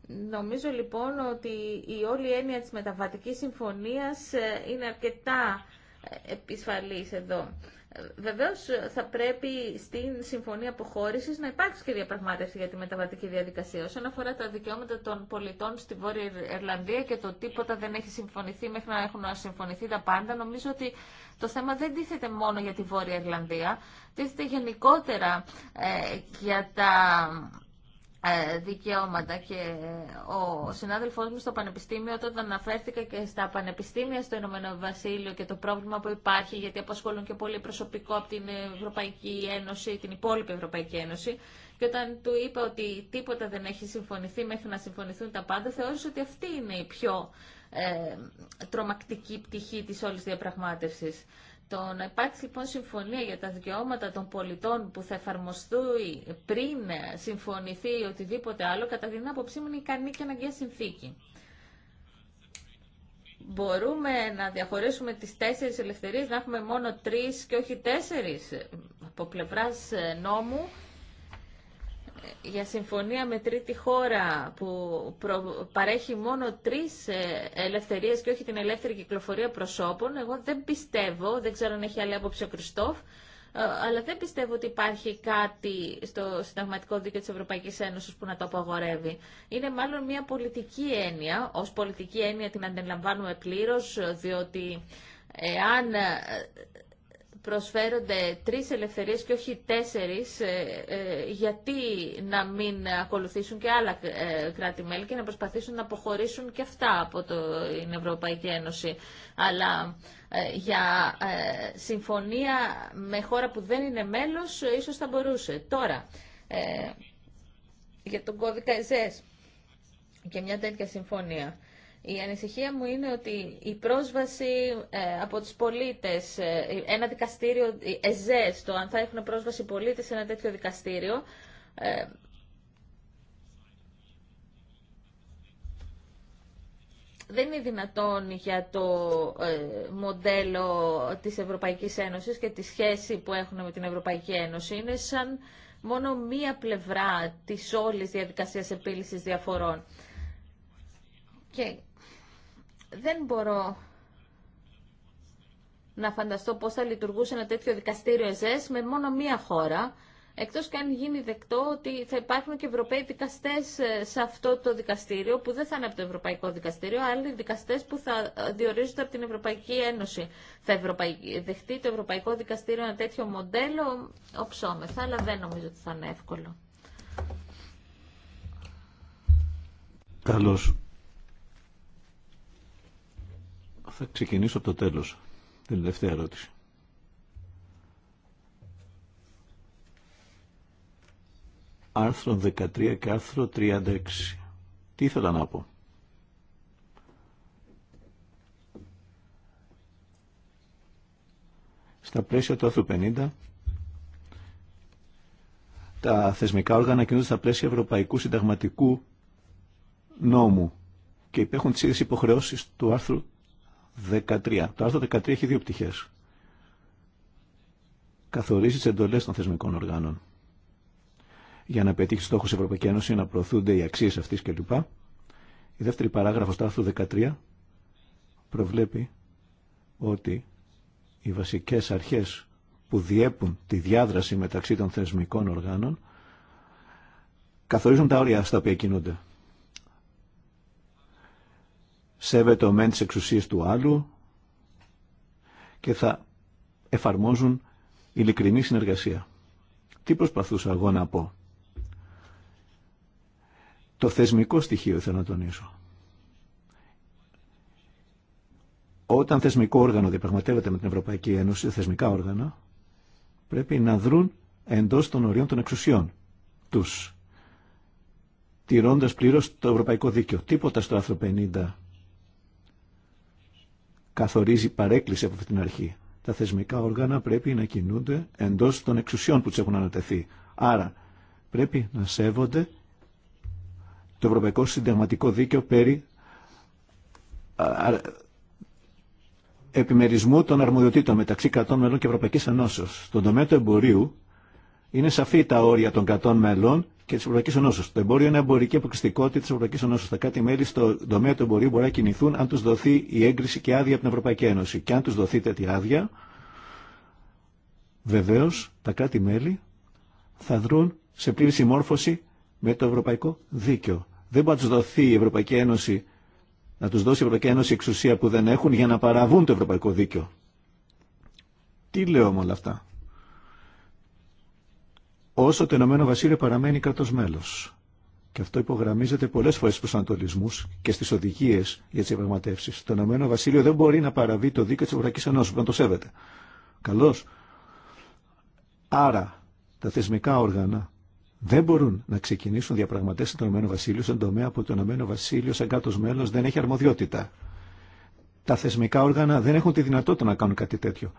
Speaker 1: Νομίζω λοιπόν ότι η όλη έννοια της μεταβατικής συμφωνίας ε, είναι αρκετά ε, επισφαλής εδώ. Βεβαίω, ε, θα πρέπει στην συμφωνία απόχώρηση να υπάρξει και διαπραγμάτευση για τη μεταβατική διαδικασία. Όσον αφορά τα δικαιώματα των πολιτών στη Βόρεια Ιρλανδία και το τίποτα δεν έχει συμφωνηθεί μέχρι να έχουν συμφωνηθεί τα πάντα, νομίζω ότι το θέμα δεν τίθεται μόνο για τη Βόρεια Ιρλανδία, τίθεται γενικότερα ε, για τα ε, δικαιώματα και ε, ο συνάδελφός μου στο Πανεπιστήμιο όταν αναφέρθηκα και στα Πανεπιστήμια στο Ηνωμένο Βασίλειο και το πρόβλημα που υπάρχει γιατί απασχολούν και πολύ προσωπικό από την Ευρωπαϊκή Ένωση, την υπόλοιπη Ευρωπαϊκή Ένωση και όταν του είπα ότι τίποτα δεν έχει συμφωνηθεί μέχρι να συμφωνηθούν τα πάντα θεώρησε ότι αυτή είναι η πιο ε, τρομακτική πτυχή της όλης διαπραγμάτευσης. Το να υπάρξει λοιπόν συμφωνία για τα δικαιώματα των πολιτών που θα εφαρμοστούν πριν συμφωνηθεί οτιδήποτε άλλο, κατά την άποψή μου είναι ικανή και αναγκαία συνθήκη. Μπορούμε να διαχωρίσουμε τις τέσσερις ελευθερίες, να έχουμε μόνο τρεις και όχι τέσσερις από πλευράς νόμου για συμφωνία με τρίτη χώρα που παρέχει μόνο τρεις ε, ελευθερίες και όχι την ελεύθερη κυκλοφορία προσώπων, εγώ δεν πιστεύω, δεν ξέρω αν έχει άλλη άποψη ο Κριστόφ, ε, αλλά δεν πιστεύω ότι υπάρχει κάτι στο συνταγματικό δίκαιο της Ευρωπαϊκής Ένωσης που να το απαγορεύει. Είναι μάλλον μια πολιτική έννοια, ως πολιτική έννοια την αντιλαμβάνουμε πλήρως, διότι εάν ε, προσφέρονται τρεις ελευθερίες και όχι τέσσερις, ε, ε, γιατί να μην ακολουθήσουν και άλλα ε, κράτη-μέλη και να προσπαθήσουν να αποχωρήσουν και αυτά από την Ευρωπαϊκή Ένωση. Αλλά για συμφωνία με χώρα που δεν είναι μέλος, ίσως θα μπορούσε. Τώρα, για τον κώδικα ΕΖΕΣ και μια τέτοια συμφωνία. Η ανησυχία μου είναι ότι η πρόσβαση ε, από τους πολίτες, ε, ένα δικαστήριο εζές, το αν θα έχουν πρόσβαση πολίτες σε ένα τέτοιο δικαστήριο, ε, δεν είναι δυνατόν για το μοντέλο της Ευρωπαϊκής Ένωσης και τη σχέση που έχουν με την Ευρωπαϊκή Ένωση. Είναι σαν μόνο μία πλευρά της όλης διαδικασίας επίλυσης διαφορών. Και δεν μπορώ να φανταστώ πώς θα λειτουργούσε ένα τέτοιο δικαστήριο ΕΖΕΣ με μόνο μία χώρα, εκτός και αν γίνει δεκτό ότι θα υπάρχουν και Ευρωπαίοι δικαστές ε, σε αυτό το δικαστήριο, που δεν θα είναι από το Ευρωπαϊκό Δικαστήριο, άλλοι δικαστές που θα ε, διορίζονται από την Ευρωπαϊκή Ένωση. Θα δεχτεί το Ευρωπαϊκό Δικαστήριο ένα τέτοιο μοντέλο, οψόμεθα, αλλά δεν νομίζω ότι θα είναι εύκολο.
Speaker 3: Καλώς.
Speaker 2: Θα ξεκινήσω από το τέλος. Την τελευταία ερώτηση. Άρθρο 13 και άρθρο 36. Τι ήθελα να πω. Στα πλαίσια του άρθρου 50, τα θεσμικά όργανα κινούνται στα πλαίσια Ευρωπαϊκού Συνταγματικού Νόμου και υπέχουν τις ίδιες υποχρεώσεις του άρθρου 13. Το άρθρο 13 έχει δύο πτυχε. Καθορίζει τι εντολέ των θεσμικών οργάνων. Για να πετύχει στόχο η Ευρωπαϊκή Ένωση να προωθούνται οι αξίε αυτή κλπ. Η δεύτερη παράγραφος του άρθρου 13 προβλέπει ότι οι βασικέ αρχέ που διέπουν τη διάδραση μεταξύ των θεσμικών οργάνων καθορίζουν τα όρια στα οποία κινούνται σέβεται ο μεν τις εξουσίες του άλλου και θα εφαρμόζουν ειλικρινή συνεργασία. Τι προσπαθούσα εγώ να πω. Το θεσμικό στοιχείο θέλω να τονίσω. Όταν θεσμικό όργανο διαπραγματεύεται με την Ευρωπαϊκή Ένωση, θεσμικά όργανα, πρέπει να δρουν εντός των ορίων των εξουσιών τους, τηρώντας πλήρως το ευρωπαϊκό δίκαιο. Τίποτα στο άρθρο 50 καθορίζει παρέκκληση από αυτή την αρχή. Τα θεσμικά όργανα πρέπει να κινούνται εντός των εξουσιών που τους έχουν ανατεθεί. Άρα πρέπει να σέβονται το Ευρωπαϊκό Συνταγματικό Δίκαιο περί επιμερισμού των αρμοδιοτήτων μεταξύ κρατών μελών και Ευρωπαϊκής Ενώσεως. Στον τομέα του εμπορίου είναι σαφή τα όρια των κρατών μελών και τη Ευρωπαϊκή Ενώσεω. Το εμπόριο είναι εμπορική αποκλειστικότητα τη Ευρωπαϊκή Ενώσεω. Τα κράτη-μέλη στο τομέα του εμπορίου μπορεί να κινηθούν αν του δοθεί η έγκριση και άδεια από την Ευρωπαϊκή Ένωση. Και αν του δοθεί τέτοια άδεια, βεβαίω τα κράτη-μέλη θα δρουν σε πλήρη συμμόρφωση με το ευρωπαϊκό δίκαιο. Δεν μπορεί να του δοθεί η Ευρωπαϊκή Ένωση να του δώσει η Ευρωπαϊκή Ένωση εξουσία που δεν έχουν για να παραβούν το ευρωπαϊκό δίκαιο. Τι λέω με όλα αυτά όσο το Ηνωμένο Βασίλειο παραμένει κράτο μέλο. Και αυτό υπογραμμίζεται πολλέ φορέ στου ανατολισμού και στι οδηγίε για τι διαπραγματεύσει. Το Ηνωμένο Βασίλειο δεν μπορεί να παραβεί το δίκαιο τη Ευρωπαϊκή Ενώση, πρέπει να το σέβεται. Καλώ. Άρα, τα θεσμικά όργανα δεν μπορούν να ξεκινήσουν διαπραγματεύσει στο Ηνωμένο Βασίλειο στον τομέα που το Ηνωμένο Βασίλειο σαν κράτο μέλο δεν έχει αρμοδιότητα. Τα θεσμικά όργανα δεν έχουν τη δυνατότητα να κάνουν κάτι τέτοιο.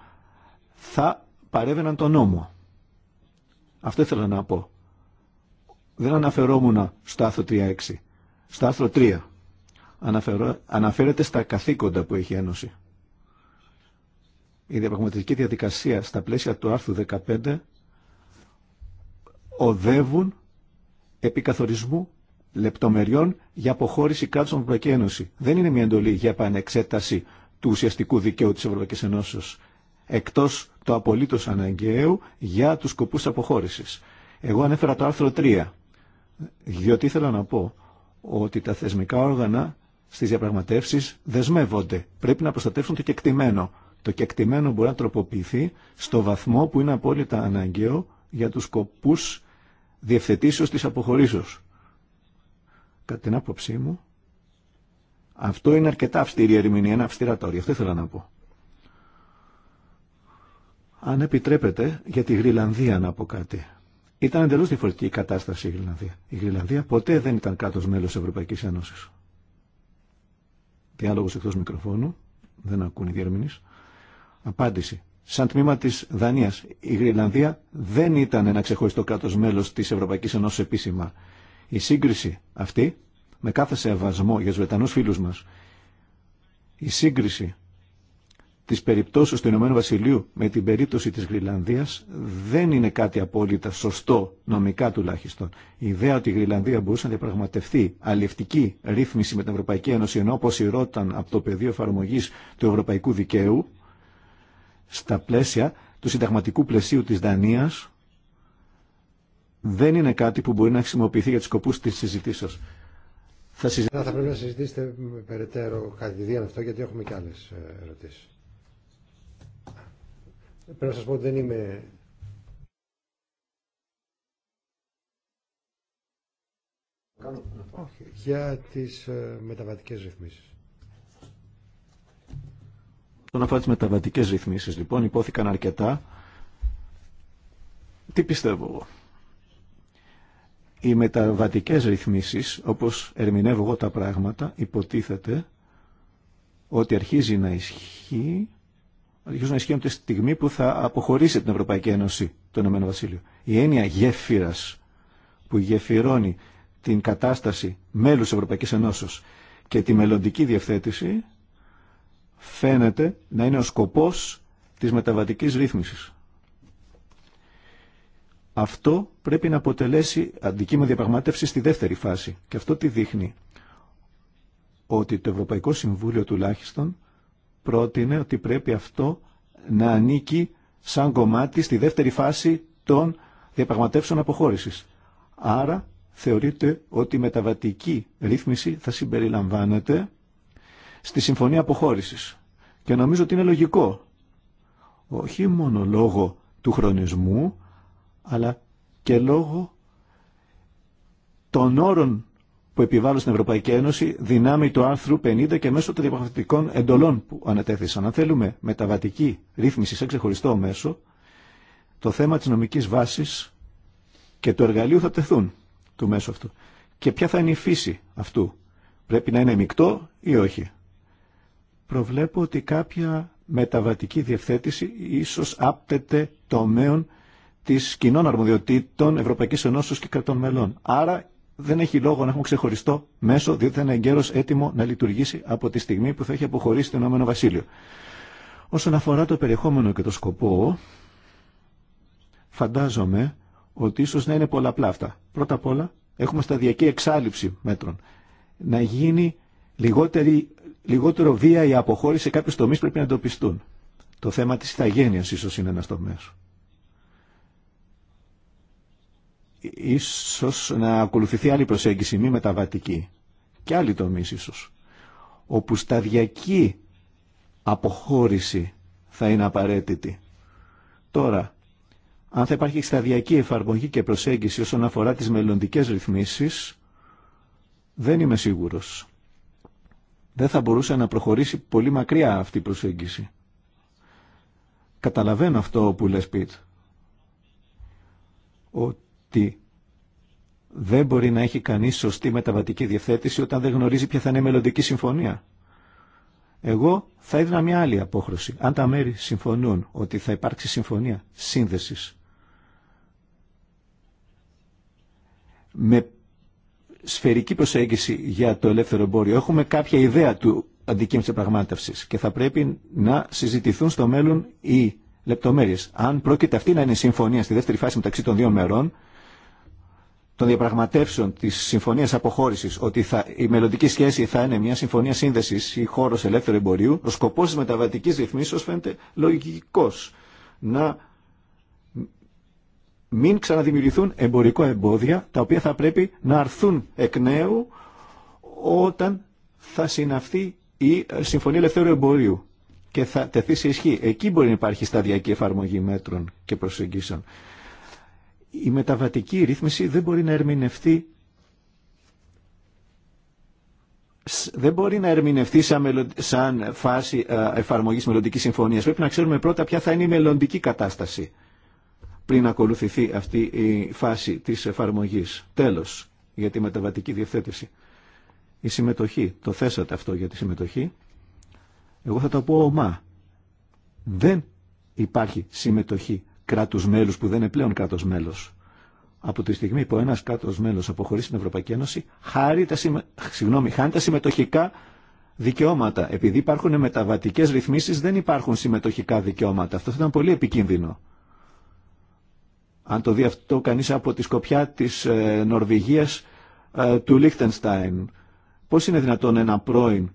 Speaker 2: Θα παρέβαιναν τον νόμο. Αυτό ήθελα να πω. Δεν αναφερόμουν στο άρθρο 3.6. Στο άρθρο 3 αναφερό, αναφέρεται στα καθήκοντα που έχει η Ένωση. Η διαπραγματευτική διαδικασία στα πλαίσια του άρθρου 15 οδεύουν επικαθορισμού λεπτομεριών για αποχώρηση κάτω στην Ευρωπαϊκή Ένωση. Δεν είναι μια εντολή για επανεξέταση του ουσιαστικού δικαίου της Ευρωπαϊκής Ενώσης εκτός το απολύτως αναγκαίου για τους σκοπούς αποχώρησης. Εγώ ανέφερα το άρθρο 3, διότι ήθελα να πω ότι τα θεσμικά όργανα στις διαπραγματεύσεις δεσμεύονται. Πρέπει να προστατεύσουν το κεκτημένο. Το κεκτημένο μπορεί να τροποποιηθεί στο βαθμό που είναι απόλυτα αναγκαίο για τους σκοπούς διευθετήσεως της αποχωρήσεως. Κατά την άποψή μου, αυτό είναι αρκετά αυστηρή ερμηνεία, ένα αυστηρά Αυτό ήθελα να πω. Αν επιτρέπετε, για τη Γρυλανδία να πω κάτι. Ήταν εντελώ διαφορετική η κατάσταση η Γρυλανδία. Η Γρυλανδία ποτέ δεν ήταν κράτο μέλο τη Ευρωπαϊκή Ένωση. Διάλογο εκτό μικροφώνου. Δεν ακούνε οι διερμηνεί. Απάντηση. Σαν τμήμα τη Δανία, η Γρυλανδία δεν ήταν ένα ξεχωριστό κράτο μέλο τη Ευρωπαϊκή Ένωση επίσημα. Η σύγκριση αυτή, με κάθε σεβασμό για του Βρετανού φίλου μα, η σύγκριση τις περιπτώσεις του Ηνωμένου Βασιλείου με την περίπτωση της Γρυλανδίας δεν είναι κάτι απόλυτα σωστό, νομικά τουλάχιστον. Η ιδέα ότι η Γρυλανδία μπορούσε να διαπραγματευτεί αλληλευτική ρύθμιση με την Ευρωπαϊκή Ένωση ενώ ηρώταν από το πεδίο εφαρμογή του ευρωπαϊκού δικαίου στα πλαίσια του συνταγματικού πλαισίου της Δανίας δεν είναι κάτι που μπορεί να χρησιμοποιηθεί για του σκοπούς της συζητήσεως.
Speaker 3: Θα, θα πρέπει να συζητήσετε περαιτέρω κάτι αυτό γιατί έχουμε και άλλες ε, ερωτήσεις. Πρέπει να σας πω ότι δεν είμαι για τις ε, μεταβατικές ρυθμίσεις.
Speaker 2: Στον αφορά τις μεταβατικές ρυθμίσεις, λοιπόν, υπόθηκαν αρκετά. Τι πιστεύω εγώ. Οι μεταβατικές ρυθμίσεις, όπως ερμηνεύω εγώ τα πράγματα, υποτίθεται ότι αρχίζει να ισχύει αρχίζουν να ισχύουν τη στιγμή που θα αποχωρήσει την Ευρωπαϊκή Ένωση το Ηνωμένο Βασίλειο. Η έννοια γέφυρα που γεφυρώνει την κατάσταση μέλου Ευρωπαϊκή Ενώσεω και τη μελλοντική διευθέτηση φαίνεται να είναι ο σκοπός της μεταβατικής ρύθμισης. Αυτό πρέπει να αποτελέσει αντικείμενο διαπραγμάτευση στη δεύτερη φάση. Και αυτό τι δείχνει. Ότι το Ευρωπαϊκό Συμβούλιο τουλάχιστον πρότεινε ότι πρέπει αυτό να ανήκει σαν κομμάτι στη δεύτερη φάση των διαπραγματεύσεων αποχώρησης. Άρα θεωρείται ότι η μεταβατική ρύθμιση θα συμπεριλαμβάνεται στη Συμφωνία Αποχώρησης. Και νομίζω ότι είναι λογικό. Όχι μόνο λόγω του χρονισμού, αλλά και λόγω των όρων που επιβάλλουν στην Ευρωπαϊκή Ένωση δυνάμει του άρθρου 50 και μέσω των διαπραγματευτικών εντολών που ανατέθησαν. Αν θέλουμε μεταβατική ρύθμιση σε ξεχωριστό μέσο, το θέμα τη νομική βάση και του εργαλείου θα τεθούν του μέσου αυτού. Και ποια θα είναι η φύση αυτού. Πρέπει να είναι μεικτό ή όχι. Προβλέπω ότι κάποια μεταβατική διευθέτηση ίσω άπτεται τομέων τη κοινών αρμοδιοτήτων Ευρωπαϊκή Ενώσεως και κρατών μελών. Άρα δεν έχει λόγο να έχουμε ξεχωριστό μέσο, διότι θα είναι εγκαίρω έτοιμο να λειτουργήσει από τη στιγμή που θα έχει αποχωρήσει το Ηνωμένο Βασίλειο. Όσον αφορά το περιεχόμενο και το σκοπό, φαντάζομαι ότι ίσω να είναι πολλαπλά αυτά. Πρώτα απ' όλα, έχουμε σταδιακή εξάλληψη μέτρων. Να γίνει λιγότερη, λιγότερο βία η αποχώρηση σε κάποιου τομεί πρέπει να εντοπιστούν. Το θέμα τη ηθαγένεια ίσω είναι ένα τομέα. ίσως να ακολουθηθεί άλλη προσέγγιση, μη μεταβατική και άλλη τομή ίσως, όπου σταδιακή αποχώρηση θα είναι απαραίτητη. Τώρα, αν θα υπάρχει σταδιακή εφαρμογή και προσέγγιση όσον αφορά τις μελλοντικές ρυθμίσεις, δεν είμαι σίγουρος. Δεν θα μπορούσε να προχωρήσει πολύ μακριά αυτή η προσέγγιση. Καταλαβαίνω αυτό που λες Πιτ ότι δεν μπορεί να έχει κανείς σωστή μεταβατική διευθέτηση όταν δεν γνωρίζει ποια θα είναι η μελλοντική συμφωνία. Εγώ θα έδινα μια άλλη απόχρωση. Αν τα μέρη συμφωνούν ότι θα υπάρξει συμφωνία σύνδεσης με σφαιρική προσέγγιση για το ελεύθερο εμπόριο, έχουμε κάποια ιδέα του αντικείμενου της πραγμάτευσης και θα πρέπει να συζητηθούν στο μέλλον οι λεπτομέρειες. Αν πρόκειται αυτή να είναι η συμφωνία στη δεύτερη φάση μεταξύ των δύο μερών, των διαπραγματεύσεων της συμφωνίας αποχώρησης ότι η μελλοντική σχέση θα είναι μια συμφωνία σύνδεσης ή χώρος ελεύθερου εμπορίου, ο σκοπός της μεταβατικής ρυθμίσεως φαίνεται λογικός. Να μην ξαναδημιουργηθούν εμπορικό εμπόδια τα οποία θα πρέπει να αρθούν εκ νέου όταν θα συναυθεί η Συμφωνία Ελευθέρου Εμπορίου και θα τεθεί σε ισχύ. Εκεί μπορεί να υπάρχει σταδιακή εφαρμογή μέτρων και προσεγγίσεων η μεταβατική ρύθμιση δεν μπορεί να ερμηνευτεί δεν μπορεί να ερμηνευτεί σαν, φάση ε, εφαρμογής μελλοντική συμφωνίας. Πρέπει να ξέρουμε πρώτα ποια θα είναι η μελλοντική κατάσταση πριν ακολουθηθεί αυτή η φάση της εφαρμογής. Τέλος, για τη μεταβατική διευθέτηση. Η συμμετοχή, το θέσατε αυτό για τη συμμετοχή. Εγώ θα το πω ομά. Δεν υπάρχει συμμετοχή κράτους μέλους που δεν είναι πλέον κράτος μέλος. Από τη στιγμή που ένας κράτος μέλος αποχωρεί στην Ευρωπαϊκή Ένωση, χάνει τα, Συγγνώμη, χάνει τα συμμετοχικά δικαιώματα. Επειδή υπάρχουν μεταβατικές ρυθμίσεις, δεν υπάρχουν συμμετοχικά δικαιώματα. Αυτό θα ήταν πολύ επικίνδυνο. Αν το δει αυτό κανείς από τη σκοπιά της ε, Νορβηγίας ε, του Λίχτενστάιν, πώς είναι δυνατόν ένα πρώην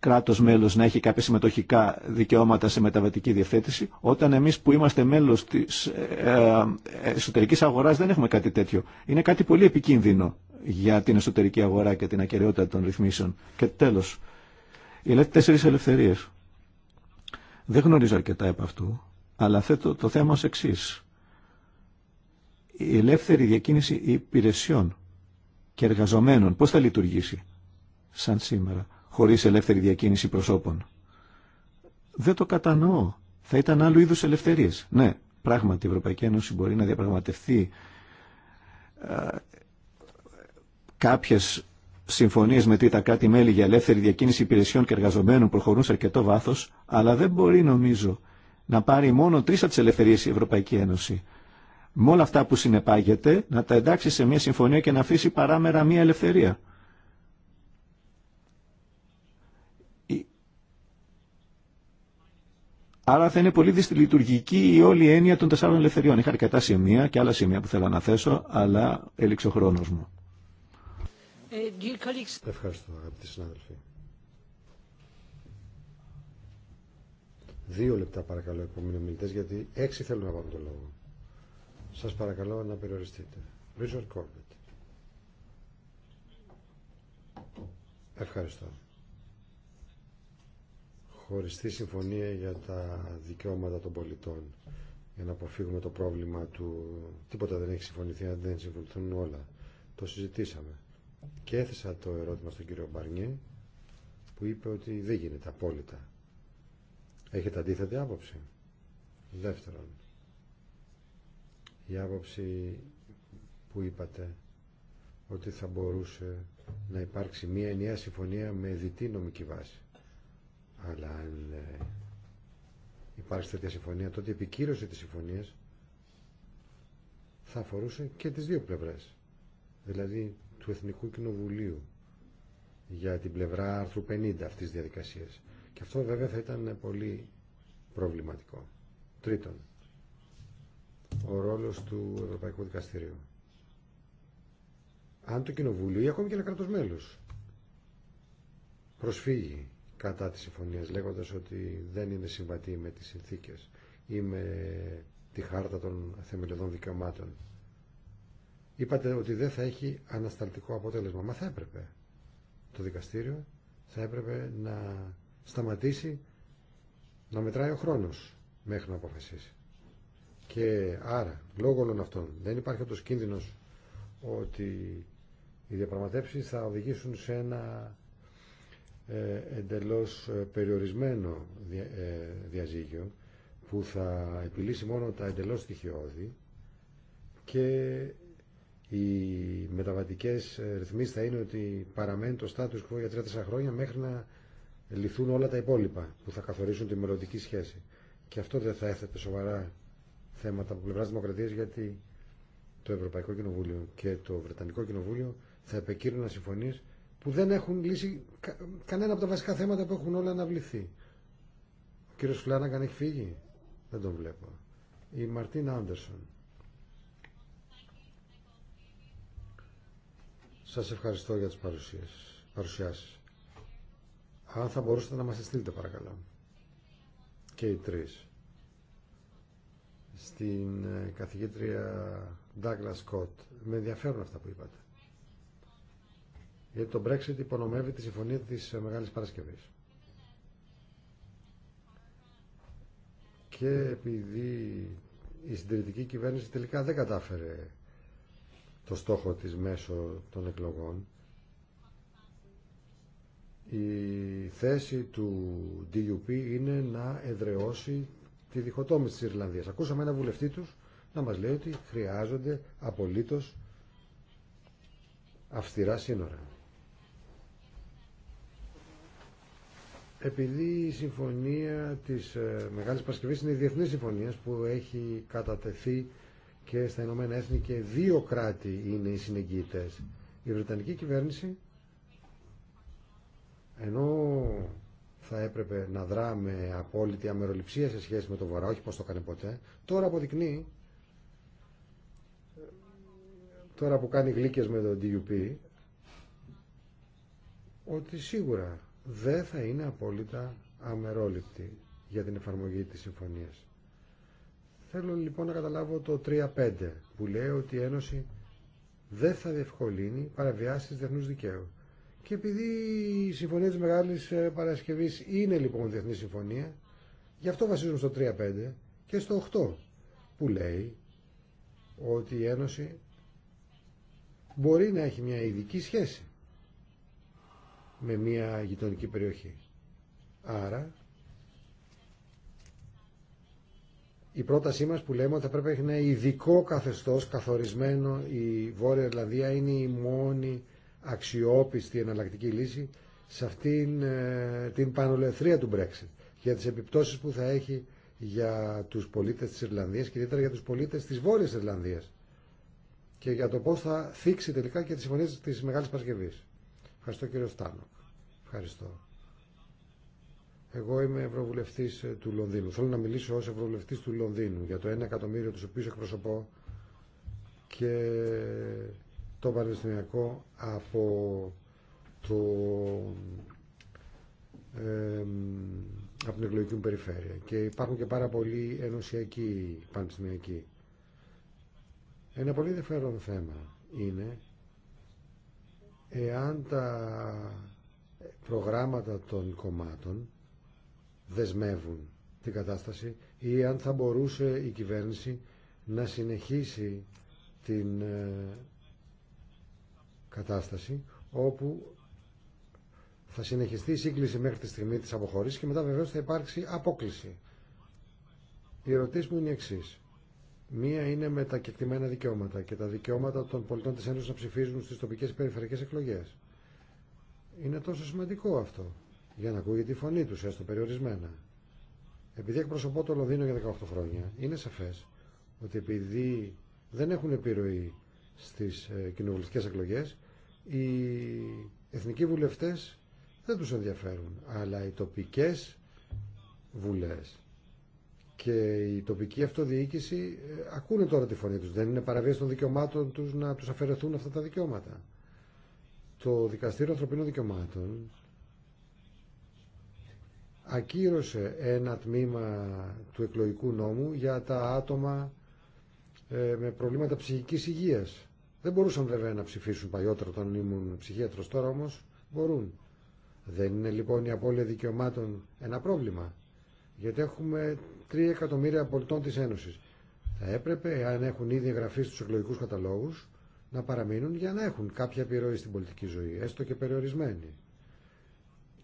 Speaker 2: κράτος μέλος να έχει κάποια συμμετοχικά δικαιώματα σε μεταβατική διευθέτηση, όταν εμείς που είμαστε μέλος της ε, ε, εσωτερικής αγοράς δεν έχουμε κάτι τέτοιο. Είναι κάτι πολύ επικίνδυνο για την εσωτερική αγορά και την ακαιρεότητα των ρυθμίσεων. Και τέλος, οι λέτε τέσσερις ελευθερίες. Δεν γνωρίζω αρκετά από αυτού, αλλά θέτω το θέμα ως εξή. Η ελεύθερη διακίνηση υπηρεσιών και εργαζομένων πώς θα λειτουργήσει σαν σήμερα χωρίς ελεύθερη διακίνηση προσώπων. Δεν το κατανοώ. Θα ήταν άλλου είδους ελευθερίες. Ναι, πράγματι η Ευρωπαϊκή Ένωση μπορεί να διαπραγματευτεί κάποιε κάποιες συμφωνίες με τρίτα κράτη-μέλη για ελεύθερη διακίνηση υπηρεσιών και εργαζομένων προχωρούν σε αρκετό βάθος, αλλά δεν μπορεί νομίζω να πάρει μόνο τρεις από τις ελευθερίες η Ευρωπαϊκή Ένωση. Με όλα αυτά που συνεπάγεται να τα εντάξει σε μια συμφωνία και να αφήσει παράμερα μια ελευθερία. Άρα θα είναι πολύ δυσλειτουργική η όλη έννοια των τεσσάρων ελευθεριών. Είχα αρκετά σημεία και άλλα σημεία που θέλω να θέσω, αλλά έλειξε ο χρόνο μου.
Speaker 3: Ε, Ευχαριστώ, αγαπητοί συνάδελφοι. Δύο λεπτά παρακαλώ, επόμενοι μιλητέ, γιατί έξι θέλουν να πάρουν το λόγο. Σα παρακαλώ να περιοριστείτε. Richard Corbett. Ευχαριστώ χωριστή συμφωνία για τα δικαιώματα των πολιτών για να αποφύγουμε το πρόβλημα του τίποτα δεν έχει συμφωνηθεί αν δεν συμφωνηθούν όλα το συζητήσαμε και έθεσα το ερώτημα στον κύριο Μπαρνιέ που είπε ότι δεν γίνεται απόλυτα έχετε αντίθετη άποψη δεύτερον η άποψη που είπατε ότι θα μπορούσε να υπάρξει μια ενιαία συμφωνία με διτή νομική βάση αλλά αν ε, υπάρχει τέτοια συμφωνία, τότε η επικύρωση της συμφωνίας θα αφορούσε και τις δύο πλευρές. Δηλαδή του Εθνικού Κοινοβουλίου για την πλευρά άρθρου 50 αυτής της διαδικασίας. Και αυτό βέβαια θα ήταν πολύ προβληματικό. Τρίτον, ο ρόλος του Ευρωπαϊκού Δικαστηρίου. Αν το Κοινοβούλιο ή ακόμη και ένα κράτος μέλος προσφύγει κατά της συμφωνίας λέγοντας ότι δεν είναι συμβατή με τις συνθήκες ή με τη χάρτα των θεμελιωδών δικαιωμάτων. Είπατε ότι δεν θα έχει ανασταλτικό αποτέλεσμα. Μα θα έπρεπε το δικαστήριο, θα έπρεπε να σταματήσει να μετράει ο χρόνος μέχρι να αποφασίσει. Και άρα, λόγω όλων αυτών, δεν υπάρχει ο κίνδυνος ότι οι διαπραγματεύσεις θα οδηγήσουν σε ένα ε, εντελώς ε, περιορισμένο ε, διαζύγιο που θα επιλύσει μόνο τα εντελώς στοιχειώδη και οι μεταβατικές ρυθμίσεις θα είναι ότι παραμένει το status quo για 3-4 χρόνια μέχρι να λυθούν όλα τα υπόλοιπα που θα καθορίσουν τη μελλοντική σχέση. Και αυτό δεν θα έθετε σοβαρά θέματα από πλευρά δημοκρατία γιατί το Ευρωπαϊκό Κοινοβούλιο και το Βρετανικό Κοινοβούλιο θα επεκύρουν συμφωνήσουν που δεν έχουν λύσει κανένα από τα βασικά θέματα που έχουν όλα αναβληθεί. Ο κύριος Φλάναγκαν έχει φύγει. Δεν τον βλέπω. Η Μαρτίν Άντερσον. Σας ευχαριστώ για τις παρουσίες, παρουσιάσεις. Αν θα μπορούσατε να μας στείλετε παρακαλώ. Και οι τρεις. Στην ε, καθηγήτρια Douglas Scott. Με ενδιαφέρουν αυτά που είπατε γιατί το Brexit υπονομεύει τη συμφωνία της Μεγάλης Παρασκευής. Και επειδή η συντηρητική κυβέρνηση τελικά δεν κατάφερε το στόχο της μέσω των εκλογών, η θέση του DUP είναι να εδρεώσει τη διχοτόμηση της Ιρλανδίας. Ακούσαμε ένα βουλευτή τους να μας λέει ότι χρειάζονται απολύτως αυστηρά σύνορα. επειδή η συμφωνία της ε, Μεγάλης Πασκευής είναι η διεθνή συμφωνία που έχει κατατεθεί και στα Ηνωμένα Έθνη και δύο κράτη είναι οι συνεγγύητες. Η Βρετανική κυβέρνηση ενώ θα έπρεπε να δράμε απόλυτη αμεροληψία σε σχέση με το Βορρά, όχι πως το κάνει ποτέ, τώρα αποδεικνύει τώρα που κάνει γλύκες με το DUP ότι σίγουρα δεν θα είναι απόλυτα αμερόληπτη για την εφαρμογή της συμφωνίας. Θέλω λοιπόν να καταλάβω το 3.5 που λέει ότι η Ένωση δεν θα διευκολύνει παραβιάσεις διεθνούς δικαίου. Και επειδή η Συμφωνία της Μεγάλης ε, Παρασκευής είναι λοιπόν διεθνή συμφωνία, γι' αυτό βασίζουμε στο 3.5 και στο 8 που λέει ότι η Ένωση μπορεί να έχει μια ειδική σχέση με μια γειτονική περιοχή. Άρα, η πρότασή μας που λέμε ότι θα πρέπει να είναι ειδικό καθεστώς καθορισμένο η Βόρεια Ιρλανδία είναι η μόνη αξιόπιστη εναλλακτική λύση σε αυτήν ε, την πανολεθρία του Brexit για τις επιπτώσεις που θα έχει για τους πολίτες της Ιρλανδίας και ιδιαίτερα για τους πολίτες της Βόρειας Ιρλανδίας και για το πώς θα θίξει τελικά και τις συμφωνίες της Μεγάλης Παρασκευής. Ευχαριστώ κύριο Στάνοκ. Ευχαριστώ. Εγώ είμαι ευρωβουλευτή ε, του Λονδίνου. Θέλω να μιλήσω ω ευρωβουλευτή του Λονδίνου για το 1 εκατομμύριο του οποίου εκπροσωπώ και το πανεπιστημιακό από το από την εκλογική μου περιφέρεια και υπάρχουν και πάρα πολλοί ενωσιακοί πανεπιστημιακοί. Ένα πολύ ενδιαφέρον θέμα είναι Εάν τα προγράμματα των κομμάτων δεσμεύουν την κατάσταση ή αν θα μπορούσε η κυβέρνηση να συνεχίσει την ε, κατάσταση όπου θα συνεχιστεί η σύγκληση μέχρι τη στιγμή της αποχωρήσης και μετά βεβαίως θα υπάρξει απόκληση. η ερωτήσεις μου είναι εξής. Μία είναι με τα κεκτημένα δικαιώματα και τα δικαιώματα των πολιτών της Ένωσης να ψηφίζουν στις τοπικές περιφερειακές εκλογές. Είναι τόσο σημαντικό αυτό για να ακούγεται η φωνή τους, έστω περιορισμένα. Επειδή εκπροσωπώ το Λονδίνο για 18 χρόνια, είναι σαφές ότι επειδή δεν έχουν επιρροή στις ε, κοινοβουλευτικές εκλογές, οι εθνικοί βουλευτές δεν τους ενδιαφέρουν, αλλά οι τοπικές βουλές και η τοπική αυτοδιοίκηση ε, ακούνε τώρα τη φωνή τους. Δεν είναι παραβίαση των δικαιωμάτων τους να τους αφαιρεθούν αυτά τα δικαιώματα. Το Δικαστήριο Ανθρωπίνων Δικαιωμάτων ακύρωσε ένα τμήμα του εκλογικού νόμου για τα άτομα ε, με προβλήματα ψυχικής υγείας. Δεν μπορούσαν βέβαια να ψηφίσουν παλιότερα όταν ήμουν ψυχίατρος, τώρα όμως μπορούν. Δεν είναι λοιπόν η απώλεια δικαιωμάτων ένα πρόβλημα. Γιατί έχουμε 3 εκατομμύρια πολιτών της Ένωσης. Θα έπρεπε, αν έχουν ήδη εγγραφεί στους εκλογικούς καταλόγους, να παραμείνουν για να έχουν κάποια επιρροή στην πολιτική ζωή, έστω και περιορισμένη.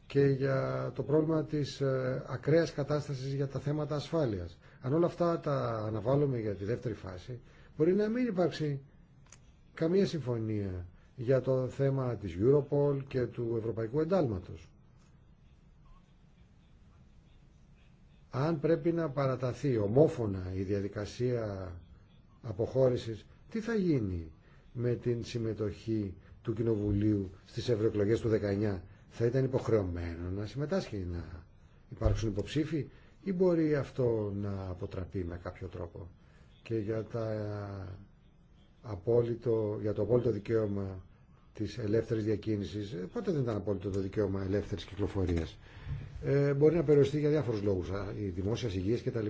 Speaker 3: Και για το πρόβλημα της ε, ακραίας κατάστασης για τα θέματα ασφάλειας. Αν όλα αυτά τα αναβάλουμε για τη δεύτερη φάση, μπορεί να μην υπάρξει καμία συμφωνία για το θέμα της Europol και του Ευρωπαϊκού Εντάλματος. Αν πρέπει να παραταθεί ομόφωνα η διαδικασία αποχώρησης, τι θα γίνει με την συμμετοχή του Κοινοβουλίου στις ευρωεκλογέ του 19. Θα ήταν υποχρεωμένο να συμμετάσχει, να υπάρξουν υποψήφοι ή μπορεί αυτό να αποτραπεί με κάποιο τρόπο. Και για, τα απόλυτο, για το απόλυτο δικαίωμα Τη ελεύθερη διακίνηση, ε, πότε δεν ήταν απόλυτο το δικαίωμα ελεύθερη κυκλοφορία, ε, μπορεί να περιοριστεί για διάφορου λόγου, η δημόσια υγεία κτλ.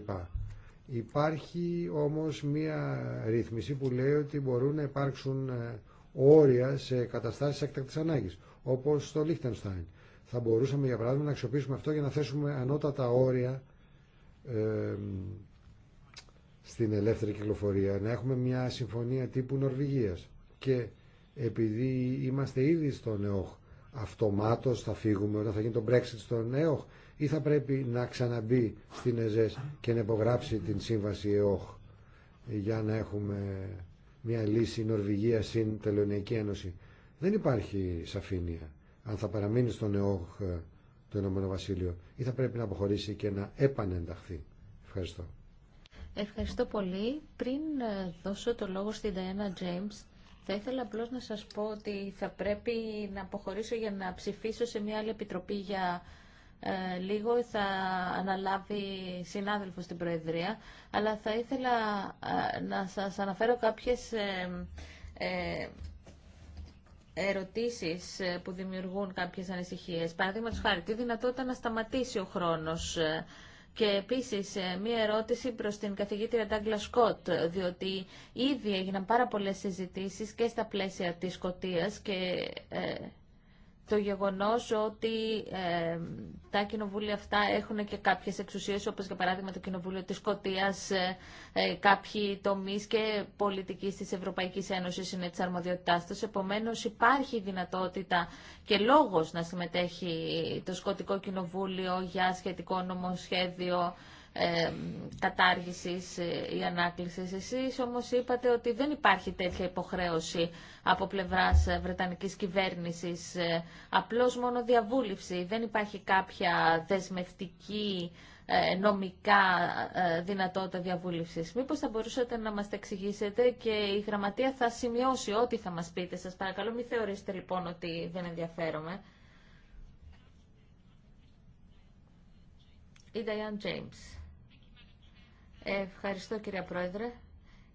Speaker 3: Υπάρχει όμω μία ρύθμιση που λέει ότι μπορούν να υπάρξουν ε, όρια σε καταστάσεις έκτακτη ανάγκη, όπω στο Λίχτενστάιν. Θα μπορούσαμε για παράδειγμα να αξιοποιήσουμε αυτό για να θέσουμε ανώτατα όρια ε, στην ελεύθερη κυκλοφορία, να έχουμε μια συμφωνία τύπου Νορβηγίας και επειδή είμαστε ήδη στον ΕΟΧ, αυτομάτως θα φύγουμε όταν θα γίνει το Brexit στον ΕΟΧ ή θα πρέπει να ξαναμπεί στην ΕΖΕΣ και να υπογράψει την σύμβαση ΕΟΧ για να έχουμε μια λύση Νορβηγία συν Τελωνιακή Ένωση. Δεν υπάρχει σαφήνεια αν θα παραμείνει στον ΕΟΧ ε, το Ηνωμένο Βασίλειο ή θα πρέπει να αποχωρήσει και να επανενταχθεί. Ευχαριστώ.
Speaker 1: Ευχαριστώ πολύ. Πριν ε, δώσω το λόγο στην Diana James, θα ήθελα απλώ να σας πω ότι θα πρέπει να αποχωρήσω για να ψηφίσω σε μια άλλη επιτροπή για ε, λίγο. Θα αναλάβει συνάδελφος την Προεδρία. Αλλά θα ήθελα ε, να σας αναφέρω κάποιες ε, ε ερωτήσεις που δημιουργούν κάποιες ανησυχίες. Παραδείγματος χάρη, τι δυνατότητα να σταματήσει ο χρόνος και επίση, ε, μία ερώτηση προ την καθηγήτρια Ντάγκλα Σκότ, διότι ήδη έγιναν πάρα πολλέ συζητήσει και στα πλαίσια της Σκοτία και ε, το γεγονός ότι ε, τα κοινοβούλια αυτά έχουν και κάποιες εξουσίες, όπως για παράδειγμα το Κοινοβούλιο της Σκοτίας, ε, ε, κάποιοι τομείς και πολιτικής της Ευρωπαϊκής Ένωσης είναι της αρμοδιότητάς τους. Επομένως υπάρχει δυνατότητα και λόγος να συμμετέχει το Σκοτικό Κοινοβούλιο για σχετικό νομοσχέδιο ε, κατάργησης ή ανάκλησης. Εσείς όμως είπατε ότι δεν υπάρχει τέτοια υποχρέωση από πλευράς ε, Βρετανικής κυβέρνησης, ε, απλώς μόνο διαβούλευση. Δεν υπάρχει κάποια δεσμευτική ε, νομικά δυνατότητα διαβούλευσης. Μήπως θα μπορούσατε να μας τα εξηγήσετε και η γραμματεία θα σημειώσει ό,τι θα μας πείτε. Σας παρακαλώ μην θεωρήσετε λοιπόν ότι δεν ενδιαφέρομαι. Η Diane James. Ευχαριστώ κυρία Πρόεδρε.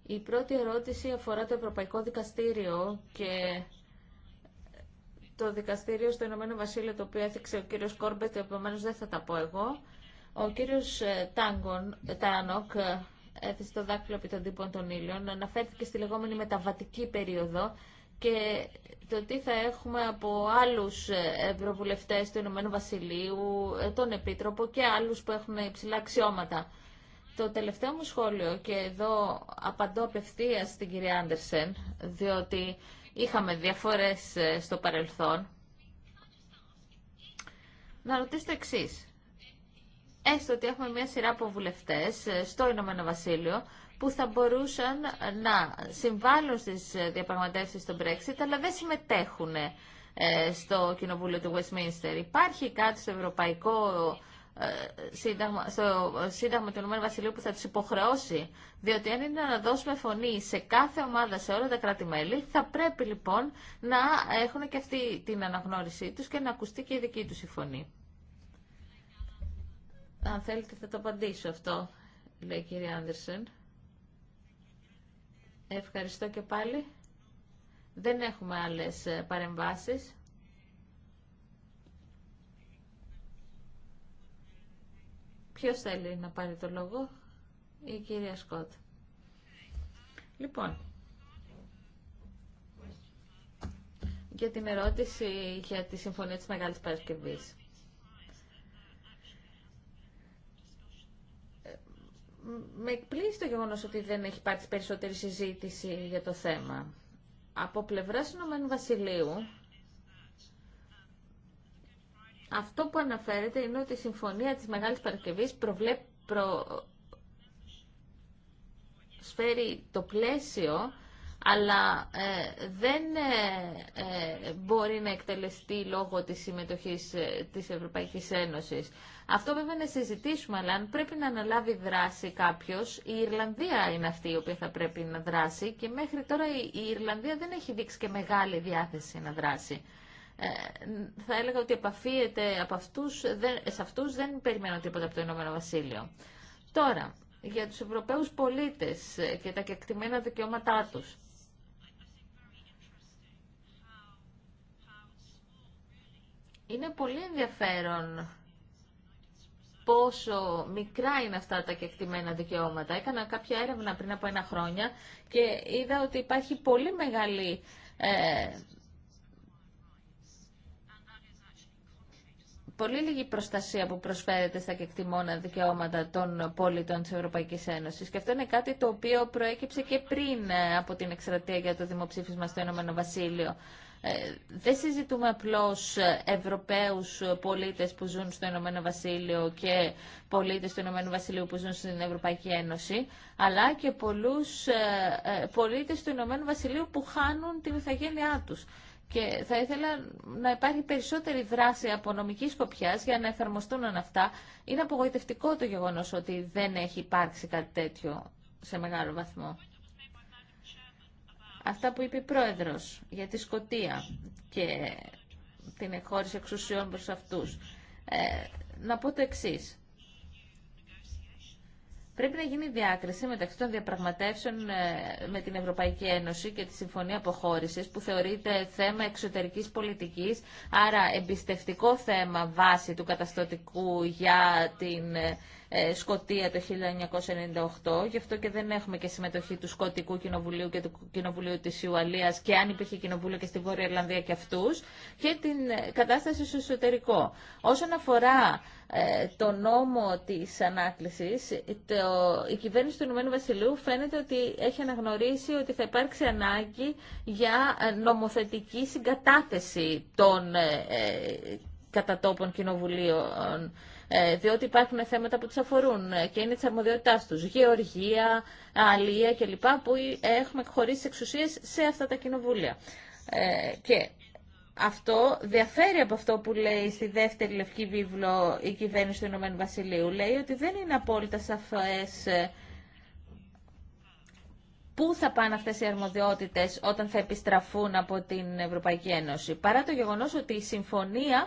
Speaker 1: Η πρώτη ερώτηση αφορά το Ευρωπαϊκό Δικαστήριο και το δικαστήριο στο Ηνωμένο Βασίλειο το οποίο έθιξε ο κύριος Κόρμπετ, επομένω δεν θα τα πω εγώ. Ο κύριος ε, Τάγκον, ε, Τάνοκ ε, έθεσε το δάκτυλο επί των τύπων των ήλιων, αναφέρθηκε στη λεγόμενη μεταβατική περίοδο και το τι θα έχουμε από άλλους ευρωβουλευτές του Ηνωμένου Βασιλείου, τον Επίτροπο και άλλους που έχουν υψηλά αξιώματα. Το τελευταίο μου σχόλιο, και εδώ απαντώ απευθείας στην κυρία Άντερσεν, διότι είχαμε διαφορές ε, στο παρελθόν, να ρωτήσω το εξή. Έστω ότι έχουμε μια σειρά από βουλευτέ ε, στο Ηνωμένο Βασίλειο που θα μπορούσαν να συμβάλλουν στι ε, διαπραγματεύσει στο Brexit, αλλά δεν συμμετέχουν στο Κοινοβούλιο του Westminster. Υπάρχει κάτι στο ευρωπαϊκό σύνταγμα, στο Σύνταγμα του Ηνωμένου Βασιλείου που θα τους υποχρεώσει. Διότι αν είναι να δώσουμε φωνή σε κάθε ομάδα, σε όλα τα κράτη-μέλη, θα πρέπει λοιπόν να έχουν και αυτή την αναγνώρισή τους και να ακουστεί και η δική τους η φωνή. Αν θέλετε θα το απαντήσω αυτό, λέει η κυρία Άντερσεν. Ευχαριστώ και πάλι. Δεν έχουμε άλλες παρεμβάσεις. Ποιος θέλει να πάρει το λόγο, η κυρία Σκότ. Λοιπόν, για την ερώτηση για τη Συμφωνία της Μεγάλης Παρασκευής. Με εκπλήσει το γεγονός ότι δεν έχει υπάρξει περισσότερη συζήτηση για το θέμα. Από πλευράς Ηνωμένου Βασιλείου, αυτό που αναφέρεται είναι ότι η Συμφωνία της Μεγάλης Παρασκευής προβλέπει, σφέρει το πλαίσιο αλλά ε, δεν ε, ε, μπορεί να εκτελεστεί λόγω της συμμετοχής ε, της Ευρωπαϊκής Ένωσης. Αυτό βέβαια να συζητήσουμε, αλλά αν πρέπει να αναλάβει δράση κάποιος, η Ιρλανδία είναι αυτή η οποία θα πρέπει να δράσει και μέχρι τώρα η Ιρλανδία δεν έχει δείξει και μεγάλη διάθεση να δράσει. Ε, θα έλεγα ότι επαφίεται από αυτούς, σε αυτούς δεν περιμένω τίποτα από το Ηνωμένο Βασίλειο. Τώρα, για τους Ευρωπαίους πολίτες ε, και τα κεκτημένα δικαιώματά τους. Είναι πολύ ενδιαφέρον πόσο μικρά είναι αυτά τα κεκτημένα δικαιώματα. Έκανα κάποια έρευνα πριν από ένα χρόνια και είδα ότι υπάρχει πολύ μεγάλη ε, πολύ λίγη προστασία που προσφέρεται στα κεκτημόνα δικαιώματα των πολιτών της Ευρωπαϊκής Ένωσης. Και αυτό είναι κάτι το οποίο προέκυψε και πριν ε, από την εκστρατεία για το δημοψήφισμα στο Ηνωμένο Βασίλειο. Ε, δεν συζητούμε απλώς ε, Ευρωπαίους πολίτες που ζουν στο Ηνωμένο Βασίλειο και πολίτες του Ηνωμένου Βασιλείου που ζουν στην Ευρωπαϊκή Ένωση, αλλά και πολλούς ε, πολίτες του Ηνωμένου Βασιλείου που χάνουν την ηθαγένειά τους. Και θα ήθελα να υπάρχει περισσότερη δράση από νομική σκοπιά για να εφαρμοστούν αυτά. Είναι απογοητευτικό το γεγονό ότι δεν έχει υπάρξει κάτι τέτοιο σε μεγάλο βαθμό. Αυτά που είπε η πρόεδρο για τη Σκοτία και την εκχώρηση εξουσιών προ αυτού. Ε, να πω το εξή. Πρέπει να γίνει διάκριση μεταξύ των διαπραγματεύσεων ε, με την Ευρωπαϊκή Ένωση και τη Συμφωνία Αποχώρησης που θεωρείται θέμα εξωτερικής πολιτικής, άρα εμπιστευτικό θέμα βάση του καταστατικού για την ε, ε, Σκοτία το 1998, γι' αυτό και δεν έχουμε και συμμετοχή του Σκοτικού Κοινοβουλίου και του Κοινοβουλίου της Ιουαλίας και αν υπήρχε κοινοβούλιο και στη Βόρεια Ιρλανδία και αυτούς, και την ε, κατάσταση στο εσωτερικό. Όσον αφορά ε, το νόμο της ανάκλησης, το, η κυβέρνηση του Ηνωμένου Βασιλείου φαίνεται ότι έχει αναγνωρίσει ότι θα υπάρξει ανάγκη για νομοθετική συγκατάθεση των κατατόπων κοινοβουλίων ε, διότι υπάρχουν θέματα που τους αφορούν ε, και είναι της αρμοδιότητάς τους. Γεωργία, αλία κλπ. που ε, έχουμε χωρίσει εξουσίες σε αυτά τα κοινοβούλια. Και αυτό διαφέρει από αυτό που λέει στη δεύτερη λευκή βίβλο η κυβέρνηση του Ηνωμένου Βασιλείου. Λέει ότι δεν είναι απόλυτα σαφές πού θα πάνε αυτές οι αρμοδιότητες όταν θα επιστραφούν από την Ευρωπαϊκή Ένωση. Παρά το γεγονός ότι η συμφωνία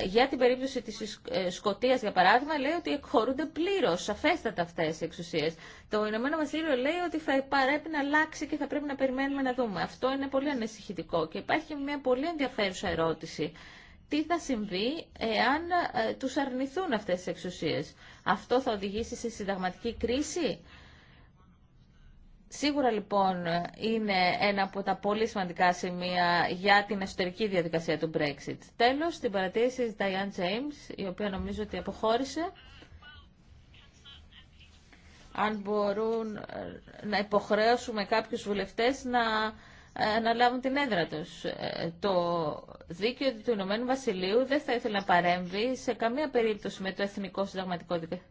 Speaker 1: ε, για την περίπτωση της Σκοτίας, ε, για παράδειγμα, λέει ότι εκχωρούνται πλήρως, σαφέστατα αυτές οι εξουσίες. Το Ηνωμένο Βασίλειο λέει ότι θα πρέπει να αλλάξει και θα πρέπει να περιμένουμε να δούμε. Αυτό είναι πολύ ανησυχητικό και υπάρχει μια πολύ ενδιαφέρουσα ερώτηση. Τι θα συμβεί εάν ε, τους αρνηθούν αυτές τις εξουσίες. Αυτό θα οδηγήσει σε συνταγματική κρίση. Σίγουρα λοιπόν είναι ένα από τα πολύ σημαντικά σημεία για την εσωτερική διαδικασία του Brexit. Τέλος, την παρατήρηση της Diane James, η οποία νομίζω ότι αποχώρησε. Αν μπορούν ε, να υποχρέωσουμε κάποιους βουλευτές να αναλάβουν ε, την έδρα τους. Ε, το δίκαιο του Ηνωμένου Βασιλείου δεν θα ήθελε να παρέμβει σε καμία περίπτωση με το Εθνικό Συνταγματικό Δικαστήριο.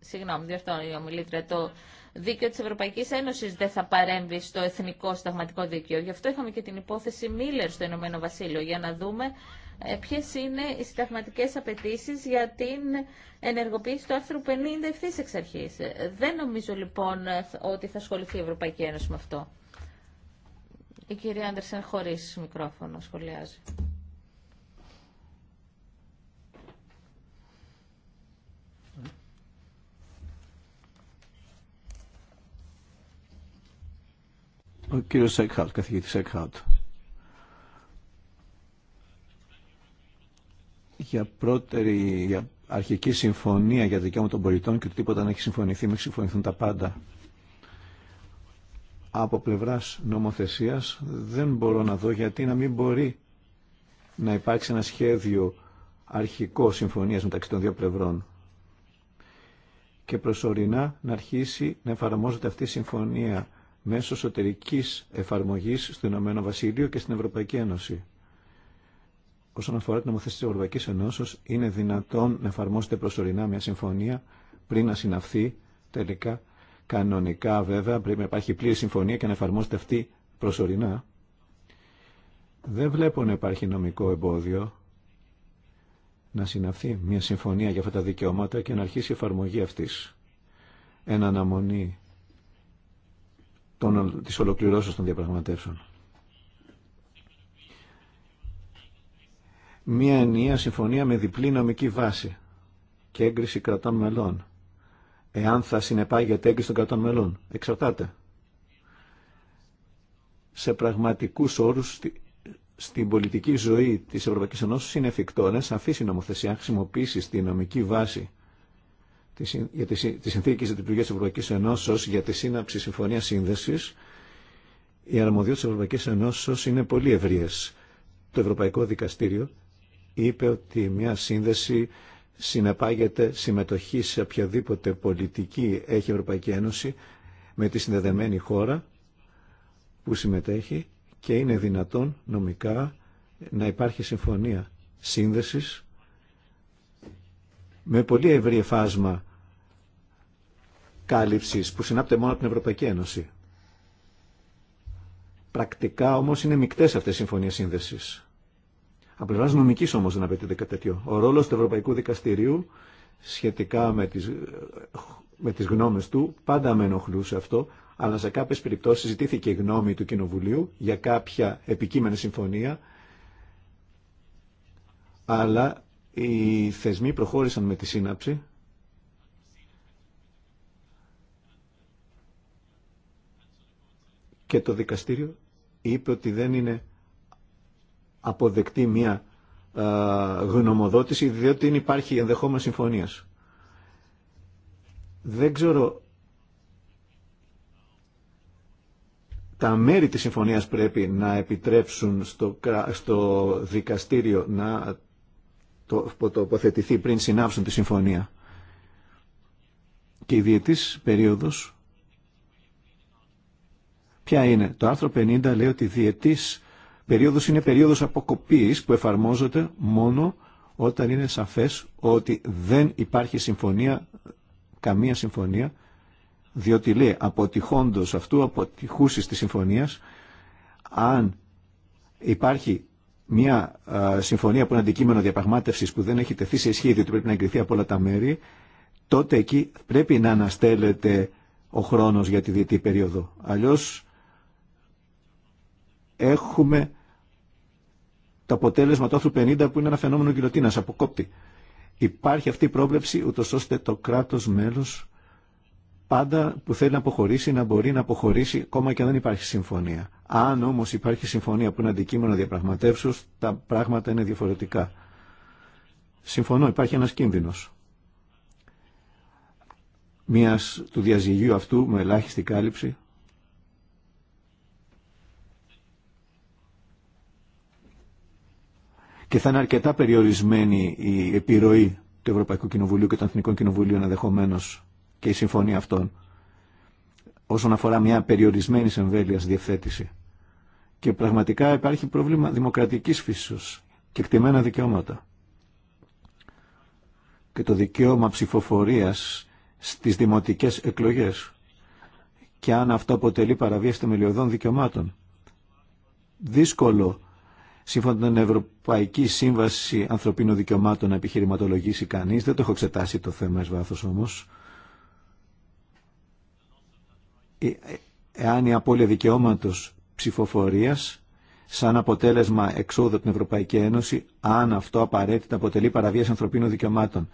Speaker 1: Συγγνώμη, διορθώνω η ομιλήτρια. Το δίκαιο της Ευρωπαϊκής Ένωσης δεν θα παρέμβει στο εθνικό συνταγματικό δίκαιο. Γι' αυτό είχαμε και την υπόθεση Μίλλερ στο Ηνωμένο Βασίλειο για να δούμε ε, ποιε είναι οι συνταγματικές απαιτήσει για την ενεργοποίηση του άρθρου 50 ευθύ εξ αρχή. Ε, δεν νομίζω λοιπόν ότι θα ασχοληθεί η Ευρωπαϊκή Ένωση με αυτό. Η κυρία Άντερσεν χωρίς μικρόφωνο σχολιάζει.
Speaker 2: Ο κύριος Σέκχαλτ, καθηγητής Σέκχαλτ. Για πρώτερη, αρχική συμφωνία για δικαίωμα των πολιτών και ότι τίποτα να έχει συμφωνηθεί, μέχρι συμφωνηθούν τα πάντα. Από πλευράς νομοθεσίας δεν μπορώ να δω γιατί να μην μπορεί να υπάρξει ένα σχέδιο αρχικό συμφωνίας μεταξύ των δύο πλευρών και προσωρινά να αρχίσει να εφαρμόζεται αυτή η συμφωνία μέσω εσωτερική εφαρμογής στο Ηνωμένο Βασίλειο και στην Ευρωπαϊκή Ένωση. Όσον αφορά την νομοθεσία τη Ευρωπαϊκή Ενώσεω, είναι δυνατόν να εφαρμόσετε προσωρινά μια συμφωνία πριν να συναυθεί τελικά. Κανονικά βέβαια πρέπει να υπάρχει πλήρη συμφωνία και να εφαρμόσετε αυτή προσωρινά. Δεν βλέπω να υπάρχει νομικό εμπόδιο να συναυθεί μια συμφωνία για αυτά τα δικαιώματα και να αρχίσει η εφαρμογή αυτής. Εν αναμονή των, της ολοκληρώσεως των διαπραγματεύσεων. Μία ενιαία συμφωνία με διπλή νομική βάση και έγκριση κρατών μελών. Εάν θα συνεπάγεται έγκριση των κρατών μελών. Εξαρτάται. Σε πραγματικούς όρους στην πολιτική ζωή της Ευρωπαϊκής Ενώσης είναι εφικτό. να η νομοθεσία να χρησιμοποιήσει τη νομική βάση για τη, τη συνθήκη τη λειτουργία Ευρωπαϊκή Ενώσεω για τη σύναψη συμφωνία σύνδεση, οι αρμοδιότητε τη Ευρωπαϊκή Ενώσεω είναι πολύ ευρείε. Το Ευρωπαϊκό Δικαστήριο είπε ότι μια σύνδεση συνεπάγεται συμμετοχή σε οποιαδήποτε πολιτική έχει η Ευρωπαϊκή Ένωση με τη συνδεδεμένη χώρα που συμμετέχει και είναι δυνατόν νομικά να υπάρχει συμφωνία σύνδεσης με πολύ ευρύ φάσμα που συνάπτει μόνο από την Ευρωπαϊκή Ένωση. Πρακτικά όμως είναι μεικτέ αυτές οι συμφωνίες σύνδεσης. Από πλευρά νομική όμω δεν απαιτείται κάτι τέτοιο. Ο ρόλο του Ευρωπαϊκού Δικαστηρίου σχετικά με τι με τις γνώμες του, πάντα με ενοχλούσε αυτό, αλλά σε κάποιε περιπτώσεις ζητήθηκε η γνώμη του Κοινοβουλίου για κάποια επικείμενη συμφωνία, αλλά οι θεσμοί προχώρησαν με τη σύναψη και το δικαστήριο είπε ότι δεν είναι αποδεκτή μια γνωμοδότηση διότι υπάρχει ενδεχόμενη συμφωνίας. Δεν ξέρω τα μέρη της συμφωνίας πρέπει να επιτρέψουν στο, στο δικαστήριο να το, τοποθετηθεί πριν συνάψουν τη συμφωνία. Και η διετής περίοδος Ποια είναι. Το άρθρο 50 λέει ότι η διετής περίοδος είναι περίοδος αποκοπής που εφαρμόζεται μόνο όταν είναι σαφές ότι δεν υπάρχει συμφωνία, καμία συμφωνία, διότι λέει αποτυχώντος αυτού, αποτυχούσης της συμφωνίας, αν υπάρχει μια συμφωνία που είναι αντικείμενο διαπραγμάτευσης που δεν έχει τεθεί σε ισχύ, διότι πρέπει να εγκριθεί από όλα τα μέρη, τότε εκεί πρέπει να αναστέλλεται ο χρόνος για τη διετή περίοδο. Αλλιώς έχουμε το αποτέλεσμα του άρθρου 50 που είναι ένα φαινόμενο γιλοτίνας, αποκόπτη. Υπάρχει αυτή η πρόβλεψη ούτω ώστε το κράτο μέλο πάντα που θέλει να αποχωρήσει να μπορεί να αποχωρήσει ακόμα και αν δεν υπάρχει συμφωνία. Αν όμω υπάρχει συμφωνία που είναι αντικείμενο διαπραγματεύσεω, τα πράγματα είναι διαφορετικά. Συμφωνώ, υπάρχει ένα κίνδυνο μιας του διαζυγίου αυτού με ελάχιστη κάλυψη και θα είναι αρκετά περιορισμένη η επιρροή του Ευρωπαϊκού Κοινοβουλίου και των Εθνικών Κοινοβουλίων ενδεχομένω και η συμφωνία αυτών όσον αφορά μια περιορισμένη εμβέλεια διευθέτηση. Και πραγματικά υπάρχει πρόβλημα δημοκρατικής φύσης και εκτιμένα δικαιώματα. Και το δικαίωμα ψηφοφορίας στις δημοτικές εκλογές και αν αυτό αποτελεί παραβίαση μελιωδών δικαιωμάτων. Δύσκολο σύμφωνα με την Ευρωπαϊκή Σύμβαση Ανθρωπίνων Δικαιωμάτων να επιχειρηματολογήσει κανείς. Δεν το έχω εξετάσει το θέμα εις βάθος όμως. Ε, ε, εάν η απώλεια δικαιώματος ψηφοφορία σαν αποτέλεσμα εξόδου από την Ευρωπαϊκή Ένωση, αν αυτό απαραίτητα αποτελεί παραβίαση ανθρωπίνων δικαιωμάτων.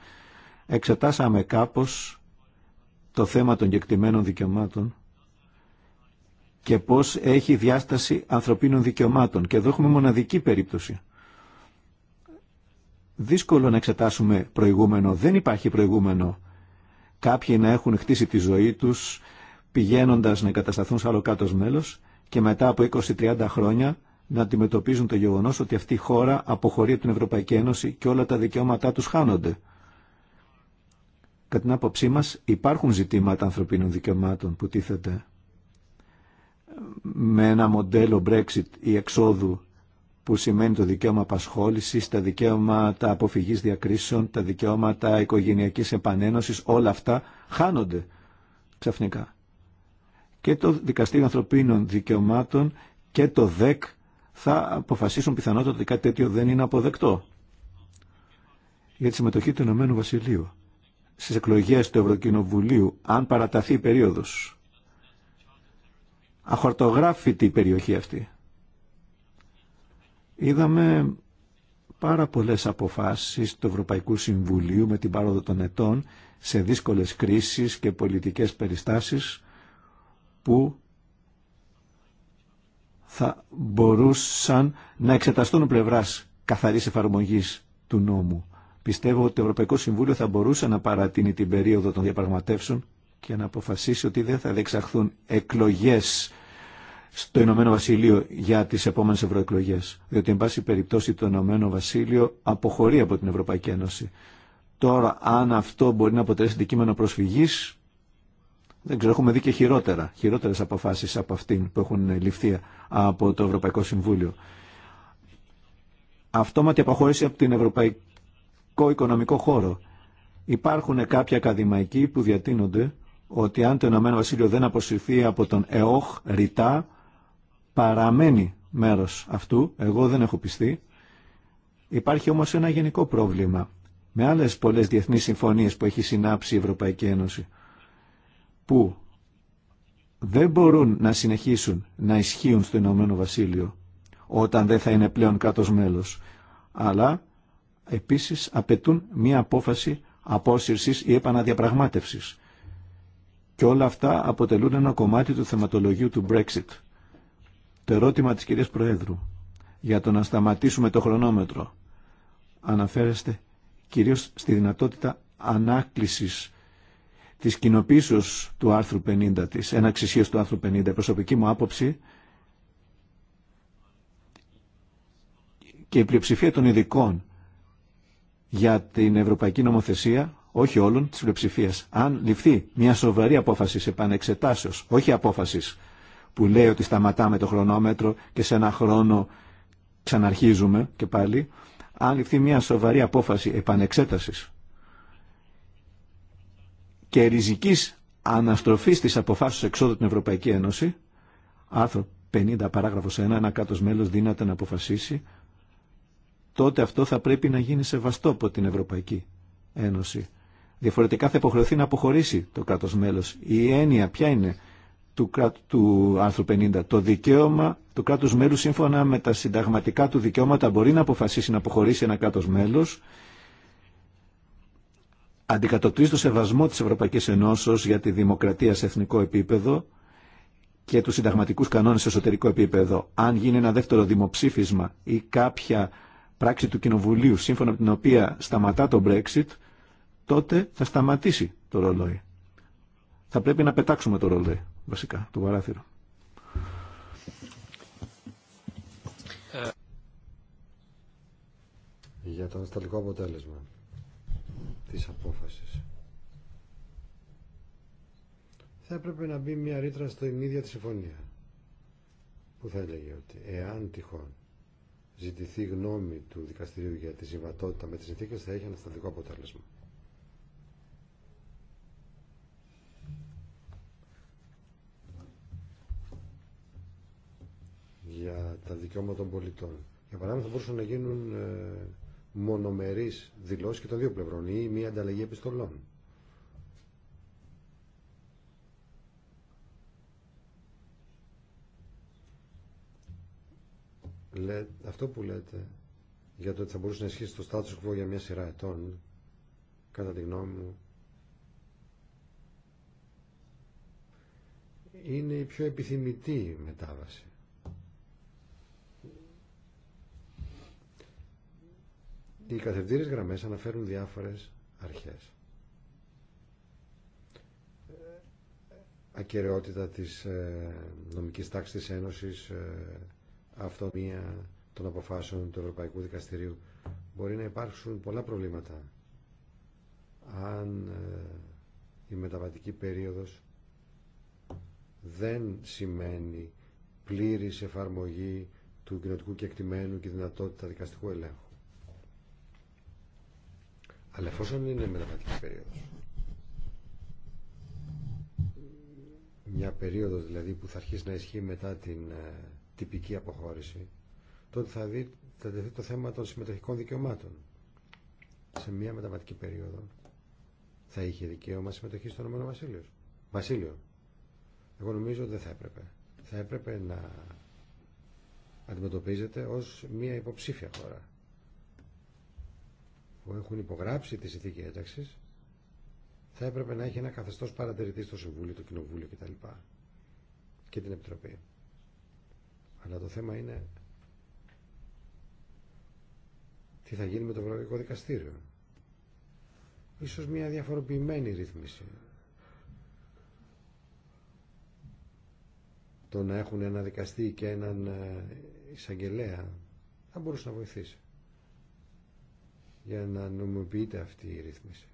Speaker 2: Εξετάσαμε κάπως το θέμα των κεκτημένων δικαιωμάτων και πώς έχει διάσταση ανθρωπίνων δικαιωμάτων. Και εδώ έχουμε μοναδική περίπτωση. Δύσκολο να εξετάσουμε προηγούμενο. Δεν υπάρχει προηγούμενο. Κάποιοι να έχουν χτίσει τη ζωή τους πηγαίνοντας να κατασταθούν σε άλλο κάτω μέλος και μετά από 20-30 χρόνια να αντιμετωπίζουν το γεγονός ότι αυτή η χώρα αποχωρεί από την Ευρωπαϊκή Ένωση και όλα τα δικαιώματά τους χάνονται. Κατά την άποψή μας υπάρχουν ζητήματα ανθρωπίνων δικαιωμάτων που τίθεται με ένα μοντέλο Brexit ή εξόδου που σημαίνει το δικαίωμα απασχόλησης, τα δικαίωματα αποφυγής διακρίσεων, τα δικαιώματα οικογενειακής επανένωσης, όλα αυτά χάνονται ξαφνικά. Και το Δικαστήριο Ανθρωπίνων Δικαιωμάτων και το ΔΕΚ θα αποφασίσουν πιθανότατα ότι κάτι τέτοιο δεν είναι αποδεκτό για τη συμμετοχή του Ηνωμένου Βασιλείου στις εκλογές του Ευρωκοινοβουλίου αν παραταθεί η περίοδος αχορτογράφητη η περιοχή αυτή. Είδαμε πάρα πολλές αποφάσεις του Ευρωπαϊκού Συμβουλίου με την πάροδο των ετών σε δύσκολες κρίσεις και πολιτικές περιστάσεις που θα μπορούσαν να εξεταστούν ο πλευράς καθαρής εφαρμογής του νόμου. Πιστεύω ότι το Ευρωπαϊκό Συμβούλιο θα μπορούσε να παρατείνει την περίοδο των διαπραγματεύσεων και να αποφασίσει ότι δεν θα δεξαχθούν εκλογές στο Ηνωμένο Βασίλειο για τις επόμενες ευρωεκλογέ. Διότι, εν πάση περιπτώσει, το Ηνωμένο Βασίλειο αποχωρεί από την Ευρωπαϊκή Ένωση. Τώρα, αν αυτό μπορεί να αποτελέσει αντικείμενο προσφυγής, δεν ξέρω, έχουμε δει και χειρότερα, χειρότερες αποφάσεις από αυτήν που έχουν ληφθεί από το Ευρωπαϊκό Συμβούλιο. Αυτόματη αποχώρηση από την Ευρωπαϊκό Οικονομικό Χώρο. Υπάρχουν κάποια ακαδημαϊκοί που διατείνονται ότι αν το Ηνωμένο Βασίλειο δεν αποσυρθεί από τον ΕΟΧ ρητά, παραμένει μέρος αυτού, εγώ δεν έχω πιστεί. Υπάρχει όμως ένα γενικό πρόβλημα με άλλες πολλές διεθνείς συμφωνίες που έχει συνάψει η Ευρωπαϊκή Ένωση, που δεν μπορούν να συνεχίσουν να ισχύουν στο Ηνωμένο Βασίλειο όταν δεν θα είναι πλέον κάτω μέλος, αλλά επίσης απαιτούν μία απόφαση απόσυρσης ή επαναδιαπραγμάτευσης. Και όλα αυτά αποτελούν ένα κομμάτι του θεματολογίου του Brexit. Το ερώτημα της κυρίας Προέδρου για το να σταματήσουμε το χρονόμετρο αναφέρεστε κυρίως στη δυνατότητα ανάκλησης της κοινοποίησης του άρθρου 50 της, ένα του άρθρου 50. προσωπική μου άποψη και η πλειοψηφία των ειδικών για την ευρωπαϊκή νομοθεσία όχι όλων, της πλειοψηφία. Αν ληφθεί μια σοβαρή απόφαση σε επανεξετάσεω, όχι απόφαση που λέει ότι σταματάμε το χρονόμετρο και σε ένα χρόνο ξαναρχίζουμε και πάλι, αν ληφθεί μια σοβαρή απόφαση επανεξέτασης και ριζικής αναστροφής της αποφάσεως εξόδου την Ευρωπαϊκή Ένωση, άρθρο 50 παράγραφος 1, ένα κάτω μέλος δύναται να αποφασίσει, τότε αυτό θα πρέπει να γίνει σεβαστό από την Ευρωπαϊκή Ένωση. Διαφορετικά θα υποχρεωθεί να αποχωρήσει το κράτος μέλος. Η έννοια ποια είναι του, κράτου, του άρθρου 50. Το δικαίωμα του κράτους μέλους σύμφωνα με τα συνταγματικά του δικαιώματα μπορεί να αποφασίσει να αποχωρήσει ένα κράτος μέλος αντικατοπτρίζει το σεβασμό της Ευρωπαϊκής Ενώσεως για τη δημοκρατία σε εθνικό επίπεδο και τους συνταγματικούς κανόνες σε εσωτερικό επίπεδο. Αν γίνει ένα δεύτερο δημοψήφισμα ή κάποια πράξη του Κοινοβουλίου σύμφωνα με την οποία σταματά το Brexit, τότε θα σταματήσει το ρολόι. Θα πρέπει να πετάξουμε το ρολόι, βασικά, το παράθυρο.
Speaker 3: Για το ανασταλικό αποτέλεσμα της απόφασης. Θα έπρεπε να μπει μια ρήτρα στην ίδια τη συμφωνία που θα έλεγε ότι εάν τυχόν ζητηθεί γνώμη του δικαστηρίου για τη συμβατότητα με τις συνθήκες θα έχει ανασταλτικό αποτέλεσμα. για τα δικαιώματα των πολιτών. Για παράδειγμα θα μπορούσαν να γίνουν ε, μονομερείς δηλώσει και των δύο πλευρών ή μία ανταλλαγή επιστολών. αυτό που λέτε για το ότι θα μπορούσε να ισχύσει το status quo για μια σειρά ετών, κατά τη γνώμη μου, είναι η πιο επιθυμητή μετάβαση. Οι καθευτήρες γραμμές αναφέρουν διάφορες αρχές. Ακεραιότητα της ε, νομικής τάξης της Ένωσης, ε, αυτομία των αποφάσεων του Ευρωπαϊκού Δικαστηρίου. Μπορεί να υπάρξουν πολλά προβλήματα αν ε, η μεταβατική περίοδος δεν σημαίνει πλήρης εφαρμογή του κοινωτικού κεκτημένου και δυνατότητα δικαστικού ελέγχου. Αλλά εφόσον είναι μεταβατική περίοδος, μια περίοδος δηλαδή που θα αρχίσει να ισχύει μετά την ε, τυπική αποχώρηση, τότε θα, δει, το θέμα των συμμετοχικών δικαιωμάτων. Σε μια μεταβατική περίοδο θα είχε δικαίωμα συμμετοχή στον Ηνωμένο Βασίλειο. Βασίλειο. Εγώ νομίζω ότι δεν θα έπρεπε. Θα έπρεπε να αντιμετωπίζεται ως μια υποψήφια χώρα που έχουν υπογράψει τη συνθήκη ένταξη θα έπρεπε να έχει ένα καθεστώ παρατηρητή στο Συμβούλιο, το Κοινοβούλιο κτλ. και την Επιτροπή. Αλλά το θέμα είναι τι θα γίνει με το Ευρωπαϊκό Δικαστήριο. Ίσως μια διαφοροποιημένη ρύθμιση. Το να έχουν ένα δικαστή και έναν ε, εισαγγελέα θα μπορούσε να βοηθήσει για να νομιμοποιείται αυτή η ρύθμιση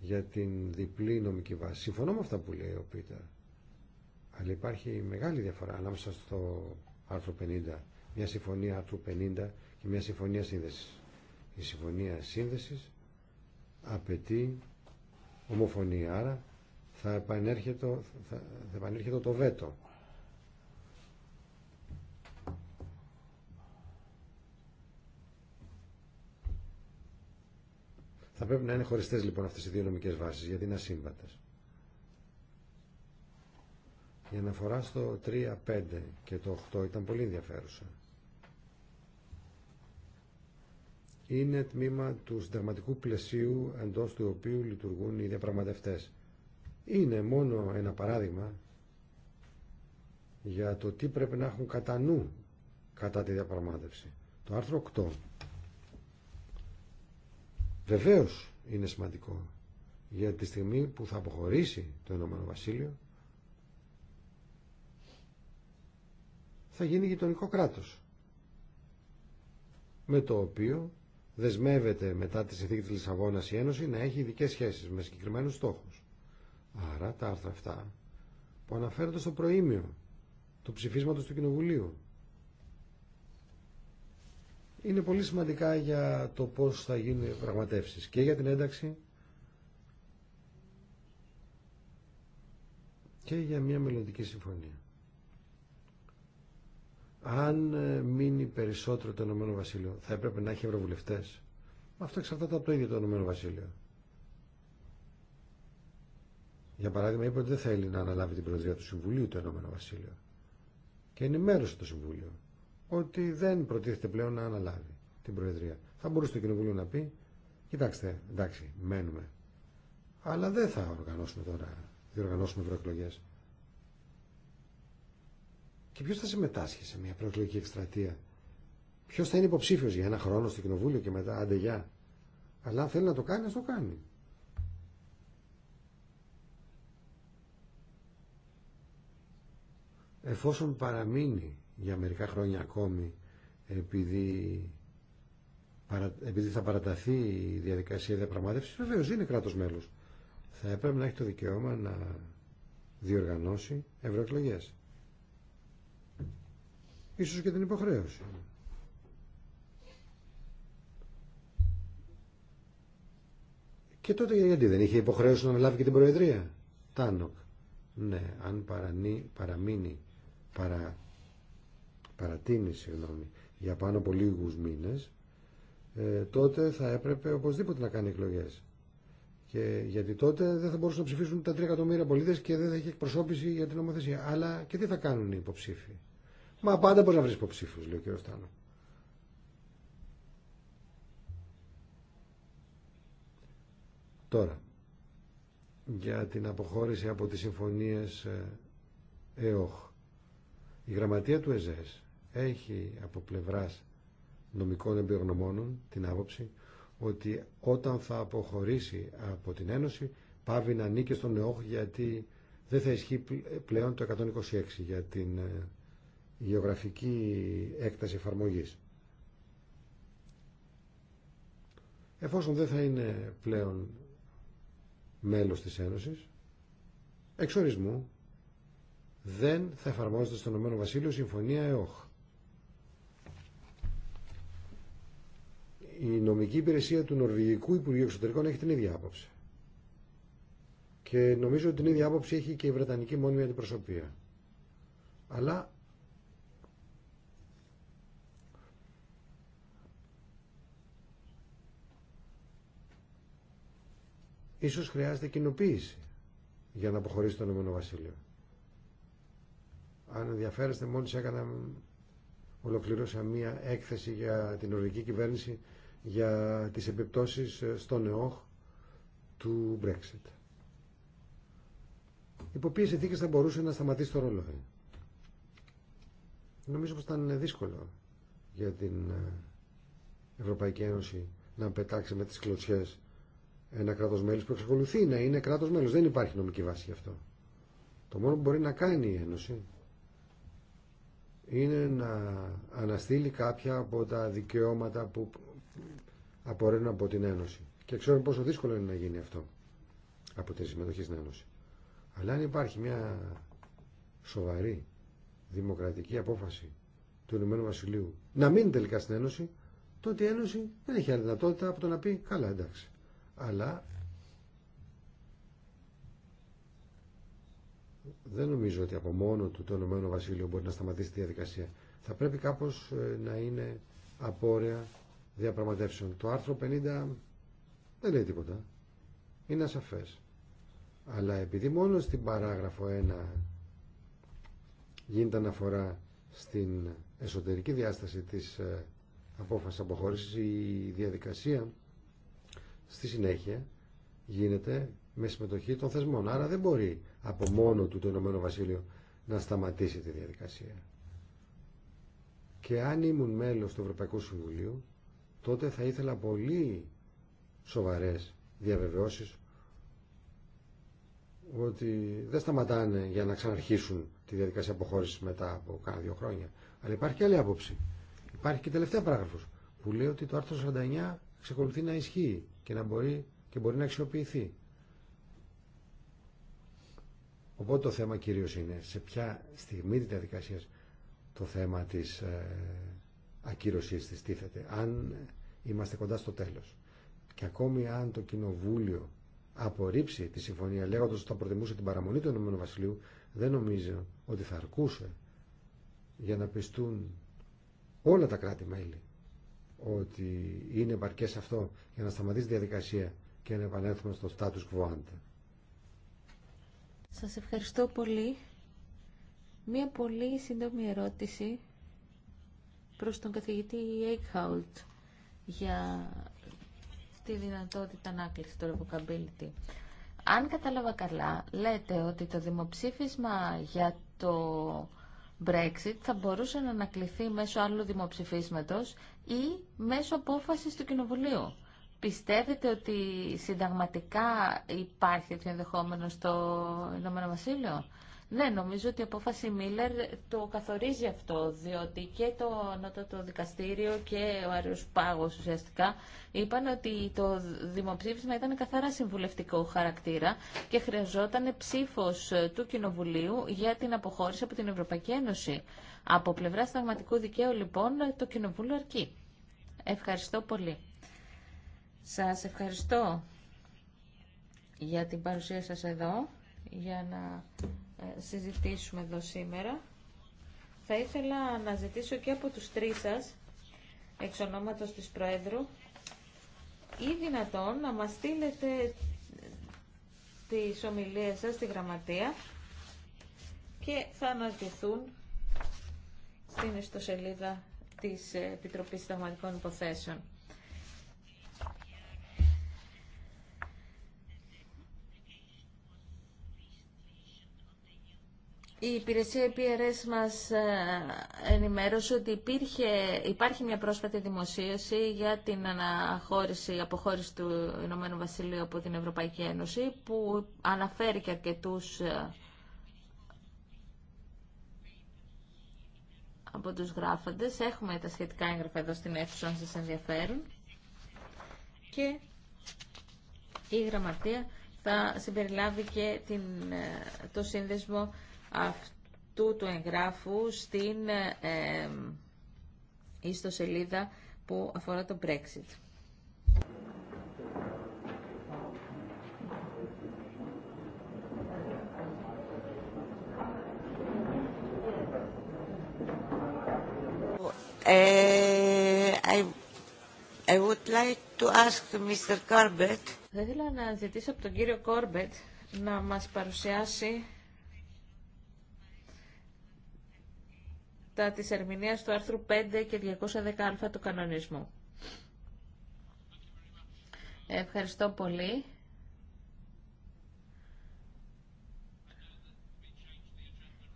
Speaker 3: για την διπλή νομική βάση. Συμφωνώ με αυτά που λέει ο Πίτα. Αλλά υπάρχει μεγάλη διαφορά ανάμεσα στο άρθρο 50, μια συμφωνία άρθρου 50 και μια συμφωνία σύνδεσης. Η συμφωνία σύνδεσης απαιτεί ομοφωνία, άρα θα επανέρχεται, θα, θα επανέρχεται το βέτο. Θα πρέπει να είναι χωριστέ λοιπόν αυτές οι δύο νομικές βάσεις, γιατί είναι ασύμβατες. Η αναφορά στο 3, 5 και το 8 ήταν πολύ ενδιαφέρουσα. Είναι τμήμα του συνταγματικού πλαισίου εντό του οποίου λειτουργούν οι διαπραγματευτέ. Είναι μόνο ένα παράδειγμα για το τι πρέπει να έχουν κατά νου κατά τη διαπραγμάτευση. Το άρθρο 8 Βεβαίω είναι σημαντικό για τη στιγμή που θα αποχωρήσει το Ηνωμένο Βασίλειο θα γίνει γειτονικό κράτος με το οποίο δεσμεύεται μετά τη συνθήκη της Λισαβόνας η Ένωση να έχει ειδικέ σχέσεις με συγκεκριμένους στόχους. Άρα τα άρθρα αυτά που αναφέρονται στο προήμιο του ψηφίσματος του Κοινοβουλίου είναι πολύ σημαντικά για το πώς θα γίνουν πραγματεύσεις και για την ένταξη και για μια μελλοντική συμφωνία. Αν ε, μείνει περισσότερο το Ηνωμένο Βασίλειο, θα έπρεπε να έχει ευρωβουλευτέ. Αυτό εξαρτάται από το ίδιο το Ηνωμένο Βασίλειο. Για παράδειγμα, είπε ότι δεν θέλει να αναλάβει την Προεδρία του Συμβουλίου το Ηνωμένο Βασίλειο. Και ενημέρωσε το Συμβούλιο ότι δεν προτίθεται πλέον να αναλάβει την Προεδρία. Θα μπορούσε το Κοινοβούλιο να πει, κοιτάξτε, εντάξει, μένουμε. Αλλά δεν θα οργανώσουμε τώρα, διοργανώσουμε προεκλογέ. Και ποιο θα συμμετάσχει σε μια προεκλογική εκστρατεία. Ποιο θα είναι υποψήφιο για ένα χρόνο στο Κοινοβούλιο και μετά, άντε για. Αλλά αν θέλει να το κάνει, α το κάνει. Εφόσον παραμείνει για μερικά χρόνια ακόμη επειδή, επειδή θα παραταθεί η διαδικασία διαπραγμάτευσης, βεβαίως είναι κράτος μέλος. Θα έπρεπε να έχει το δικαίωμα να διοργανώσει ευρωεκλογέ. Ίσως και την υποχρέωση. Και τότε γιατί δεν είχε υποχρέωση να λάβει και την Προεδρία. Τάνοκ. Ναι, αν παραμείνει παρά παρατείνει συγγνώμη, για πάνω από λίγους μήνες, ε, τότε θα έπρεπε οπωσδήποτε να κάνει εκλογές. Και, γιατί τότε δεν θα μπορούσαν να ψηφίσουν τα 3 εκατομμύρια πολίτε και δεν θα έχει εκπροσώπηση για την νομοθεσία. Αλλά και τι θα κάνουν οι υποψήφοι. Μα πάντα μπορεί να βρει υποψήφιου, λέει ο κ. Στάνο. Τώρα, για την αποχώρηση από τις συμφωνίες ε, ΕΟΧ. Η γραμματεία του ΕΖΕΣ έχει από πλευράς νομικών εμπειρογνωμόνων την άποψη ότι όταν θα αποχωρήσει από την Ένωση πάβει να ανήκει στον ΕΟΧ γιατί δεν θα ισχύει πλέον το 126 για την ε, γεωγραφική έκταση εφαρμογής. Εφόσον δεν θα είναι πλέον μέλος της Ένωσης, εξορισμού δεν θα εφαρμόζεται στον Ηνωμένο Συμφωνία ΕΟΧ. η νομική υπηρεσία του Νορβηγικού Υπουργείου Εξωτερικών έχει την ίδια άποψη. Και νομίζω ότι την ίδια άποψη έχει και η Βρετανική μόνιμη αντιπροσωπεία. Αλλά ίσως χρειάζεται κοινοποίηση για να αποχωρήσει το Ηνωμένο Βασίλειο. Αν ενδιαφέρεστε, μόλις έκανα, ολοκληρώσα μία έκθεση για την ορική κυβέρνηση για τις επιπτώσεις ε, στον ΕΟΧ του Brexit. Υπό ποιε συνθήκε θα μπορούσε να σταματήσει το ρολόι. Νομίζω πως ήταν δύσκολο για την ε, Ευρωπαϊκή Ένωση να πετάξει με τις κλωτσιές ένα κράτος μέλος που εξακολουθεί να είναι κράτος μέλος. Δεν υπάρχει νομική βάση γι' αυτό. Το μόνο που μπορεί να κάνει η Ένωση είναι να αναστείλει κάποια από τα δικαιώματα που απορρένουν από την Ένωση. Και ξέρουμε πόσο δύσκολο είναι να γίνει αυτό από τη συμμετοχή στην Ένωση. Αλλά αν υπάρχει μια σοβαρή δημοκρατική απόφαση του Ηνωμένου Βασιλείου να μείνει τελικά στην Ένωση, τότε η Ένωση δεν έχει άλλη δυνατότητα από το να πει καλά εντάξει. Αλλά δεν νομίζω ότι από μόνο του το Ηνωμένο Βασίλειο μπορεί να σταματήσει τη διαδικασία. Θα πρέπει κάπως ε, να είναι απόρρεα διαπραγματεύσεων. Το άρθρο 50 δεν λέει τίποτα. Είναι ασαφές. Αλλά επειδή μόνο στην παράγραφο 1 γίνεται αναφορά στην εσωτερική διάσταση της ε, απόφασης αποχώρησης, η διαδικασία στη συνέχεια γίνεται με συμμετοχή των θεσμών. Άρα δεν μπορεί από μόνο του το Ηνωμένο Βασίλειο να σταματήσει τη διαδικασία. Και αν ήμουν μέλος του Ευρωπαϊκού Συμβουλίου, τότε θα ήθελα πολύ σοβαρές διαβεβαιώσεις ότι δεν σταματάνε για να ξαναρχίσουν τη διαδικασία αποχώρηση μετά από κάνα δύο χρόνια. Αλλά υπάρχει και άλλη άποψη. Υπάρχει και η τελευταία παράγραφος που λέει ότι το άρθρο 49 εξακολουθεί να ισχύει και, να μπορεί, και μπορεί να αξιοποιηθεί. Οπότε το θέμα κυρίως είναι σε ποια στιγμή τη διαδικασία το θέμα της ε, ακύρωση τίθεται. αν είμαστε κοντά στο τέλος. Και ακόμη αν το Κοινοβούλιο απορρίψει τη συμφωνία λέγοντας ότι θα προτιμούσε την παραμονή του ΕΒ δεν νομίζω ότι θα αρκούσε για να πιστούν όλα τα κράτη-μέλη ότι είναι επαρκέ αυτό για να σταματήσει η διαδικασία και να επανέλθουμε στο status quo ante.
Speaker 1: Σας ευχαριστώ πολύ. Μία πολύ σύντομη ερώτηση προς τον καθηγητή Eichhout για τη δυνατότητα ανάκληση του revocability. Αν κατάλαβα καλά, λέτε ότι το δημοψήφισμα για το Brexit θα μπορούσε να ανακληθεί μέσω άλλου δημοψηφίσματος ή μέσω απόφασης του Κοινοβουλίου. Πιστεύετε ότι συνταγματικά υπάρχει το ενδεχόμενο στο Ηνωμένο Βασίλειο. Ναι, νομίζω ότι η απόφαση Μίλλερ το καθορίζει αυτό, διότι και το Ανώτατο Δικαστήριο και ο Άριος Πάγος ουσιαστικά είπαν ότι το δημοψήφισμα ήταν καθαρά συμβουλευτικό χαρακτήρα και χρειαζόταν ψήφος του Κοινοβουλίου για την αποχώρηση από την Ευρωπαϊκή Ένωση. Από πλευρά σταγματικού δικαίου λοιπόν το Κοινοβούλιο αρκεί. Ευχαριστώ πολύ. Σας ευχαριστώ για την παρουσία σας εδώ, για να ε, συζητήσουμε εδώ σήμερα. Θα ήθελα να ζητήσω και από τους τρεις σας, εξ ονόματος της Προέδρου, ή δυνατόν να μας στείλετε τις ομιλίες σας στη γραμματεία και θα αναρτηθούν στην ιστοσελίδα της Επιτροπής Συνταγματικών Υποθέσεων. Η υπηρεσία PRS μας ε, ενημέρωσε ότι υπήρχε, υπάρχει μια πρόσφατη δημοσίευση για την αναχώρηση, αποχώρηση του Ηνωμένου Βασιλείου από την Ευρωπαϊκή Ένωση που αναφέρει και αρκετούς ε, από τους γράφοντες. Έχουμε τα σχετικά έγγραφα εδώ στην αίθουσα αν σας ενδιαφέρουν. Και η γραμματεία θα συμπεριλάβει και την, ε, το σύνδεσμο αυτού του εγγράφου στην ιστοσελίδα που αφορά το Brexit. Ε, I, would like to ask Mr. Corbett. Θα ήθελα να ζητήσω από τον κύριο Κόρμπετ να μας παρουσιάσει τα της ερμηνείας του άρθρου 5 και 210α του κανονισμού. Ευχαριστώ πολύ.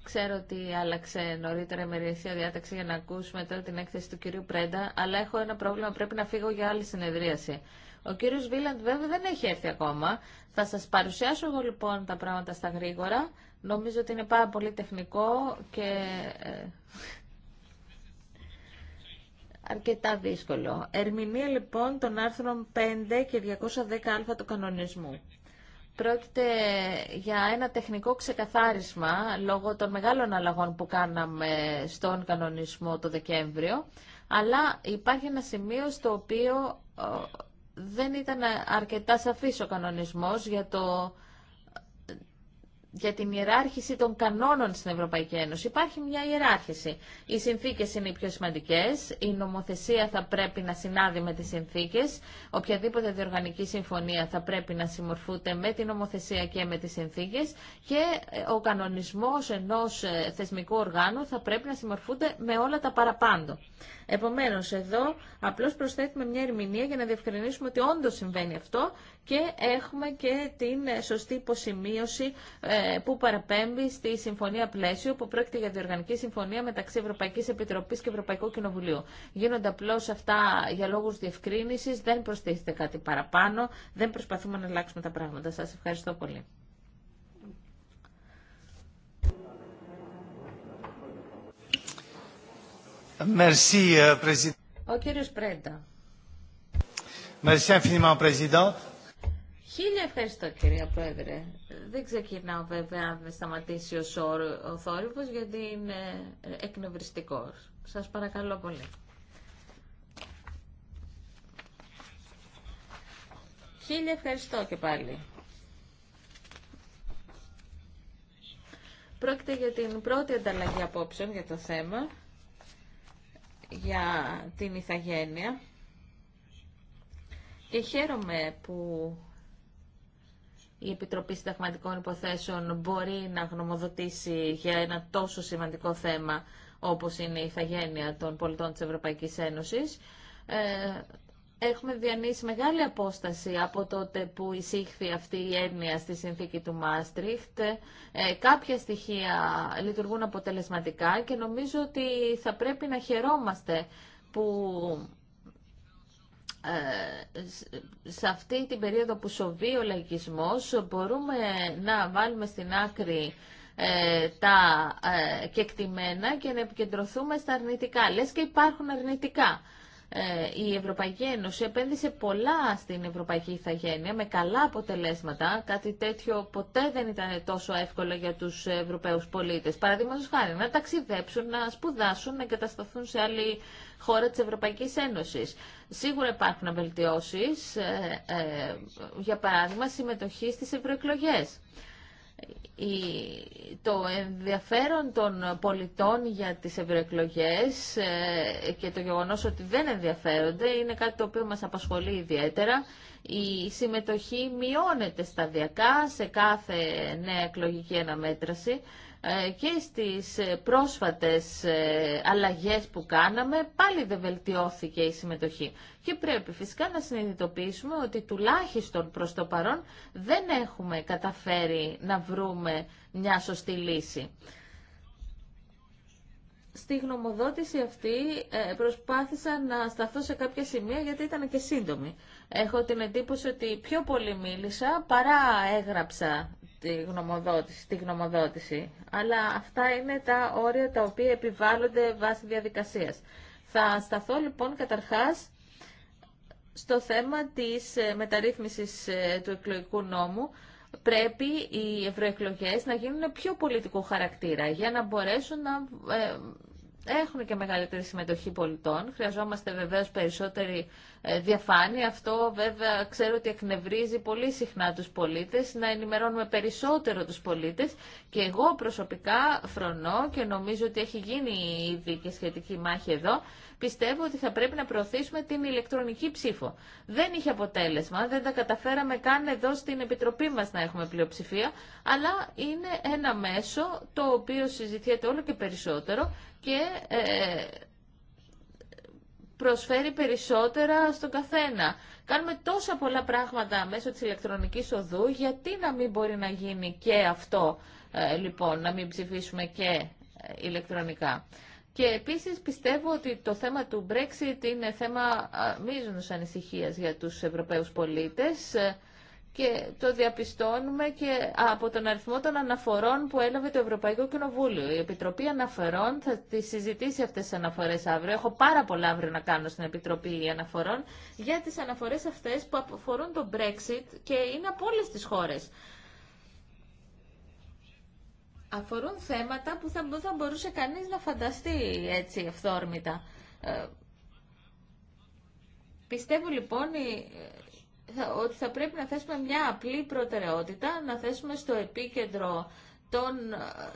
Speaker 1: Ξέρω ότι άλλαξε νωρίτερα η διάταξη για να ακούσουμε τώρα την έκθεση του κυρίου Πρέντα, αλλά έχω ένα πρόβλημα, πρέπει να φύγω για άλλη συνεδρίαση. Ο κύριο Βίλαντ βέβαια δεν έχει έρθει ακόμα. Θα σα παρουσιάσω εγώ λοιπόν τα πράγματα στα γρήγορα. Νομίζω ότι είναι πάρα πολύ τεχνικό και ε, αρκετά δύσκολο. Ερμηνεία λοιπόν των άρθρων 5 και 210α του κανονισμού. Πρόκειται για ένα τεχνικό ξεκαθάρισμα λόγω των μεγάλων αλλαγών που κάναμε στον κανονισμό το Δεκέμβριο, αλλά υπάρχει ένα σημείο στο οποίο δεν ήταν αρκετά σαφής ο κανονισμός για το για την ιεράρχηση των κανόνων στην Ευρωπαϊκή Ένωση. Υπάρχει μια ιεράρχηση. Οι συνθήκες είναι οι πιο σημαντικές, η νομοθεσία θα πρέπει να συνάδει με τις συνθήκες, οποιαδήποτε διοργανική συμφωνία θα πρέπει να συμμορφούνται με την νομοθεσία και με τις συνθήκες και ε, ο κανονισμός ενός ε, θεσμικού οργάνου θα πρέπει να συμμορφούνται με όλα τα παραπάνω. Επομένως, εδώ απλώς προσθέτουμε μια ερμηνεία για να διευκρινίσουμε ότι όντως συμβαίνει αυτό και έχουμε και την σωστή υποσημείωση ε, που παραπέμπει στη Συμφωνία Πλαίσιο που πρόκειται για διοργανική συμφωνία μεταξύ Ευρωπαϊκή Επιτροπή και Ευρωπαϊκού Κοινοβουλίου. Γίνονται απλώ αυτά για λόγου διευκρίνηση, δεν προστίθεται κάτι παραπάνω, δεν προσπαθούμε να αλλάξουμε τα πράγματα. Σα ευχαριστώ πολύ.
Speaker 2: Merci euh, infiniment, Président.
Speaker 1: Χίλια ευχαριστώ κυρία Πρόεδρε. Δεν ξεκινάω βέβαια αν με σταματήσει ο, σόρ, θόρυβος γιατί είναι ε, εκνευριστικός. Σας παρακαλώ πολύ. Χίλια ευχαριστώ και πάλι. Πρόκειται για την πρώτη ανταλλαγή απόψεων για το θέμα, για την ηθαγένεια και χαίρομαι που η Επιτροπή Συνταγματικών Υποθέσεων μπορεί να γνωμοδοτήσει για ένα τόσο σημαντικό θέμα όπως είναι η ηθαγένεια των πολιτών της Ευρωπαϊκής Ένωσης. Ε, έχουμε διανύσει μεγάλη απόσταση από τότε που εισήχθη αυτή η έννοια στη συνθήκη του Μάστριχτ. Ε, κάποια στοιχεία λειτουργούν αποτελεσματικά και νομίζω ότι θα πρέπει να χαιρόμαστε που ε, σε αυτή την περίοδο που σοβεί ο λαϊκισμός μπορούμε να βάλουμε στην άκρη ε, τα ε, κεκτημένα και να επικεντρωθούμε στα αρνητικά. Λες και υπάρχουν αρνητικά. Ε, η Ευρωπαϊκή Ένωση επένδυσε πολλά στην Ευρωπαϊκή Ιθαγένεια με καλά αποτελέσματα. Κάτι τέτοιο ποτέ δεν ήταν τόσο εύκολο για τους Ευρωπαίους πολίτες. Παραδείγματο χάρη να ταξιδέψουν, να σπουδάσουν, να εγκατασταθούν σε άλλη χώρα της Ευρωπαϊκής Ένωσης. Σίγουρα υπάρχουν βελτιώσεις, ε, ε, για παράδειγμα συμμετοχή στις ευρωεκλογές το ενδιαφέρον των πολιτών για τις ευρωεκλογέ ε, και το γεγονός ότι δεν ενδιαφέρονται είναι κάτι το οποίο μας απασχολεί ιδιαίτερα. Η συμμετοχή μειώνεται σταδιακά σε κάθε νέα εκλογική αναμέτρηση ε, και στις ε, πρόσφατες ε, αλλαγές που κάναμε πάλι δεν βελτιώθηκε η συμμετοχή. Και πρέπει φυσικά να συνειδητοποιήσουμε ότι τουλάχιστον προς το παρόν δεν έχουμε καταφέρει να βρούμε μια σωστή λύση. Στη γνωμοδότηση αυτή προσπάθησα να σταθώ σε κάποια σημεία γιατί ήταν και σύντομη. Έχω την εντύπωση ότι πιο πολύ μίλησα παρά έγραψα τη γνωμοδότηση, τη γνωμοδότηση, αλλά αυτά είναι τα όρια τα οποία επιβάλλονται βάσει διαδικασίας. Θα σταθώ λοιπόν καταρχάς στο θέμα της ε, μεταρρύθμισης ε, του εκλογικού νόμου, πρέπει οι ευρωεκλογέ να γίνουν πιο πολιτικού χαρακτήρα για να μπορέσουν να ε, έχουν και μεγαλύτερη συμμετοχή πολιτών. Χρειαζόμαστε βεβαίως περισσότερη ε, διαφάνεια. Αυτό βέβαια ξέρω ότι εκνευρίζει πολύ συχνά τους πολίτες, να ενημερώνουμε περισσότερο τους πολίτες και εγώ προσωπικά φρονώ και νομίζω ότι έχει γίνει ήδη και σχετική μάχη εδώ, πιστεύω ότι θα πρέπει να προωθήσουμε την ηλεκτρονική ψήφο. Δεν είχε αποτέλεσμα, δεν τα καταφέραμε καν εδώ στην Επιτροπή μας να έχουμε πλειοψηφία, αλλά είναι ένα μέσο το οποίο συζητιέται όλο και περισσότερο και ε, προσφέρει περισσότερα στον καθένα. Κάνουμε τόσα πολλά πράγματα μέσω της ηλεκτρονικής οδού, γιατί να μην μπορεί να γίνει και αυτό, ε, λοιπόν, να μην ψηφίσουμε και ε, ηλεκτρονικά. Και επίσης πιστεύω ότι το θέμα του Brexit είναι θέμα ε, μείζωνος ανησυχίας για τους Ευρωπαίους πολίτες και το διαπιστώνουμε και από τον αριθμό των αναφορών που έλαβε το Ευρωπαϊκό Κοινοβούλιο. Η Επιτροπή Αναφορών θα τη συζητήσει αυτέ τι αναφορέ αύριο. Έχω πάρα πολλά αύριο να κάνω στην Επιτροπή Αναφορών για τι αναφορέ αυτέ που αφορούν το Brexit και είναι από όλε τι χώρε. Αφορούν θέματα που θα, θα μπορούσε κανείς να φανταστεί έτσι ευθόρμητα. Ε, πιστεύω λοιπόν ότι θα πρέπει να θέσουμε μια απλή προτεραιότητα, να θέσουμε στο επίκεντρο τον,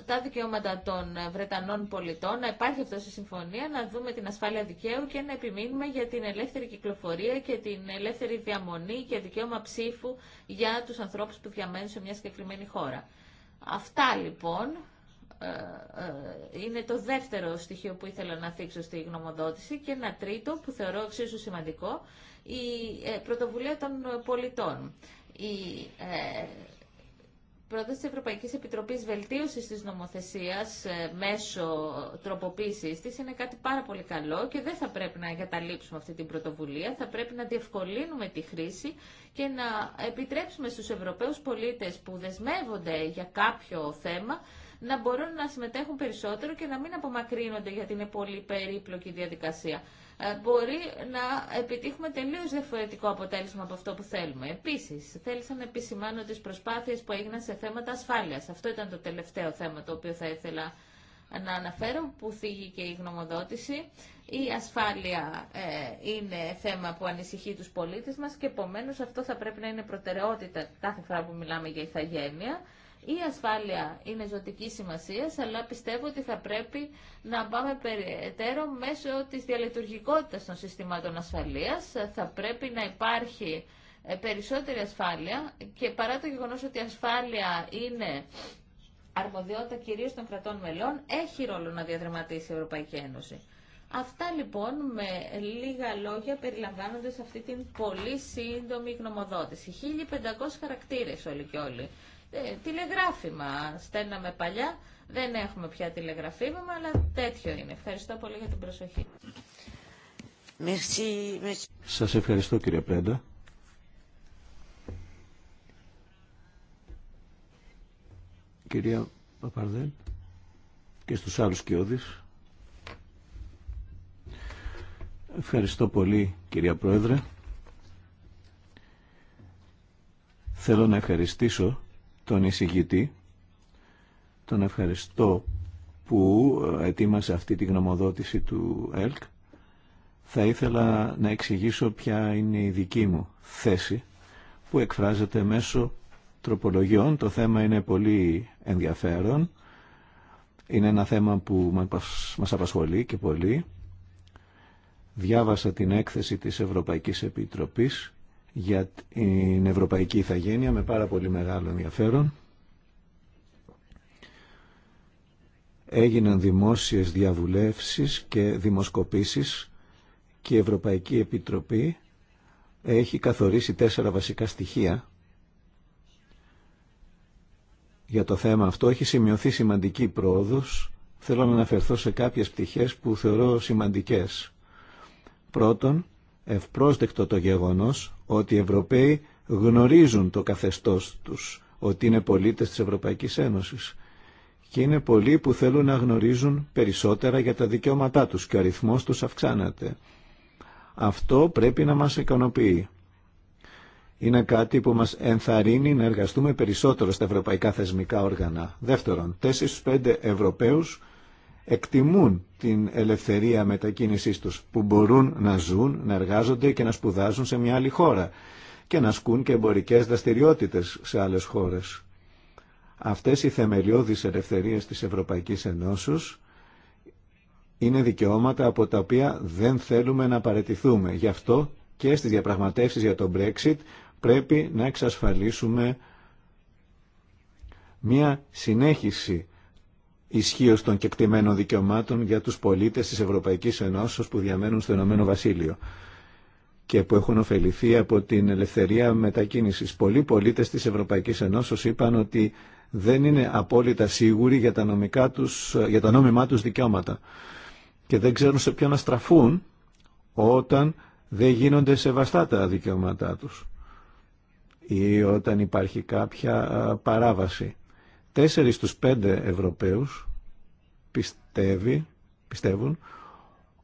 Speaker 1: τα δικαιώματα των Βρετανών πολιτών, να υπάρχει αυτό η συμφωνία, να δούμε την ασφάλεια δικαίου και να επιμείνουμε για την ελεύθερη κυκλοφορία και την ελεύθερη διαμονή και δικαίωμα ψήφου για τους ανθρώπους που διαμένουν σε μια συγκεκριμένη χώρα. Αυτά λοιπόν ε, ε, είναι το δεύτερο στοιχείο που ήθελα να θίξω στη γνωμοδότηση και ένα τρίτο που θεωρώ εξίσου σημαντικό η ε, πρωτοβουλία των πολιτών. Η ε, πρόταση της Ευρωπαϊκής Επιτροπής Βελτίωσης της νομοθεσίας ε, μέσω τροποποίησης της είναι κάτι πάρα πολύ καλό και δεν θα πρέπει να εγκαταλείψουμε αυτή την πρωτοβουλία. Θα πρέπει να διευκολύνουμε τη χρήση και να επιτρέψουμε στους Ευρωπαίους πολίτες που δεσμεύονται για κάποιο θέμα να μπορούν να συμμετέχουν περισσότερο και να μην απομακρύνονται για την πολύ περίπλοκη διαδικασία. Ε, μπορεί να επιτύχουμε τελείω διαφορετικό αποτέλεσμα από αυτό που θέλουμε. Επίσης, θέλησα να επισημάνω τις προσπάθειες που έγιναν σε θέματα ασφάλειας. Αυτό ήταν το τελευταίο θέμα το οποίο θα ήθελα να αναφέρω που θίγει και η γνωμοδότηση. Η ασφάλεια ε, είναι θέμα που ανησυχεί τους πολίτες μας και επομένως αυτό θα πρέπει να είναι προτεραιότητα κάθε φορά που μιλάμε για ηθαγένεια. Η ασφάλεια είναι ζωτική σημασία, αλλά πιστεύω ότι θα πρέπει να πάμε περαιτέρω μέσω της διαλειτουργικότητας των συστημάτων ασφαλείας. Θα πρέπει να υπάρχει ε, περισσότερη ασφάλεια και παρά το γεγονός ότι η ασφάλεια είναι αρμοδιότητα κυρίως των κρατών μελών, έχει ρόλο να διαδραματίσει η Ευρωπαϊκή Ένωση. Αυτά λοιπόν με λίγα λόγια περιλαμβάνονται σε αυτή την πολύ σύντομη γνωμοδότηση. 1500 χαρακτήρες όλοι και όλοι. Ε, τηλεγράφημα στέλναμε παλιά, δεν έχουμε πια τηλεγραφήμα, αλλά τέτοιο είναι. Ευχαριστώ πολύ για την προσοχή.
Speaker 2: Σας ευχαριστώ κυρία Πέντα Κυρία Παπαρδέν και στους άλλους κοιόδης. Ευχαριστώ πολύ κυρία Πρόεδρε. Θέλω να ευχαριστήσω τον εισηγητή. Τον ευχαριστώ που ετοίμασε αυτή τη γνωμοδότηση του ΕΛΚ. Θα ήθελα να εξηγήσω ποια είναι η δική μου θέση που εκφράζεται μέσω τροπολογιών. Το θέμα είναι πολύ ενδιαφέρον. Είναι ένα θέμα που μας απασχολεί και πολύ. Διάβασα την έκθεση της Ευρωπαϊκής Επιτροπής για την Ευρωπαϊκή Ιθαγένεια με πάρα πολύ μεγάλο ενδιαφέρον. Έγιναν δημόσιες διαβουλεύσεις και δημοσκοπήσεις και η Ευρωπαϊκή Επιτροπή έχει καθορίσει τέσσερα βασικά στοιχεία για το θέμα αυτό. Έχει σημειωθεί σημαντική πρόοδος. Θέλω να αναφερθώ σε κάποιες πτυχές που θεωρώ σημαντικές. Πρώτον, ευπρόσδεκτο το γεγονός ότι οι Ευρωπαίοι γνωρίζουν το καθεστώς τους, ότι είναι πολίτες της Ευρωπαϊκής Ένωσης. Και είναι πολλοί που θέλουν να γνωρίζουν περισσότερα για τα δικαιώματά τους και ο αριθμός τους αυξάνεται. Αυτό πρέπει να μας ικανοποιεί. Είναι κάτι που μας ενθαρρύνει να εργαστούμε περισσότερο στα ευρωπαϊκά θεσμικά όργανα. Δεύτερον, 4-5 Ευρωπαίους εκτιμούν την ελευθερία μετακίνησής τους, που μπορούν να ζουν, να εργάζονται και να σπουδάζουν σε μια άλλη χώρα και να ασκούν και εμπορικέ δραστηριότητες σε άλλες χώρες. Αυτές οι θεμελιώδεις ελευθερίες της Ευρωπαϊκής Ενώσεως είναι δικαιώματα από τα οποία δεν θέλουμε να παρετηθούμε. Γι' αυτό και στις διαπραγματεύσεις για το Brexit πρέπει να εξασφαλίσουμε μια συνέχιση ισχύω των κεκτημένων δικαιωμάτων για τους πολίτες της Ευρωπαϊκής Ενώσεως που διαμένουν στο Ηνωμένο Βασίλειο και που έχουν ωφεληθεί από την ελευθερία μετακίνησης. Πολλοί πολίτες της Ευρωπαϊκής Ενώσεως είπαν ότι δεν είναι απόλυτα σίγουροι για τα, νομικά τους, για νόμιμά τους δικαιώματα και δεν ξέρουν σε ποιο να στραφούν όταν δεν γίνονται σεβαστά τα δικαιώματά τους ή όταν υπάρχει κάποια παράβαση. Τέσσερις στους πέντε Ευρωπαίους πιστεύει, πιστεύουν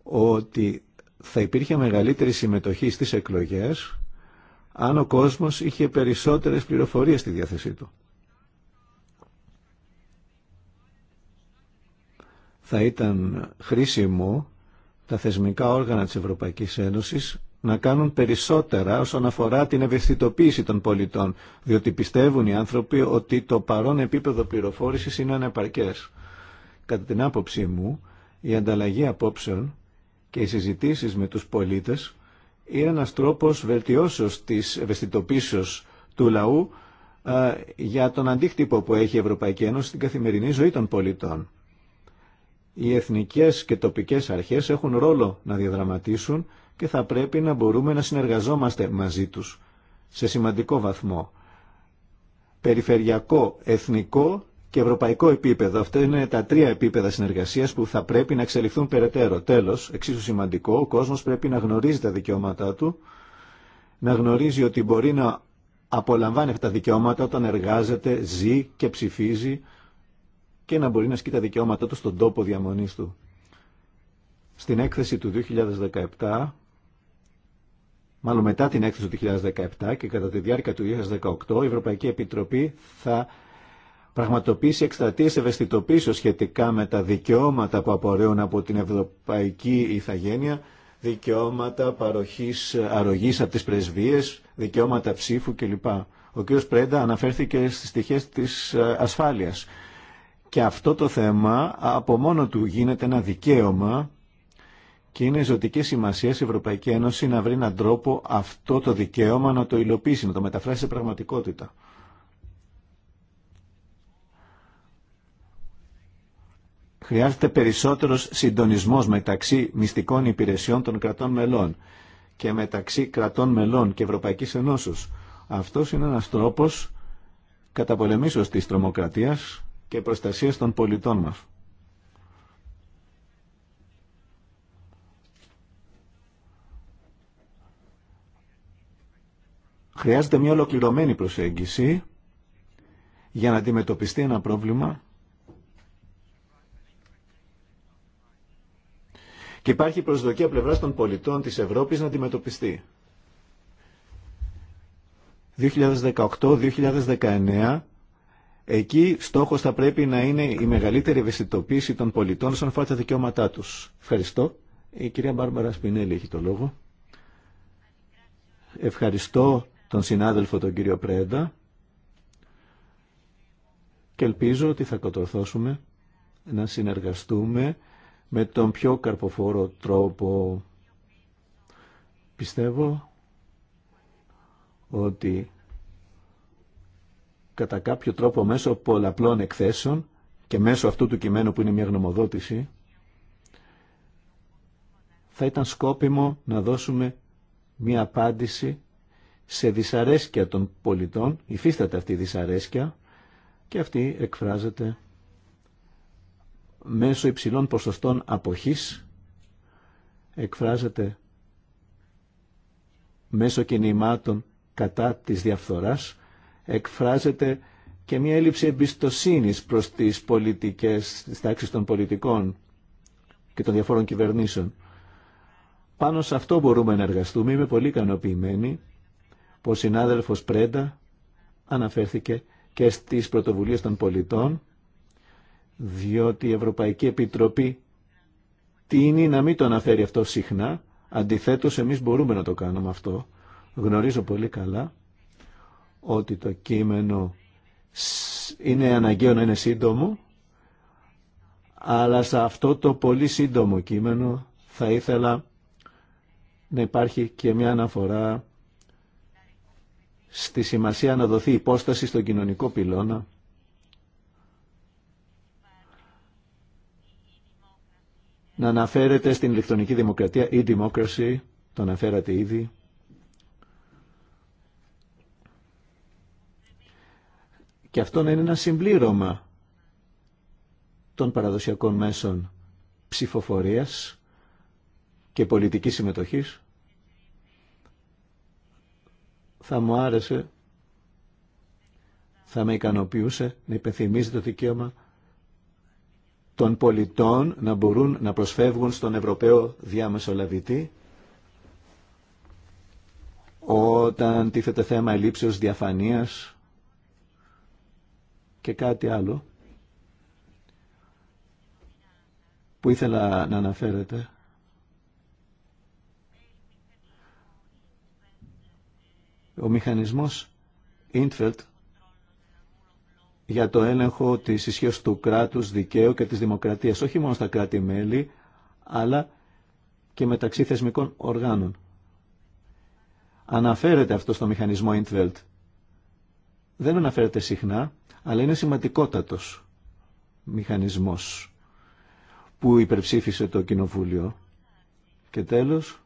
Speaker 2: ότι θα υπήρχε μεγαλύτερη συμμετοχή στις εκλογές αν ο κόσμος είχε περισσότερες πληροφορίες στη διάθεσή του. Θα ήταν χρήσιμο τα θεσμικά όργανα της Ευρωπαϊκής Ένωσης να κάνουν περισσότερα όσον αφορά την ευαισθητοποίηση των πολιτών, διότι πιστεύουν οι άνθρωποι ότι το παρόν επίπεδο πληροφόρησης είναι ανεπαρκές. Κατά την άποψή μου, η ανταλλαγή απόψεων και οι συζητήσεις με τους πολίτες είναι ένας τρόπος βελτιώσεως της ευαισθητοποίησης του λαού ε, για τον αντίκτυπο που έχει η Ευρωπαϊκή Ένωση στην καθημερινή ζωή των πολιτών. Οι εθνικές και τοπικές αρχές έχουν ρόλο να διαδραματίσουν και θα πρέπει να μπορούμε να συνεργαζόμαστε μαζί τους σε σημαντικό βαθμό. Περιφερειακό, εθνικό και ευρωπαϊκό επίπεδο. Αυτά είναι τα τρία επίπεδα συνεργασίας που θα πρέπει να εξελιχθούν περαιτέρω. Τέλος, εξίσου σημαντικό, ο κόσμος πρέπει να γνωρίζει τα δικαιώματά του, να γνωρίζει ότι μπορεί να απολαμβάνει αυτά τα δικαιώματα όταν εργάζεται, ζει και ψηφίζει και να μπορεί να ασκεί τα δικαιώματά του στον τόπο διαμονής του. Στην έκθεση του 2017 μάλλον μετά την έκθεση του 2017 και κατά τη διάρκεια του 2018, η Ευρωπαϊκή Επιτροπή θα πραγματοποιήσει εκστρατείε ευαισθητοποίησεω σχετικά με τα δικαιώματα που απορρέουν από την Ευρωπαϊκή Ιθαγένεια, δικαιώματα παροχή αρρωγή από τι πρεσβείε, δικαιώματα ψήφου κλπ. Ο κ. Πρέντα αναφέρθηκε στι στοιχέ τη ασφάλεια. Και αυτό το θέμα από μόνο του γίνεται ένα δικαίωμα και είναι ζωτική σημασία η Ευρωπαϊκή Ένωση να βρει έναν τρόπο αυτό το δικαίωμα να το υλοποιήσει, να το μεταφράσει σε πραγματικότητα. Χρειάζεται περισσότερος συντονισμός μεταξύ μυστικών υπηρεσιών των κρατών μελών και μεταξύ κρατών μελών και Ευρωπαϊκής Ενώσεως. Αυτός είναι ένας τρόπος καταπολεμήσεως της τρομοκρατίας και προστασίας των πολιτών μας. Χρειάζεται μια ολοκληρωμένη προσέγγιση για να αντιμετωπιστεί ένα πρόβλημα και υπάρχει προσδοκία πλευράς των πολιτών της Ευρώπης να αντιμετωπιστεί. 2018-2019 Εκεί στόχος θα πρέπει να είναι η μεγαλύτερη ευαισθητοποίηση των πολιτών όσον αφορά τα δικαιώματά τους. Ευχαριστώ. Η κυρία Μπάρμπαρα Σπινέλη έχει το λόγο. Ευχαριστώ τον συνάδελφο τον κύριο Πρέντα και ελπίζω ότι θα κατορθώσουμε να συνεργαστούμε με τον πιο καρποφόρο τρόπο. Πιστεύω ότι κατά κάποιο τρόπο μέσω πολλαπλών εκθέσεων και μέσω αυτού του κειμένου που είναι μια γνωμοδότηση θα ήταν σκόπιμο να δώσουμε μια απάντηση σε δυσαρέσκεια των πολιτών, υφίσταται αυτή η δυσαρέσκεια και αυτή εκφράζεται μέσω υψηλών ποσοστών αποχής, εκφράζεται μέσω κινημάτων κατά της διαφθοράς, εκφράζεται και μια έλλειψη εμπιστοσύνης προς τις πολιτικές, τις τάξεις των πολιτικών και των διαφόρων κυβερνήσεων. Πάνω σε αυτό μπορούμε να εργαστούμε, είμαι πολύ ικανοποιημένη που ο συνάδελφος Πρέντα αναφέρθηκε και στις πρωτοβουλίες των πολιτών, διότι η Ευρωπαϊκή Επιτροπή τίνει να μην το αναφέρει αυτό συχνά, αντιθέτως εμείς μπορούμε να το κάνουμε αυτό. Γνωρίζω πολύ καλά ότι το κείμενο είναι αναγκαίο να είναι σύντομο, αλλά σε αυτό το πολύ σύντομο κείμενο θα ήθελα να υπάρχει και μια αναφορά στη σημασία να δοθεί υπόσταση στον κοινωνικό πυλώνα να αναφέρεται στην ηλεκτρονική δημοκρατία ή e democracy, το αναφέρατε ήδη. Και αυτό να είναι ένα συμπλήρωμα των παραδοσιακών μέσων ψηφοφορίας και πολιτικής συμμετοχής θα μου άρεσε, θα με ικανοποιούσε να υπενθυμίζει το δικαίωμα των πολιτών να μπορούν να προσφεύγουν στον Ευρωπαίο διαμεσολαβητή όταν τίθεται θέμα ελήψεως διαφανίας και κάτι άλλο που ήθελα να αναφέρεται. Ο μηχανισμός Ίντφελτ για το έλεγχο της ισχύω του κράτους δικαίου και της δημοκρατίας, όχι μόνο στα κράτη-μέλη, αλλά και μεταξύ θεσμικών οργάνων. Αναφέρεται αυτό στο μηχανισμό Ίντφελτ. Δεν αναφέρεται συχνά, αλλά είναι σημαντικότατος μηχανισμός που υπερψήφισε το Κοινοβούλιο. Και τέλος,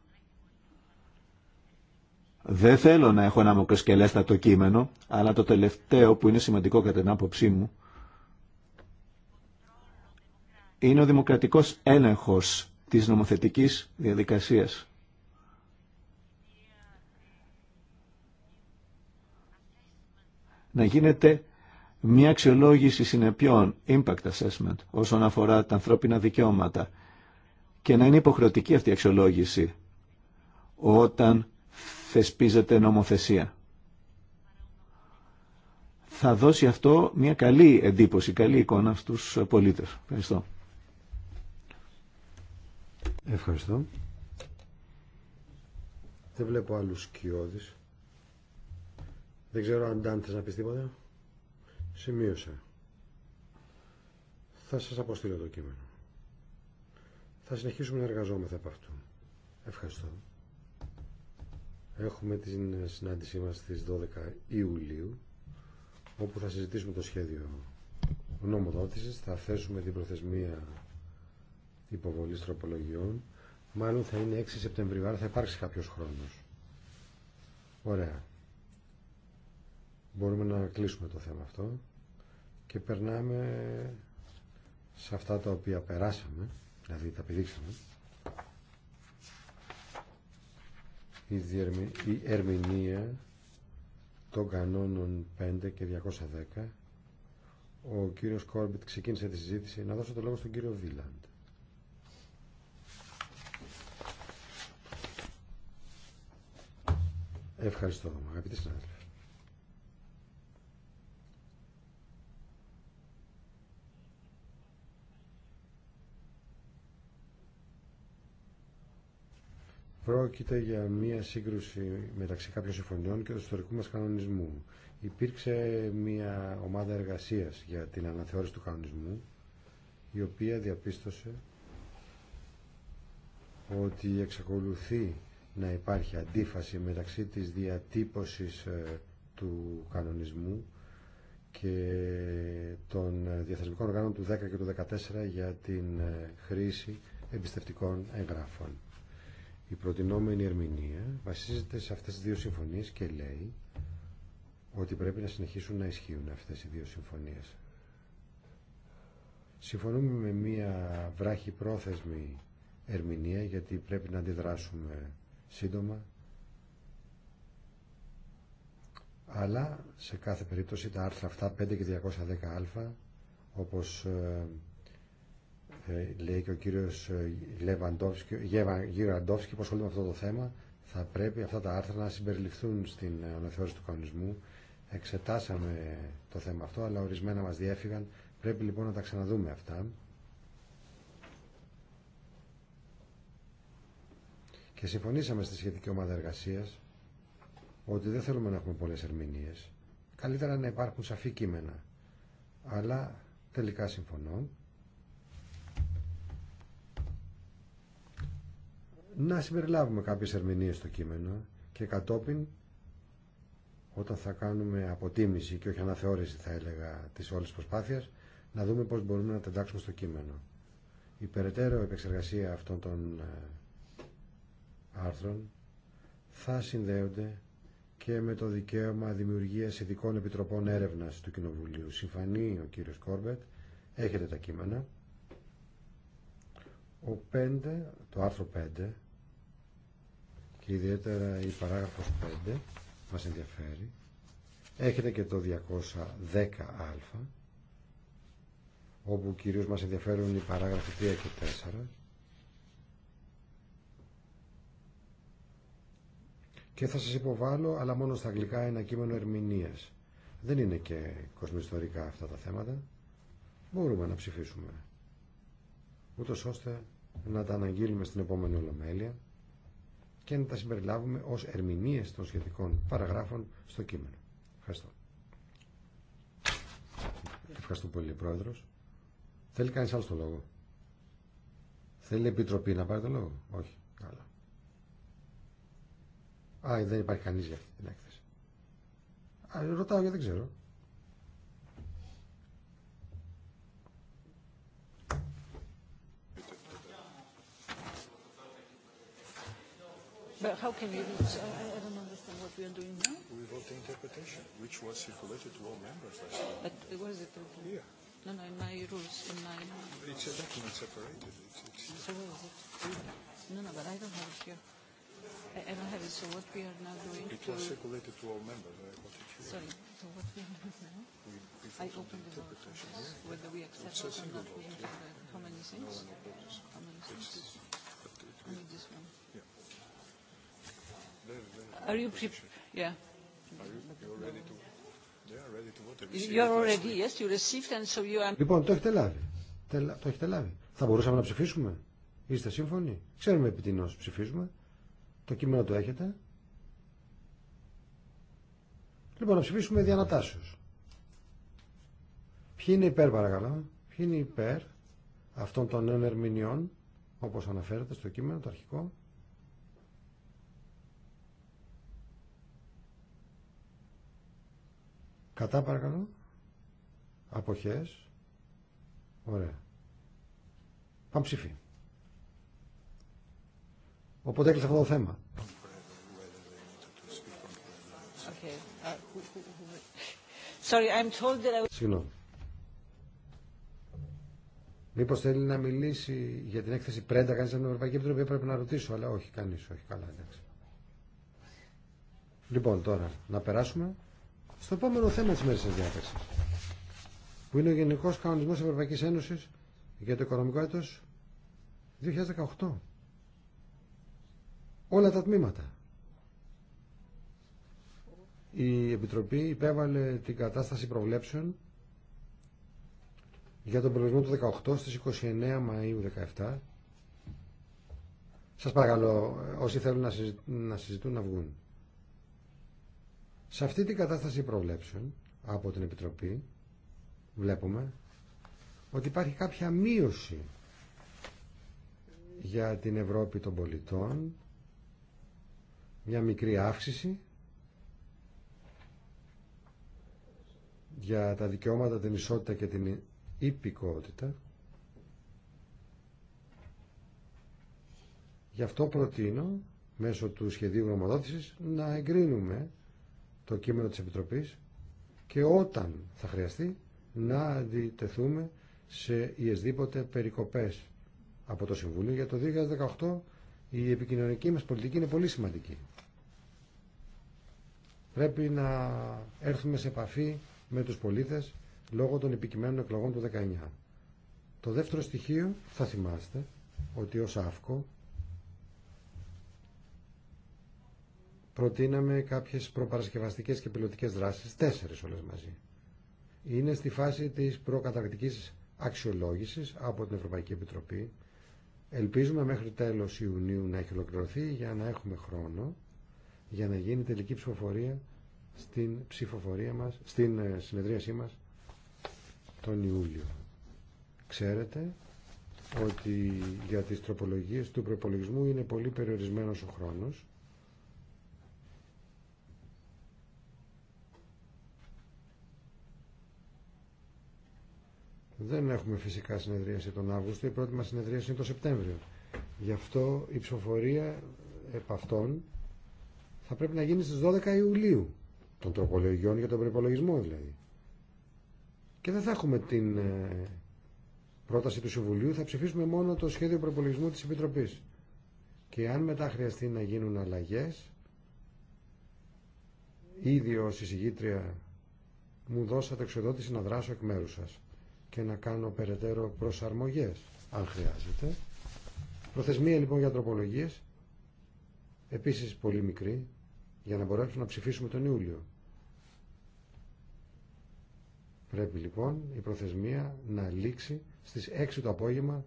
Speaker 2: δεν θέλω να έχω ένα μοκροσκελέστατο κείμενο, αλλά το τελευταίο που είναι σημαντικό κατά την άποψή μου είναι ο δημοκρατικός έλεγχος της νομοθετικής διαδικασίας. Να γίνεται μια αξιολόγηση συνεπιών, impact assessment, όσον αφορά τα ανθρώπινα δικαιώματα και να είναι υποχρεωτική αυτή η αξιολόγηση όταν θεσπίζεται νομοθεσία. Θα δώσει αυτό μια καλή εντύπωση, καλή εικόνα στους πολίτες. Ευχαριστώ.
Speaker 3: Ευχαριστώ. Δεν βλέπω άλλους σκιώδεις. Δεν ξέρω αν Ντάν να πεις τίποτα. Σημείωσα. Θα σας αποστείλω το κείμενο. Θα συνεχίσουμε να εργαζόμεθα από αυτού. Ευχαριστώ. Έχουμε την συνάντησή μας στις 12 Ιουλίου όπου θα συζητήσουμε το σχέδιο νομοδότησης, θα θέσουμε την προθεσμία υποβολής τροπολογιών. Μάλλον θα είναι 6 Σεπτεμβρίου, άρα θα υπάρξει κάποιος χρόνος. Ωραία. Μπορούμε να κλείσουμε το θέμα αυτό και περνάμε σε αυτά τα οποία περάσαμε, δηλαδή τα πηδήξαμε. η ερμηνεία των κανόνων 5 και 210 ο κύριος Κόρμπιτ ξεκίνησε τη συζήτηση να δώσω το λόγο στον κύριο Βίλαντ Ευχαριστώ αγαπητοί συνάδελφοι Πρόκειται για μια σύγκρουση μεταξύ κάποιων συμφωνιών και του ιστορικού μας κανονισμού. Υπήρξε μια ομάδα εργασίας για την αναθεώρηση του κανονισμού, η οποία διαπίστωσε ότι εξακολουθεί να υπάρχει αντίφαση μεταξύ της διατύπωσης ε, του κανονισμού και των ε, διαθεσμικών οργάνων του 10 και του 14 για την ε, χρήση εμπιστευτικών εγγράφων. Η προτινόμενη ερμηνεία βασίζεται σε αυτές τις δύο συμφωνίες και λέει ότι πρέπει να συνεχίσουν να ισχύουν αυτές οι δύο συμφωνίες. Συμφωνούμε με μία βράχη πρόθεσμη ερμηνεία γιατί πρέπει να αντιδράσουμε σύντομα αλλά σε κάθε περίπτωση τα άρθρα αυτά 5 και 210α όπως ε, ε, λέει και ο κύριος Γεραντόφσκι που ασχολείται με αυτό το θέμα, θα πρέπει αυτά τα άρθρα να συμπεριληφθούν στην αναθεώρηση του κανονισμού. Εξετάσαμε το θέμα αυτό, αλλά ορισμένα μας διέφυγαν. Πρέπει λοιπόν να τα ξαναδούμε αυτά. Και συμφωνήσαμε στη σχετική ομάδα εργασίας ότι δεν θέλουμε να έχουμε πολλές ερμηνείες. Καλύτερα να υπάρχουν σαφή κείμενα. Αλλά τελικά συμφωνώ να συμπεριλάβουμε κάποιες ερμηνείες στο κείμενο και κατόπιν όταν θα κάνουμε αποτίμηση και όχι αναθεώρηση θα έλεγα της όλης προσπάθειας να δούμε πώς μπορούμε να τα εντάξουμε στο κείμενο. Η περαιτέρω επεξεργασία αυτών των ε, άρθρων θα συνδέονται και με το δικαίωμα δημιουργίας ειδικών επιτροπών έρευνας του Κοινοβουλίου. Συμφωνεί ο κύριος Κόρμπετ, έχετε τα κείμενα. Ο 5, το άρθρο 5 ιδιαίτερα η παράγραφος 5 μας ενδιαφέρει. Έχετε και το 210α, όπου κυρίως μας ενδιαφέρουν οι παράγραφοι 3 και 4. Και θα σας υποβάλω, αλλά μόνο στα αγγλικά, ένα κείμενο ερμηνείας. Δεν είναι και κοσμιστορικά αυτά τα θέματα. Μπορούμε να ψηφίσουμε. Ούτως ώστε να τα αναγγείλουμε στην επόμενη ολομέλεια και να τα συμπεριλάβουμε ως ερμηνείες των σχετικών παραγράφων στο κείμενο. Ευχαριστώ. Ευχαριστώ πολύ, Πρόεδρος. Θέλει κανείς άλλο το λόγο. Θέλει η Επιτροπή να πάρει το λόγο. Όχι. Καλά. Α, δεν υπάρχει κανείς για αυτή την έκθεση. Α, ρωτάω γιατί δεν ξέρω.
Speaker 1: But how can we reach? I, I don't understand what we are doing now.
Speaker 3: We vote the interpretation, which was circulated to all members last year. But
Speaker 1: where is it? Yeah. No, no, in my rules, in my...
Speaker 3: It's a document separated. It's, it's
Speaker 1: here. So where is it? No, no, but I don't have it here. I, I don't have it. So what we are now doing It was
Speaker 3: circulated to all members. I it Sorry.
Speaker 1: So what we are doing now?
Speaker 3: We, I opened the interpretation. Whether we accept it or not, we have how many things? No How many things? It's, this
Speaker 2: one. Are you Yeah.
Speaker 3: Λοιπόν, το έχετε λάβει. Το έχετε λάβει. Θα μπορούσαμε να ψηφίσουμε. Είστε σύμφωνοι. Ξέρουμε επί ψηφίζουμε. Το κείμενο το έχετε. Λοιπόν, να ψηφίσουμε διανατάσεως. Ποιοι είναι υπέρ παρακαλώ. Ποιοι είναι υπέρ αυτών των νέων ερμηνεών όπως αναφέρεται στο κείμενο το αρχικό. Κατά παρακαλώ. Αποχές. Ωραία. Πανψηφί. Οπότε έκλεισε αυτό το θέμα. Συγγνώμη. Μήπω θέλει να μιλήσει για την έκθεση Πρέντα κανεί από την Ευρωπαϊκή Επιτροπή, πρέπει να ρωτήσω, αλλά όχι κανεί, όχι καλά, εντάξει. Λοιπόν, τώρα να περάσουμε στο επόμενο θέμα της μέρης της διάθεσης που είναι ο Γενικός Κανονισμός Ευρωπαϊκής Ένωσης για το οικονομικό έτος 2018 όλα τα τμήματα η Επιτροπή υπέβαλε την κατάσταση προβλέψεων για τον προβλησμό του 18 στις 29 Μαΐου 17 σας παρακαλώ όσοι θέλουν να, συζητούν, να βγουν σε αυτή την κατάσταση προβλέψεων από την Επιτροπή βλέπουμε ότι υπάρχει κάποια μείωση για την Ευρώπη των πολιτών μια μικρή αύξηση για τα δικαιώματα, την ισότητα και την υπηκότητα Γι' αυτό προτείνω μέσω του σχεδίου γνωμοδότησης να εγκρίνουμε το κείμενο της Επιτροπής και όταν θα χρειαστεί να αντιτεθούμε σε ιεσδήποτε περικοπές από το Συμβούλιο. Για το 2018 η επικοινωνική μας πολιτική είναι πολύ σημαντική. Πρέπει να έρθουμε σε επαφή με τους πολίτες λόγω των επικειμένων εκλογών του 19. Το δεύτερο στοιχείο θα θυμάστε ότι ως ΑΦΚΟ προτείναμε κάποιες προπαρασκευαστικές και πιλωτικές δράσεις, τέσσερις όλες μαζί. Είναι στη φάση της προκαταρκτικής αξιολόγησης από την Ευρωπαϊκή Επιτροπή. Ελπίζουμε μέχρι τέλος Ιουνίου να έχει ολοκληρωθεί για να έχουμε χρόνο για να γίνει τελική ψηφοφορία στην ψηφοφορία μας, στην ε, συνεδρίασή μας τον Ιούλιο. Ξέρετε ότι για τις τροπολογίες του προπολογισμού είναι πολύ περιορισμένος ο χρόνος Δεν έχουμε φυσικά συνεδρίαση τον Αύγουστο, η πρώτη μας συνεδρίαση είναι το Σεπτέμβριο. Γι' αυτό η ψηφοφορία επ' αυτών θα πρέπει να γίνει στις 12 Ιουλίου των τροπολογιών για τον προπολογισμό δηλαδή. Και δεν θα έχουμε την ε, πρόταση του Συμβουλίου, θα ψηφίσουμε μόνο το σχέδιο προπολογισμού της Επιτροπής. Και αν μετά χρειαστεί να γίνουν αλλαγές, ήδη ως εισηγήτρια μου δώσατε εξοδότηση να δράσω εκ μέρους σας και να κάνω περαιτέρω προσαρμογές αν χρειάζεται. Προθεσμία λοιπόν για τροπολογίες επίσης πολύ μικρή για να μπορέσουμε να ψηφίσουμε τον Ιούλιο. Πρέπει λοιπόν η προθεσμία να λήξει στις 6 το απόγευμα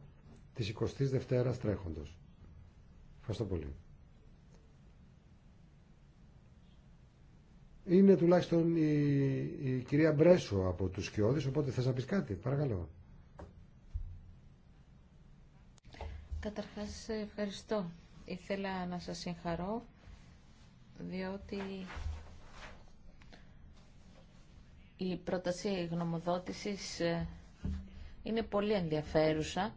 Speaker 3: της 22ης Δευτέρας τρέχοντος. Ευχαριστώ πολύ. Είναι τουλάχιστον η, κυρία Μπρέσο από τους Σκιώδης, οπότε θες να πεις κάτι, παρακαλώ.
Speaker 1: Καταρχάς ευχαριστώ. Ήθελα να σας συγχαρώ, διότι η πρόταση γνωμοδότησης ε, είναι πολύ ενδιαφέρουσα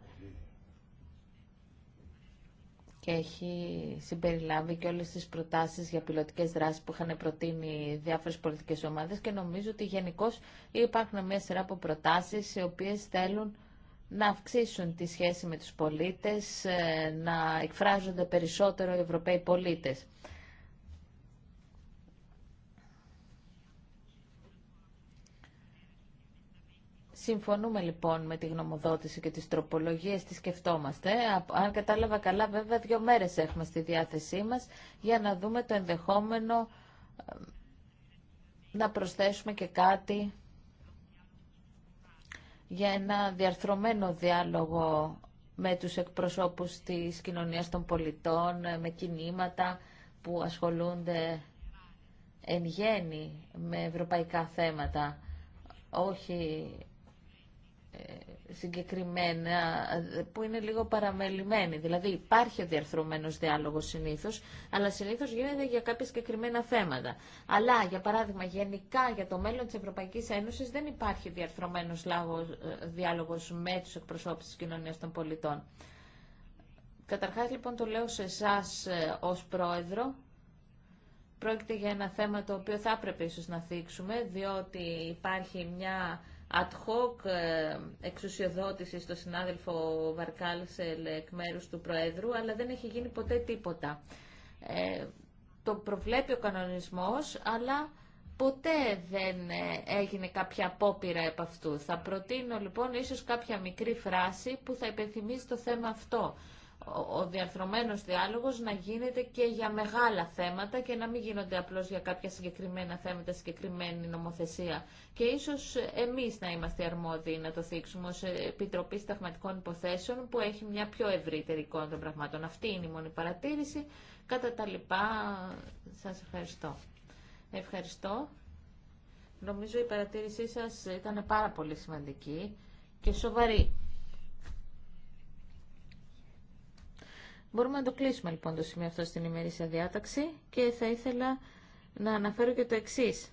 Speaker 1: και έχει συμπεριλάβει και όλες τις προτάσεις για πιλωτικές δράσεις που είχαν προτείνει διάφορες πολιτικές ομάδες και νομίζω ότι γενικώ υπάρχουν μια σειρά από προτάσεις οι οποίες θέλουν να αυξήσουν τη σχέση με τους πολίτες, ε, να εκφράζονται περισσότερο οι Ευρωπαίοι πολίτες. Συμφωνούμε λοιπόν με τη γνωμοδότηση και τις τροπολογίες, τις σκεφτόμαστε. Αν κατάλαβα καλά, βέβαια δύο μέρες έχουμε στη διάθεσή μας για να δούμε το ενδεχόμενο ε, να προσθέσουμε και κάτι για ένα διαρθρωμένο διάλογο με τους εκπροσώπους της κοινωνίας των πολιτών, ε, με κινήματα που ασχολούνται εν γέννη με ευρωπαϊκά θέματα, όχι συγκεκριμένα που είναι λίγο παραμελημένη. Δηλαδή υπάρχει ο διαρθρωμένος διάλογος συνήθως, αλλά συνήθως γίνεται για κάποια συγκεκριμένα θέματα. Αλλά, για παράδειγμα, γενικά για το μέλλον της Ευρωπαϊκής Ένωσης δεν υπάρχει διαρθρωμένος ε, διάλογος με τους εκπροσώπους της κοινωνίας των πολιτών. Καταρχάς, λοιπόν, το λέω σε εσά ε, ως πρόεδρο, Πρόκειται για ένα θέμα το οποίο θα έπρεπε ίσως να θίξουμε, διότι υπάρχει μια ad hoc ε, εξουσιοδότηση στο συνάδελφο Βαρκάλσελ εκ μέρου του Προέδρου, αλλά δεν έχει γίνει ποτέ τίποτα. Ε, το προβλέπει ο κανονισμός, αλλά ποτέ δεν ε, έγινε κάποια απόπειρα επ' αυτού. Θα προτείνω λοιπόν ίσως κάποια μικρή φράση που θα υπενθυμίζει το θέμα αυτό ο διαρθρωμένος διάλογος να γίνεται και για μεγάλα θέματα και να μην γίνονται απλώς για κάποια συγκεκριμένα θέματα, συγκεκριμένη νομοθεσία. Και ίσως εμείς να είμαστε αρμόδιοι να το θίξουμε ως Επιτροπή Σταγματικών Υποθέσεων που έχει μια πιο ευρύτερη εικόνα των πραγμάτων. Αυτή είναι η μόνη παρατήρηση. Κατά τα λοιπά, σας ευχαριστώ. Ευχαριστώ. Νομίζω η παρατήρησή σας ήταν πάρα πολύ σημαντική και σοβαρή. Μπορούμε να το κλείσουμε λοιπόν το σημείο αυτό στην ημερήσια διάταξη και θα ήθελα να αναφέρω και το εξής.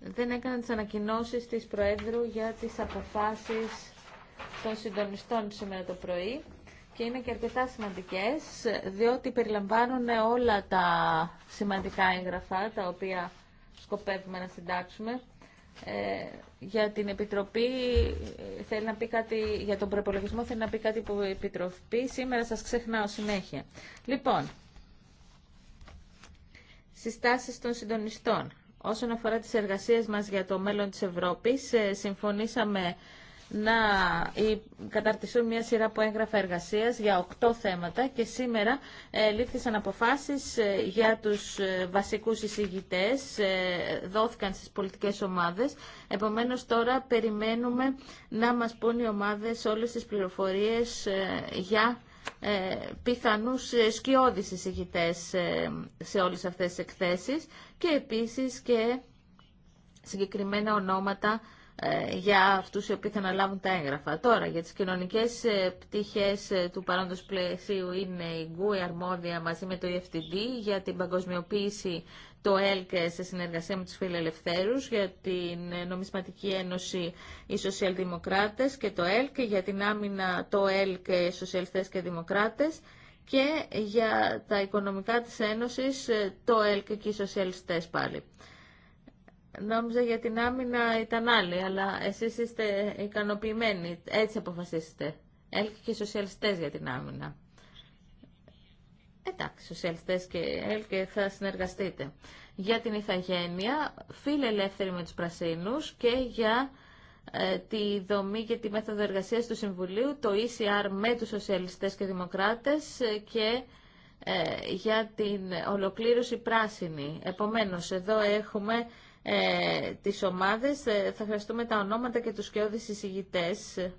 Speaker 1: Δεν έκανα τις ανακοινώσεις της Προέδρου για τις αποφάσεις των συντονιστών σήμερα το πρωί και είναι και αρκετά σημαντικές διότι περιλαμβάνουν όλα τα σημαντικά έγγραφα τα οποία σκοπεύουμε να συντάξουμε ε, για την Επιτροπή ε, θέλει να πει κάτι, για τον προπολογισμό θέλει να πει κάτι που η Επιτροπή σήμερα σας ξεχνάω συνέχεια. Λοιπόν, συστάσεις των συντονιστών. Όσον αφορά τις εργασίες μας για το μέλλον της Ευρώπης, ε, συμφωνήσαμε να καταρτιστούν μια σειρά από έγγραφα εργασία για οκτώ θέματα και σήμερα ε, λήφθησαν αποφάσεις ε, για τους ε, βασικούς εισηγητές, δόθηκαν στις πολιτικές ομάδες. Επομένως τώρα περιμένουμε να μας πούν οι ομάδες όλες τις πληροφορίες για πιθανούς σκιώδεις εισηγητές σε όλες αυτές τις εκθέσεις και επίσης και συγκεκριμένα ονόματα ε, για αυτούς οι οποίοι θα αναλάβουν τα έγγραφα. Τώρα, για τις κοινωνικές ε, πτυχές ε, του παρόντος πλαισίου είναι η η αρμόδια μαζί με το EFTD για την παγκοσμιοποίηση το ΕΛΚ σε συνεργασία με τους φιλελευθέρους, για την Νομισματική Ένωση οι Σοσιαλδημοκράτες και το ΕΛΚ, για την άμυνα το ΕΛΚ οι Σοσιαλιστές και Δημοκράτες και για τα οικονομικά της Ένωσης το ΕΛΚ και οι Σοσιαλιστές πάλι. Νόμιζα για την άμυνα ήταν άλλη, αλλά εσείς είστε ικανοποιημένοι. Έτσι αποφασίσετε. Έλκη και σοσιαλιστές για την άμυνα. Εντάξει, σοσιαλιστές και έλκη θα συνεργαστείτε. Για την ηθαγένεια, φίλε ελεύθεροι με τους πρασίνους και για ε, τη δομή και τη μέθοδο εργασία του Συμβουλίου, το ECR με τους σοσιαλιστές και δημοκράτες και ε, για την ολοκλήρωση πράσινη. Επομένως, εδώ έχουμε ε, τις ομάδες. Ε, θα χρειαστούμε τα ονόματα και τους κοιόδης εισηγητές ε,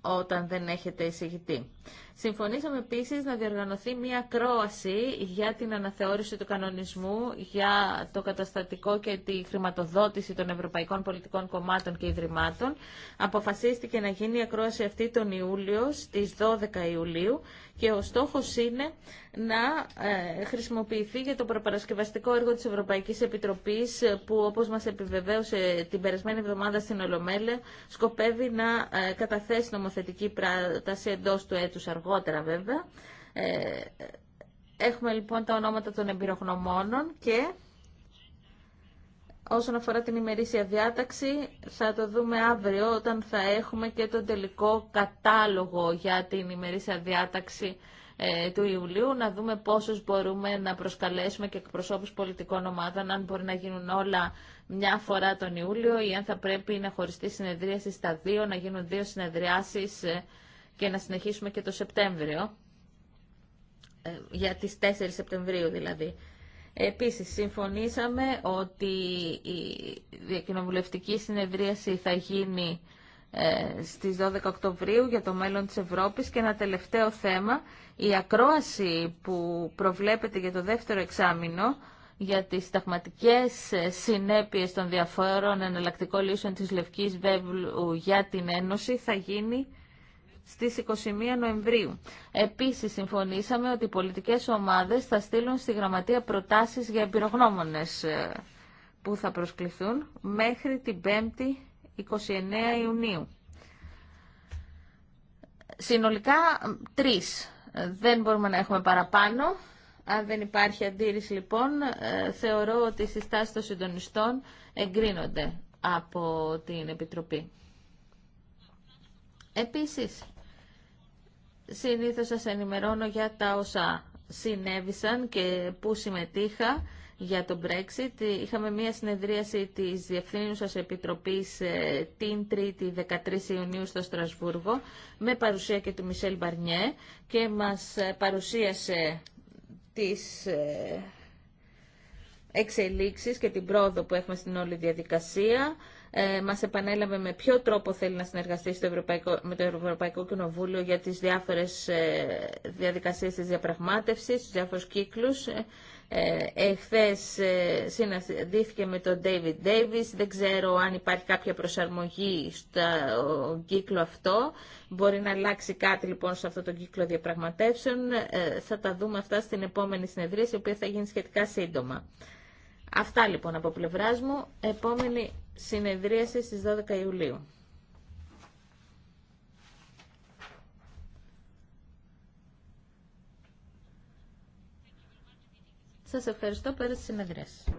Speaker 1: όταν δεν έχετε εισηγητή. Συμφωνήσαμε επίση να διοργανωθεί μία ακρόαση για την αναθεώρηση του κανονισμού για το καταστατικό και τη χρηματοδότηση των ευρωπαϊκών πολιτικών κομμάτων και ιδρυμάτων. Αποφασίστηκε να γίνει η ακρόαση αυτή τον Ιούλιο στι 12 Ιουλίου και ο στόχο είναι να ε, χρησιμοποιηθεί για το προπαρασκευαστικό έργο τη Ευρωπαϊκή Επιτροπή, που όπω μα επιβεβαίωσε την περασμένη εβδομάδα στην Ολομέλεια σκοπεύει να ε, καταθέσει νομοθετική πρόταση εντό του έτου αργότερα αργότερα βέβαια. Ε, έχουμε λοιπόν τα ονόματα των εμπειρογνωμόνων και όσον αφορά την ημερήσια διάταξη θα το δούμε αύριο όταν θα έχουμε και τον τελικό κατάλογο για την ημερήσια διάταξη ε, του Ιουλίου, να δούμε πόσους μπορούμε να προσκαλέσουμε και εκπροσώπους πολιτικών ομάδων, αν μπορεί να γίνουν όλα μια φορά τον Ιούλιο ή αν θα πρέπει να χωριστεί συνεδρίαση στα δύο, να γίνουν δύο συνεδριάσεις ε, και να συνεχίσουμε και το Σεπτέμβριο, ε, για τις 4 Σεπτεμβρίου δηλαδή. Επίσης, συμφωνήσαμε ότι η διακοινοβουλευτική συνεδρίαση θα γίνει ε, στις 12 Οκτωβρίου για το μέλλον της Ευρώπης και ένα τελευταίο θέμα, η ακρόαση που προβλέπεται για το δεύτερο εξάμεινο για τις ταγματικές ε, συνέπειες των διαφόρων εναλλακτικών λύσεων της Λευκής Βέβλου για την Ένωση θα γίνει στις 21 Νοεμβρίου. Επίσης συμφωνήσαμε ότι οι πολιτικές ομάδες θα στείλουν στη Γραμματεία προτάσεις για εμπειρογνώμονες ε, που θα προσκληθούν μέχρι την 5η 29 Ιουνίου. Συνολικά τρεις. Δεν μπορούμε να έχουμε παραπάνω. Αν δεν υπάρχει αντίρρηση λοιπόν, ε, θεωρώ ότι οι συστάσεις των συντονιστών εγκρίνονται από την Επιτροπή. Επίσης, Συνήθως σας ενημερώνω για τα όσα συνέβησαν και που συμμετείχα για το Brexit. Είχαμε μία συνεδρίαση της Διευθύνουσας Επιτροπής ε, την 3η 13 Ιουνίου στο Στρασβούργο με παρουσία και του Μισελ Μπαρνιέ και μας παρουσίασε τις ε, εξελίξεις και την πρόοδο που έχουμε στην όλη διαδικασία ε, μας επανέλαβε με ποιο τρόπο θέλει να συνεργαστεί στο Ευρωπαϊκό, με το Ευρωπαϊκό Κοινοβούλιο για τις διάφορες ε, διαδικασίες της διαπραγμάτευσης, τους διάφορους κύκλους. Ε, ε εχθές ε, συναντήθηκε με τον David Davis, δεν ξέρω αν υπάρχει κάποια προσαρμογή στο κύκλο αυτό. Μπορεί να αλλάξει κάτι λοιπόν σε αυτό το κύκλο διαπραγματεύσεων. Ε, θα τα δούμε αυτά στην επόμενη συνεδρίαση, η οποία θα γίνει σχετικά σύντομα. Αυτά λοιπόν από πλευράς μου. Επόμενη συνεδρίαση στις 12 Ιουλίου. Σας ευχαριστώ πέρα τη συνεδρίαση.